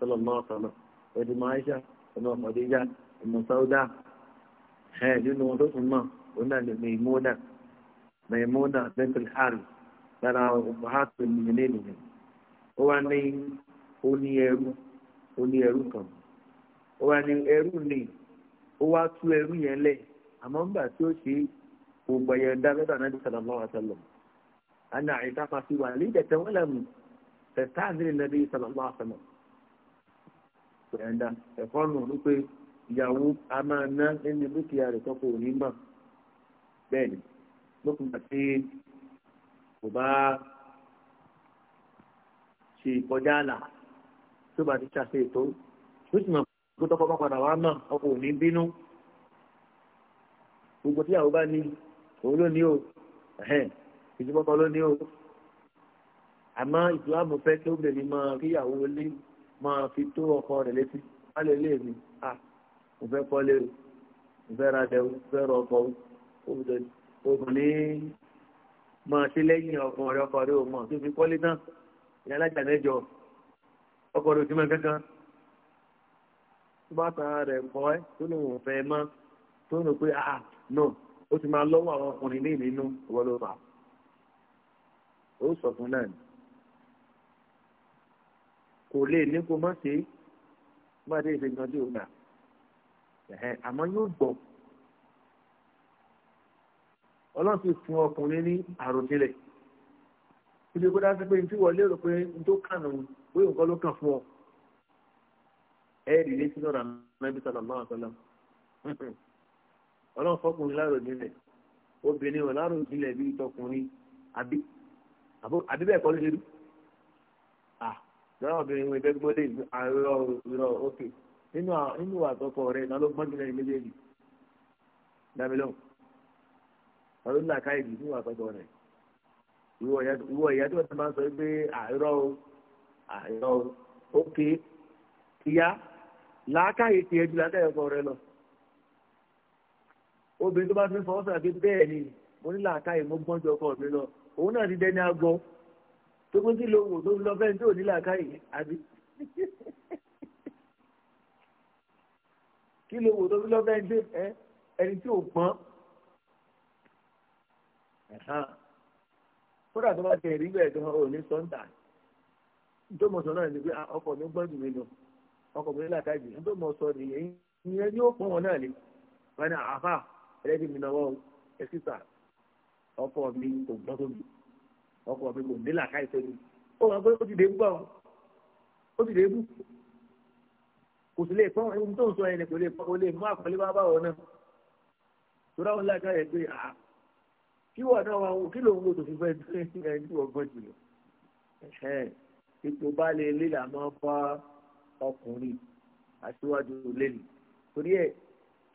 sallallahu alayhi wa sallam ẹ̀dùnmọ̀ aisha ọ̀nà ọ̀dẹ́jà ọ̀nà sauda ẹ̀ nínú wọn tó tún mọ̀ wọn náà ní maimuna maimuna bẹ́ntìl hàrì lára ọ̀bùhátù nìyẹn nìyẹn ó wá ní ó ẹrú ó ẹrú kan ó wá ní ẹrú ni ó wá tú ẹrú yẹn lẹ̀ àmọ́ ńgbà tí ó ṣe kò gbà yọ̀ǹda lọ́dọ̀ anábì sallallahu alaihi wasallam ana àìsàkà sí wa lè dẹ̀tẹ̀ wọ́n lẹ́mu tẹ̀tà àdìrì nàbí sallallahu alaihi wasallam kò yọ̀ǹda ẹ̀kọ́ nù wípé ìyàwó a máa ná nínú dúkìá rẹ̀ tọ́kọ òní mọ̀ bẹ́ẹ̀ ni lókun àti kò bá ṣe ìkọjá àlà tó bá ti ṣàṣe ètò tó sì mọ̀ kó tọ́kọ bá padà wá bá ní òun ló ní o ìjọba ló ní o àmọ́ ìsìlámù fẹ́ kí obìnrin máa kíyàwó lé máa fi tó ọkọ rẹ̀ létí wá lè lé mi à mo fẹ́ kọ́lé o mo fẹ́ ra dẹ̀ o mo fẹ́ ra ọkọ o obìnrin máa ṣe lẹ́yìn ọkọ rẹ̀ ọkọ rẹ̀ o mọ̀ tó fi kọ́lé náà ìyá alájà mẹ́jọ ọkọ rẹ̀ ò sí mọ́ kankan tó bá ta rẹ̀ kọ́ ẹ́ tó lóun fẹ́ mọ́ tó lóun pé ah no ó ti máa lọ́wọ́ àwọn ọkùnrin ní ìnínú ìwọ ló fà ó sọ fún náà ni kò lè ní kó má ṣe bá dé ìṣe gan tí ò gbà àmọ́ yóò gbọ́ ọlọ́run ti fún ọkùnrin ní àròjinlẹ̀ ilé kó dájú pé tí wọ́n lérò pé n tó kànú pé nǹkan ló kàn fún ọ ẹ rí létí lọ́dà náà bí sọ̀rọ̀ náà sọ̀rọ̀ ọlọ́run fọkùnrin láàrò ìbílẹ̀ obìnrin ò láàrò ìbílẹ̀ bíi tọkùnrin àbí àbí bẹ́ẹ̀ kọ́ ló ṣe rí à lọ́wọ́ obìnrin wọn ìbẹ́gbọ́ lè àárọ̀ ìrọ̀ òkè nínú nínú àtọkọ rẹ̀ náà ló gbọ́n jùlọ ìméjèèjì dábìlọ́n ọdún làkà ìdí nínú àtọkọ rẹ̀ ìwọ ìyá tó máa ń sọ pé àárọ̀ àárọ̀ òkè ìyá làákàyè tiẹ̀ ju làákàyè ọkọ rẹ̀ lọ obìnrin tó bá fi ń fọwọ́ sàgbé bẹ́ẹ̀ ni mo ní làákàyè mo gbọ́n ju ọkọ mi lọ òun náà ti dẹni agbọ tó pín sí lówó tó lọ bẹ́ẹ̀ tí ò ní làákàyè àbí kí lówó tó lọ bẹ́ẹ̀ tí ẹni tí ò pọ́n kódà tó bá tẹ̀ rí bẹ́ẹ̀ tó ò ní sọ́ńtà tó mọ̀ sọ náà ni pé ọkọ mi gbọ́n jù mí lọ ọkọ mi làákàyè tó mọ̀ sọ nìyẹn ìyẹn ni ó pọ́n wọn náà lé wọn ni àáfàá ẹlẹ́dì mi náwó ẹ sísà ọkọ mi kò gbọ́n tó mi ọkọ mi kò nílà káìsẹ́ mi ó wà pé ó ti dé gbọ́ ó ti dé bú kò sì lè pọ́n ohun tó ń sọ yẹn kò lè pọ́n kò lè mú àpọ́nlé bá báwọn náà tó dáwọn láàká yẹn pé àá kí wọ́n náà wà kí ló ń wo tòfin fẹ́ dúró ẹni tí wọ́n gbọ́n jùlọ ètò bá lè lélà máa ń bá ọkùnrin aṣíwájú lẹ́nu torí ẹ̀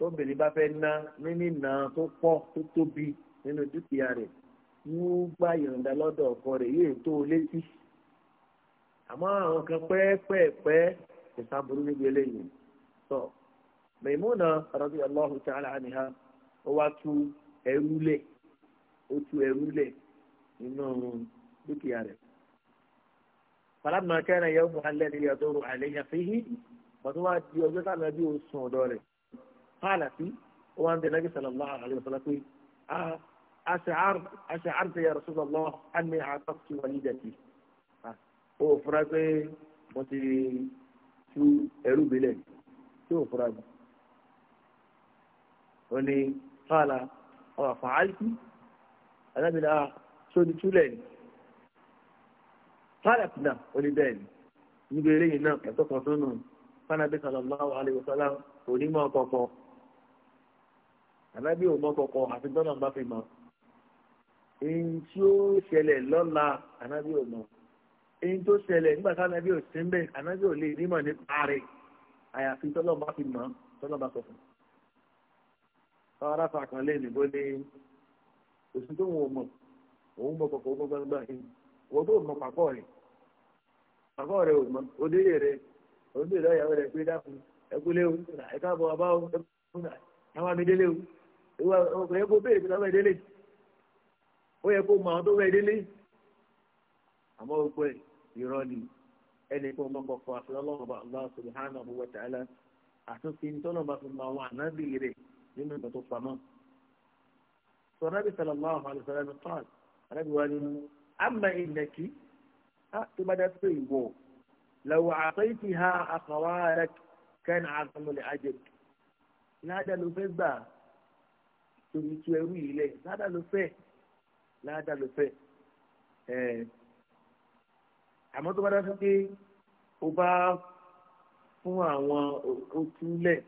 tóbìnrin bá fẹ́ ná níní ná tó pọ̀ tó tóbi nínú dúkìá rẹ̀ yóò gbà yọ̀ǹda lọ́dọ̀ ọkọ rẹ̀ yóò tó o létí àmọ́ àwọn kan pẹ́ẹ́pẹ́ẹ́pẹ́ kò sábúrú níbi eléyìí tó Maimuna radiyallahu ta'ala anha ó wá tú ẹrú lẹ̀ ó tú ẹrú lẹ̀ nínú dúkìá rẹ̀. falamma kana yawmuha alladhi yaduru alayha fihi wọ́n tún wá di ọjọ́ táwọn ẹbí ò sùn ọ̀dọ́ rẹ̀. قال في وعند النبي صلى الله عليه وسلم أشعرت أشعرت يا رسول الله أني عاقبت والدتي ó fura pé wọ́n ti tú ẹrú bílẹ̀ tí ó fura bù. ó ní fàlà ọ̀rọ̀ fàáìsì alábìlà sóni ah, túlẹ̀ ni. fàlà tìǹda ó ní bẹ́ẹ̀ ni níbi eléyìí náà ẹ̀tọ́ kan tó nù fànàbí sàlámù aláwọ̀ àlẹ́ ànábì ò mọ kọ̀kọ̀ àti gbọ́dọ̀ bá fi mọ̀ èyí tí ó ṣẹlẹ̀ lọ́la ànábì ò mọ̀ èyí tó ṣẹlẹ̀ nígbà tí ànábì ò sí ń bẹ̀ ànábì ò lè rímọ̀ nípa rẹ̀ àyàfi tọ́lọ́ bá fi mọ̀ tọ́lọ́ bá sọ fún un. ọ̀rá fàkàn lé nìbó ní òsì tó wọn mọ̀ òun mọ̀ kọ̀kọ̀ ó gbọ́dọ̀ gbà yìí wọ́n tó mọ̀ pàpọ̀ rẹ̀ pàpọ̀ rẹ̀ ò mọ̀ òdèrè rẹ̀ òdèrè ọ̀yàwó rẹ̀ pé dákun ẹkú léwu ẹ̀ká bọ̀ ẹkú náà ẹwà mi délé wu ìwà ọkọ̀ yẹ kó béèrè pé táwọn ìdílé ó yẹ kó mọ àwọn tó wẹ ìdílé àmọ́ gbogbo ẹ̀ irọ́ ni ẹni tó mọ́kọ̀ fún afẹ́lọ́lọ́wọ́ bá Allah subhanahu wa ta'ala àtúnṣe tọ́nà bá fi mọ àwọn ànábì rẹ̀ nínú ìgbà tó pamọ́. sọ anábì sallallahu alaihi wasallam qala anábì wa ni amma innaki á tó bá dá sí ìwọ̀ lọ́wọ́ àtọ́yìntì ha àkàwá rẹ̀ kẹ́ni àgbọ̀mọ̀lẹ̀ àjẹ́ tóbi tú ẹrú yìí lẹ̀ ládàá ló fẹ́ ládàá ló fẹ́ ẹ̀ àmọ́ tó bá dáa sí pé o bá fún àwọn otúlẹ̀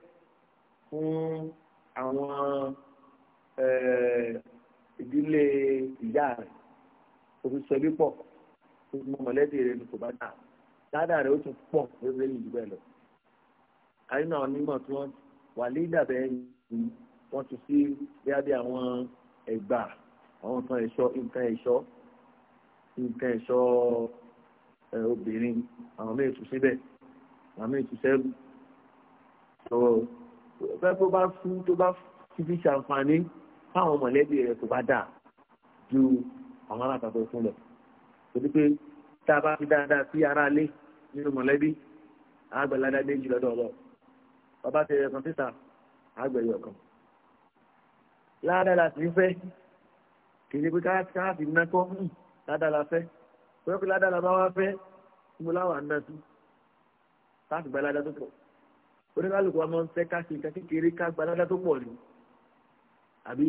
fún àwọn ìdílé ìyá rẹ̀ òfin sọlí pọ̀ òfin mọ̀lẹ́bí rẹ̀ ni kò bá dà ládàá rẹ̀ ó tún pọ̀ lórí ìlú bẹ́ẹ̀ lọ. àyínà onímọ̀ tí wọ́n wà ní ìdàbẹ̀ yìí wọ́n ti sí bíi adé àwọn ẹ̀gbà àwọn nǹkan ẹ̀ṣọ́ nǹkan ẹ̀ṣọ́ nǹkan ẹ̀ṣọ́ obìnrin àwọn méjì tún síbẹ̀ àwọn méjì tún sẹ́rù tó bẹ́ẹ̀ tó bá fún tó bá fi ṣàǹfààní fáwọn mọ̀lẹ́bí rẹ̀ kò bá dà ju àwọn alátakò fún lọ torí pé tá a bá fi dáadáa sí ara lé nínú mọ̀lẹ́bí àgbẹ̀ládá méjì lọ́dọ̀ ọlọ́ bàbá tẹ̀yẹ̀ kan síta àgbẹ̀yẹ̀ kan ládàá la sì ń fẹ́ kìí pé káàfin náà kọ́ hùn hmm, ládàá la fẹ́ wọ́n pé ládàá la bá wá fẹ́ mo láwà náà sí káàfin gba ládàá tó pọ̀ oníkálùkù wa máa ń fẹ́ káàfin ká kékeré ká gba ládàá tó pọ̀ ni àbí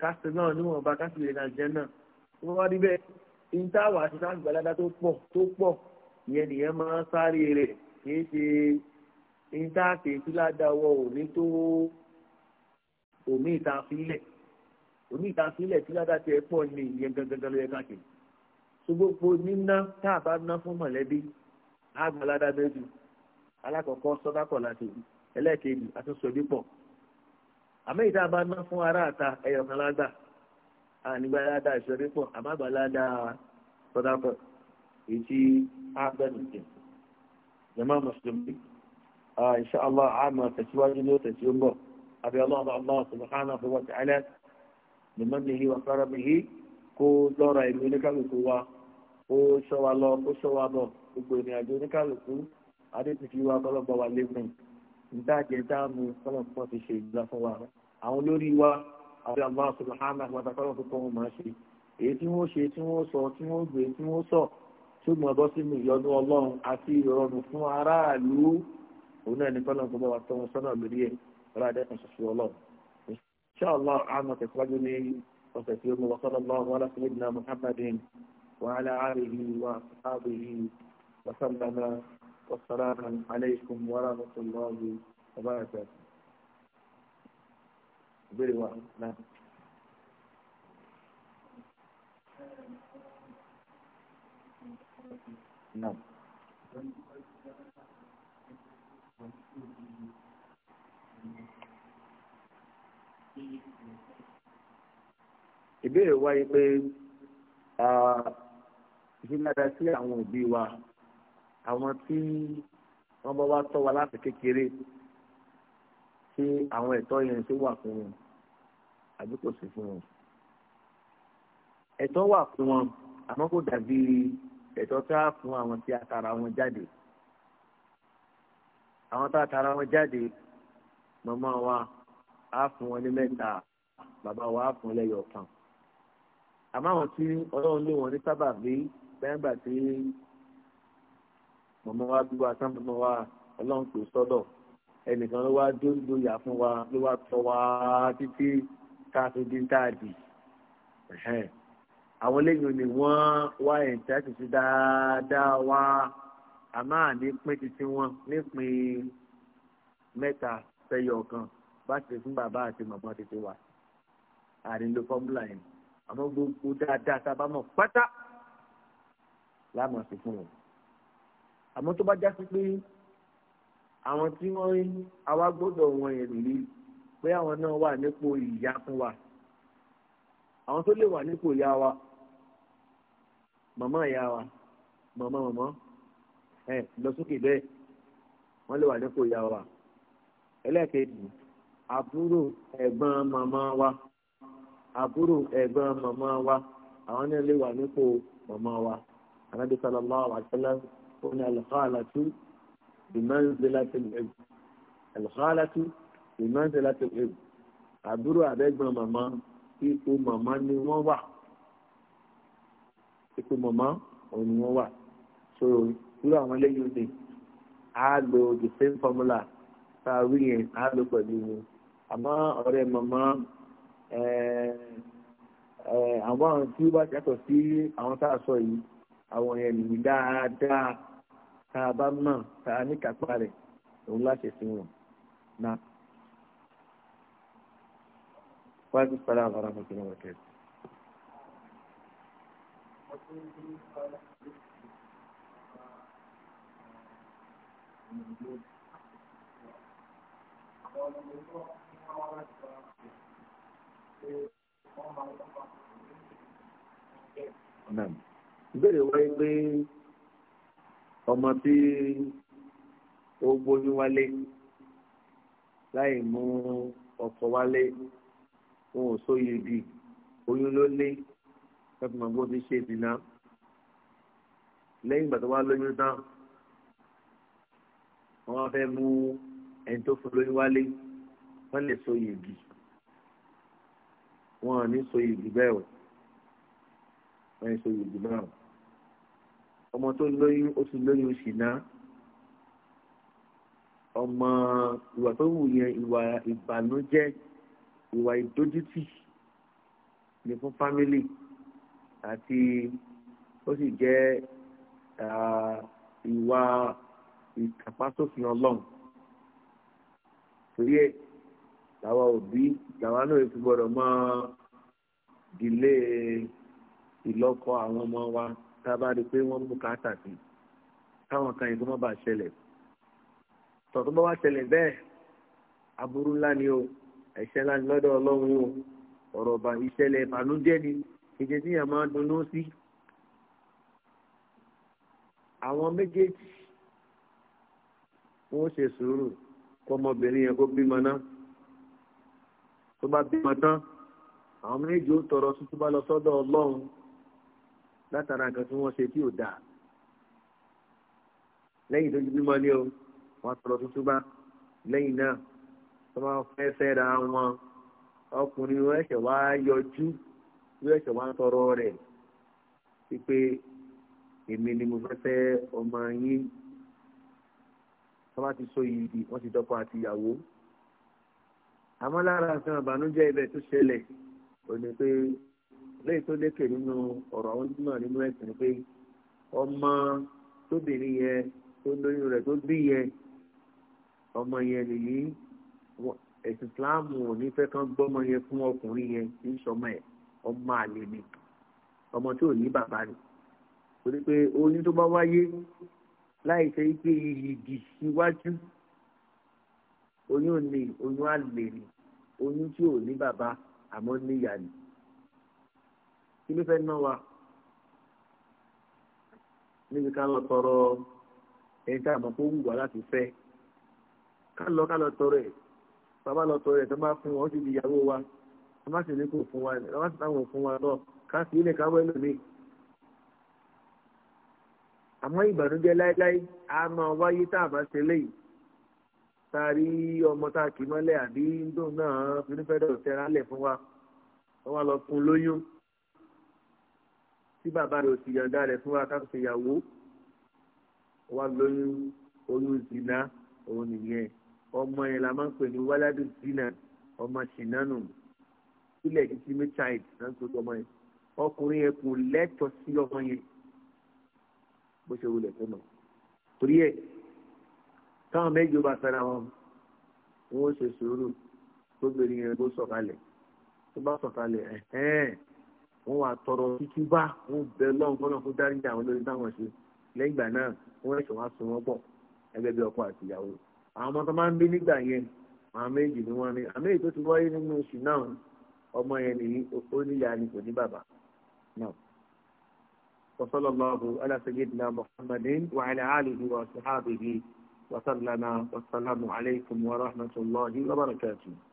káàfin náà níwọ̀nba káàfin ìrìn àjẹ́ náà wọ́n wá níbẹ̀ ìntàwà àti káàfin gba ládàá tó pọ̀ tó pọ̀ ìyẹn nìyẹn máa ń sáré rẹ̀ kìí ṣe ìntàkè tí ládàá onídàásílẹ̀ tí ládàá tiẹ̀ pọ̀ ní ìyẹn gangan ló yẹ ká ṣe so gbogbo níná tá a bá ná fún mọ̀lẹ́bí àgbà ládàá bẹ́ẹ̀ jù alákọ̀ọ́kọ́ sọ́dákọ̀ láti ẹlẹ́ẹ̀kejì àtúnṣe òbí pọ̀ àmọ́ ìdá bá ná fún ará àta ẹ̀yọ̀kan lágbà ànígbà ládàá ìṣòrí pọ̀ àmọ́ àgbà ládàá sọ́dákọ̀ èyí tí a gbẹ́nu jẹ jama mùsùlùmí inṣàlá àmọ̀ tẹ̀síwájú ní ó tẹ̀síwájú bọ̀ subhanahu wa lèmọ́déhì wà fárábìhì kó lọ́ra ìlú oníkàlùkù wa ó ṣọ́ wa lọ ó ṣọ́ wa bọ̀ gbogbo ìrìn àjò oníkàlùkù adétutù wa kọ́lọ́bọ̀ wa lébùn ìdájẹ́ dáàmú kọ́lọ́pọ̀ ti ṣe ìgbà fún wa àwọn olórí wa àwọn àgbà sùlùmánà wọn takọ́lọ́ fún kọ́wọ́n máa ṣe èyí tí wọ́n ṣe tí wọ́n sọ tí wọ́n gbé tí wọ́n sọ tí ó mọ̀ bọ́ sínú ìyọnu ọlọ́run àti ìrọ̀rùn fún aráàlú òun náà ní kọ́lọ́pọ̀ wa tọ́ sọ́nà lórí ẹ̀ rárá شاء الله عامة تسعدني وتسير وصلى الله على سيدنا محمد وعلى آله وأصحابه وسلم والسلام عليكم ورحمة الله وبركاته بالوعد نعم نعم ìbéèrè wáyé pé ìfúnnáda sí àwọn òbí wa àwọn tí wọ́n bá wá tọ́ wa láti kékeré tí àwọn ẹ̀tọ́ yẹn tó wà fún wọn àbí kò sí fún wọn ẹ̀tọ́ wà fún wọn àmọ́ kò dàbí ẹ̀tọ́ tá a fún àwọn tí a tara wọn jáde àwọn tá a tara wọn jáde màmá wa á fún wọn ní mẹ́ta bàbá wa á fún lẹ́yọ̀ kan àmọ́ àwọn tí ọlọ́run lé wọn ní sábà bí gbẹ́ngbà tí mọ̀mọ́ wa bí wa sábà wa ọlọ́run tó sọ́dọ̀ ẹnìkan ló wá dóńdó yà fún wa ló wá tọ́ wa títí tá a fi dín tá a dì àwọn eléyìí ni wọ́n wá ẹ̀ǹtẹ́ ti fi dáadáa wá àmọ́ àní pín títí wọn nípìn mẹ́ta fẹ́yọ̀ kan bá ti fún bàbá àti màmá títí wa àní ló fọ́múlà yẹn àmọ́ gbogbo dáadáa sábà mọ̀ pátá láàmú àti fún wọn. àmọ́ tó bá jásí pé àwọn tí wọ́n rí àwa gbọ́dọ̀ wọn ẹ̀rù rí pé àwọn náà wà nípò ìyá fún wa àwọn tó lè wà nípò ìyá wa màmá ìyá wa màmá màmá ẹ lọ sókè bẹ́ẹ̀ wọ́n lè wà nípò ìyá wa ẹlẹ́ẹ̀kejì àbúrò ẹ̀gbọ́n màmá wa àbúrò ẹ̀gbọ́n màmá wa àwọn náà lè wà nípò màmá wa anábì sallallahu alaihi wasallam ó ní alùkọ́àlàtú ìmọ̀ǹdẹ́látì ẹ̀bù àbúrò àbẹ́gbọ́n màmá ipò màmá ni wọ́n wà ipò màmá òun ni wọ́n wà so irú àwọn eléyìí ni a lo the same formula tá a wí yẹn a lo pẹ̀lú wọn àmọ́ ọ̀rẹ́ màmá. àwọn tí ó bá yàtọ̀ sí àwọn tá a sọ yìí àwọn yẹn nìyí dáadáa tá a bá mọ̀ tá a ní kápá rẹ̀ òun láṣẹ sí wọn náà. àwọn ọmọ ìbéèrè wáyé pé ọmọ tí ó gbóyún wálé láì mú ọkọ wálé wọn ò sóye bí oyún ló lé ẹbí mọ bó ti ṣe ìdìnnà lẹ́yìn ìgbà tó wá lóyún tán wọn fẹ́ mú ẹni tó fún lóyún wálé wọn lè sóye bí wọn ò ní so ìdí bẹ́ẹ̀ o wọn ò ní so ìdí bẹ́ẹ̀ o ọmọ tó lóyún ó ti lóyún oṣù náà ọmọ ìwà tó wù yẹn ìwà ìbànújẹ́ ìwà ìdójútì ní fún fámílì àti ó sì jẹ́ ìwà ìkàpá sófin ọlọ́run torí ẹ̀ làwọn òbí làwọn náà fi gbọ́dọ̀ mọ dìlé ìlọ́kọ àwọn ọmọ wa tá a bá rí i pé wọ́n mú káàtà sí káwọn kan ìgbọ́n bá ṣẹlẹ̀ tọ̀tún bá wá ṣẹlẹ̀ bẹ́ẹ̀ aburú ńlá ni o ẹ̀ṣẹ̀ ńlá ni lọ́dọ̀ ọlọ́run o ọ̀rọ̀ ọba ìṣẹ̀lẹ̀ ìbànújẹ́ ni èdè tí yàrá máa dunnú sí. àwọn méjèèjì wọ́n ṣe sùúrù kọ́mọbìnrin yẹn kó bímọ náà tó bá bímọ tán àwọn méjì ó tọrọ tuntun bá lọ sọ́dọ̀ Ọlọ́run látara nǹkan tí wọ́n ṣe tí ò dáa lẹ́yìn tó ti bímọ ní o wọ́n tọrọ tuntun bá lẹ́yìn náà tó máa fẹ́ fẹ́ra wọn ọkùnrin wọn ẹ̀ṣẹ̀ wá yọjú wọn ẹ̀ṣẹ̀ wá tọrọ rẹ̀ pípé èmi ni mo fẹ́ fẹ́ ọmọ yín wọ́n bá ti so yìí wọ́n ti dọ́kọ àti ìyàwó àmọ́ lára nǹkan àbànújẹ́ ibẹ̀ tó ṣẹlẹ̀ ò ní pé lẹ́yìn tó lékè nínú ọ̀rọ̀ àwọn onímọ̀ nínú ẹ̀sìn ni pé ọmọ tóbìnrin yẹn tó lóyún rẹ̀ tó bí yẹn ọmọ yẹn nìyí ẹ̀sìn Ìsìláàmù ò ní fẹ́ kán gbọ́mọ yẹn fún ọkùnrin yẹn kì í sọmọ ẹ̀ ọmọ àlè ni ọmọ tí ò ní bàbá ni torí pé oyún tó bá wáyé láì ṣe pé iyì ìdì síwájú oyún ni oyún àlè ni oyún tí ò ní bàbá àmọ́ níyà ni kí ló fẹ́ ná wa níbi ká lọ tọrọ ẹni tá a mọ̀ pé ó wù wá láti fẹ́ ká lọ ká lọ tọrọ ẹ̀ bàbá lọ tọrọ ẹ̀ tó bá fún wọn ó sì di ìyàwó wa wọn bá sì ní kó fún wa wọn bá sì táwọn fún wa lọ ká sì ilé ká wẹ́lò mi. àmọ́ ìbànújẹ́ láéláé a máa wáyé tá a bá ṣe léyìí sáárí ọmọ tá a kì í mọ́lẹ̀ àbí ndó náà fínífẹ́dọ̀ tẹra lẹ̀ fún wa wọ́n wá lọ fún un lóyún tí bàbá rẹ̀ ò sì rẹ̀ fún wa káfíńsì ìyàwó wá lóyún oyún zina òun nìyẹn ọmọ yẹn la máa ń pè ní wáládù zina ọmọ sinanu ilẹ̀ títí mi child náà ń tó ọmọ yẹn ọkùnrin yẹn kò lẹ́tọ̀ọ́ sí ọmọ yẹn bó ṣe wulẹ̀ tó nà torí ẹ̀ táwọn méjì ó bá fẹ́ra wọn wọn ó ṣe sùúrù tó gbèrè yẹn bó sọ̀kalẹ̀ tó bá sọ̀kalẹ̀ ẹ̀hẹ́n wọn wà tọrọ títí bá wọn bẹ lọ́n kọ́nà fún dáríjà àwọn lórí táwọn ṣe lẹ́yìn ìgbà náà wọn ẹ̀sùn wá sun wọn pọ̀ ẹgbẹ́ bí ọkọ àti ìyàwó àwọn ọmọ tó máa ń bí nígbà yẹn àwọn méjì ni wọ́n ní àmì èyí ti wáyé nínú oṣù náà ọmọ yẹn nìyí ó níyà ni kò ní bàbá náà. وصلى الله على سيدنا محمد وعلى آله وصحابه وسلم والسلام عليكم ورحمة الله وبركاته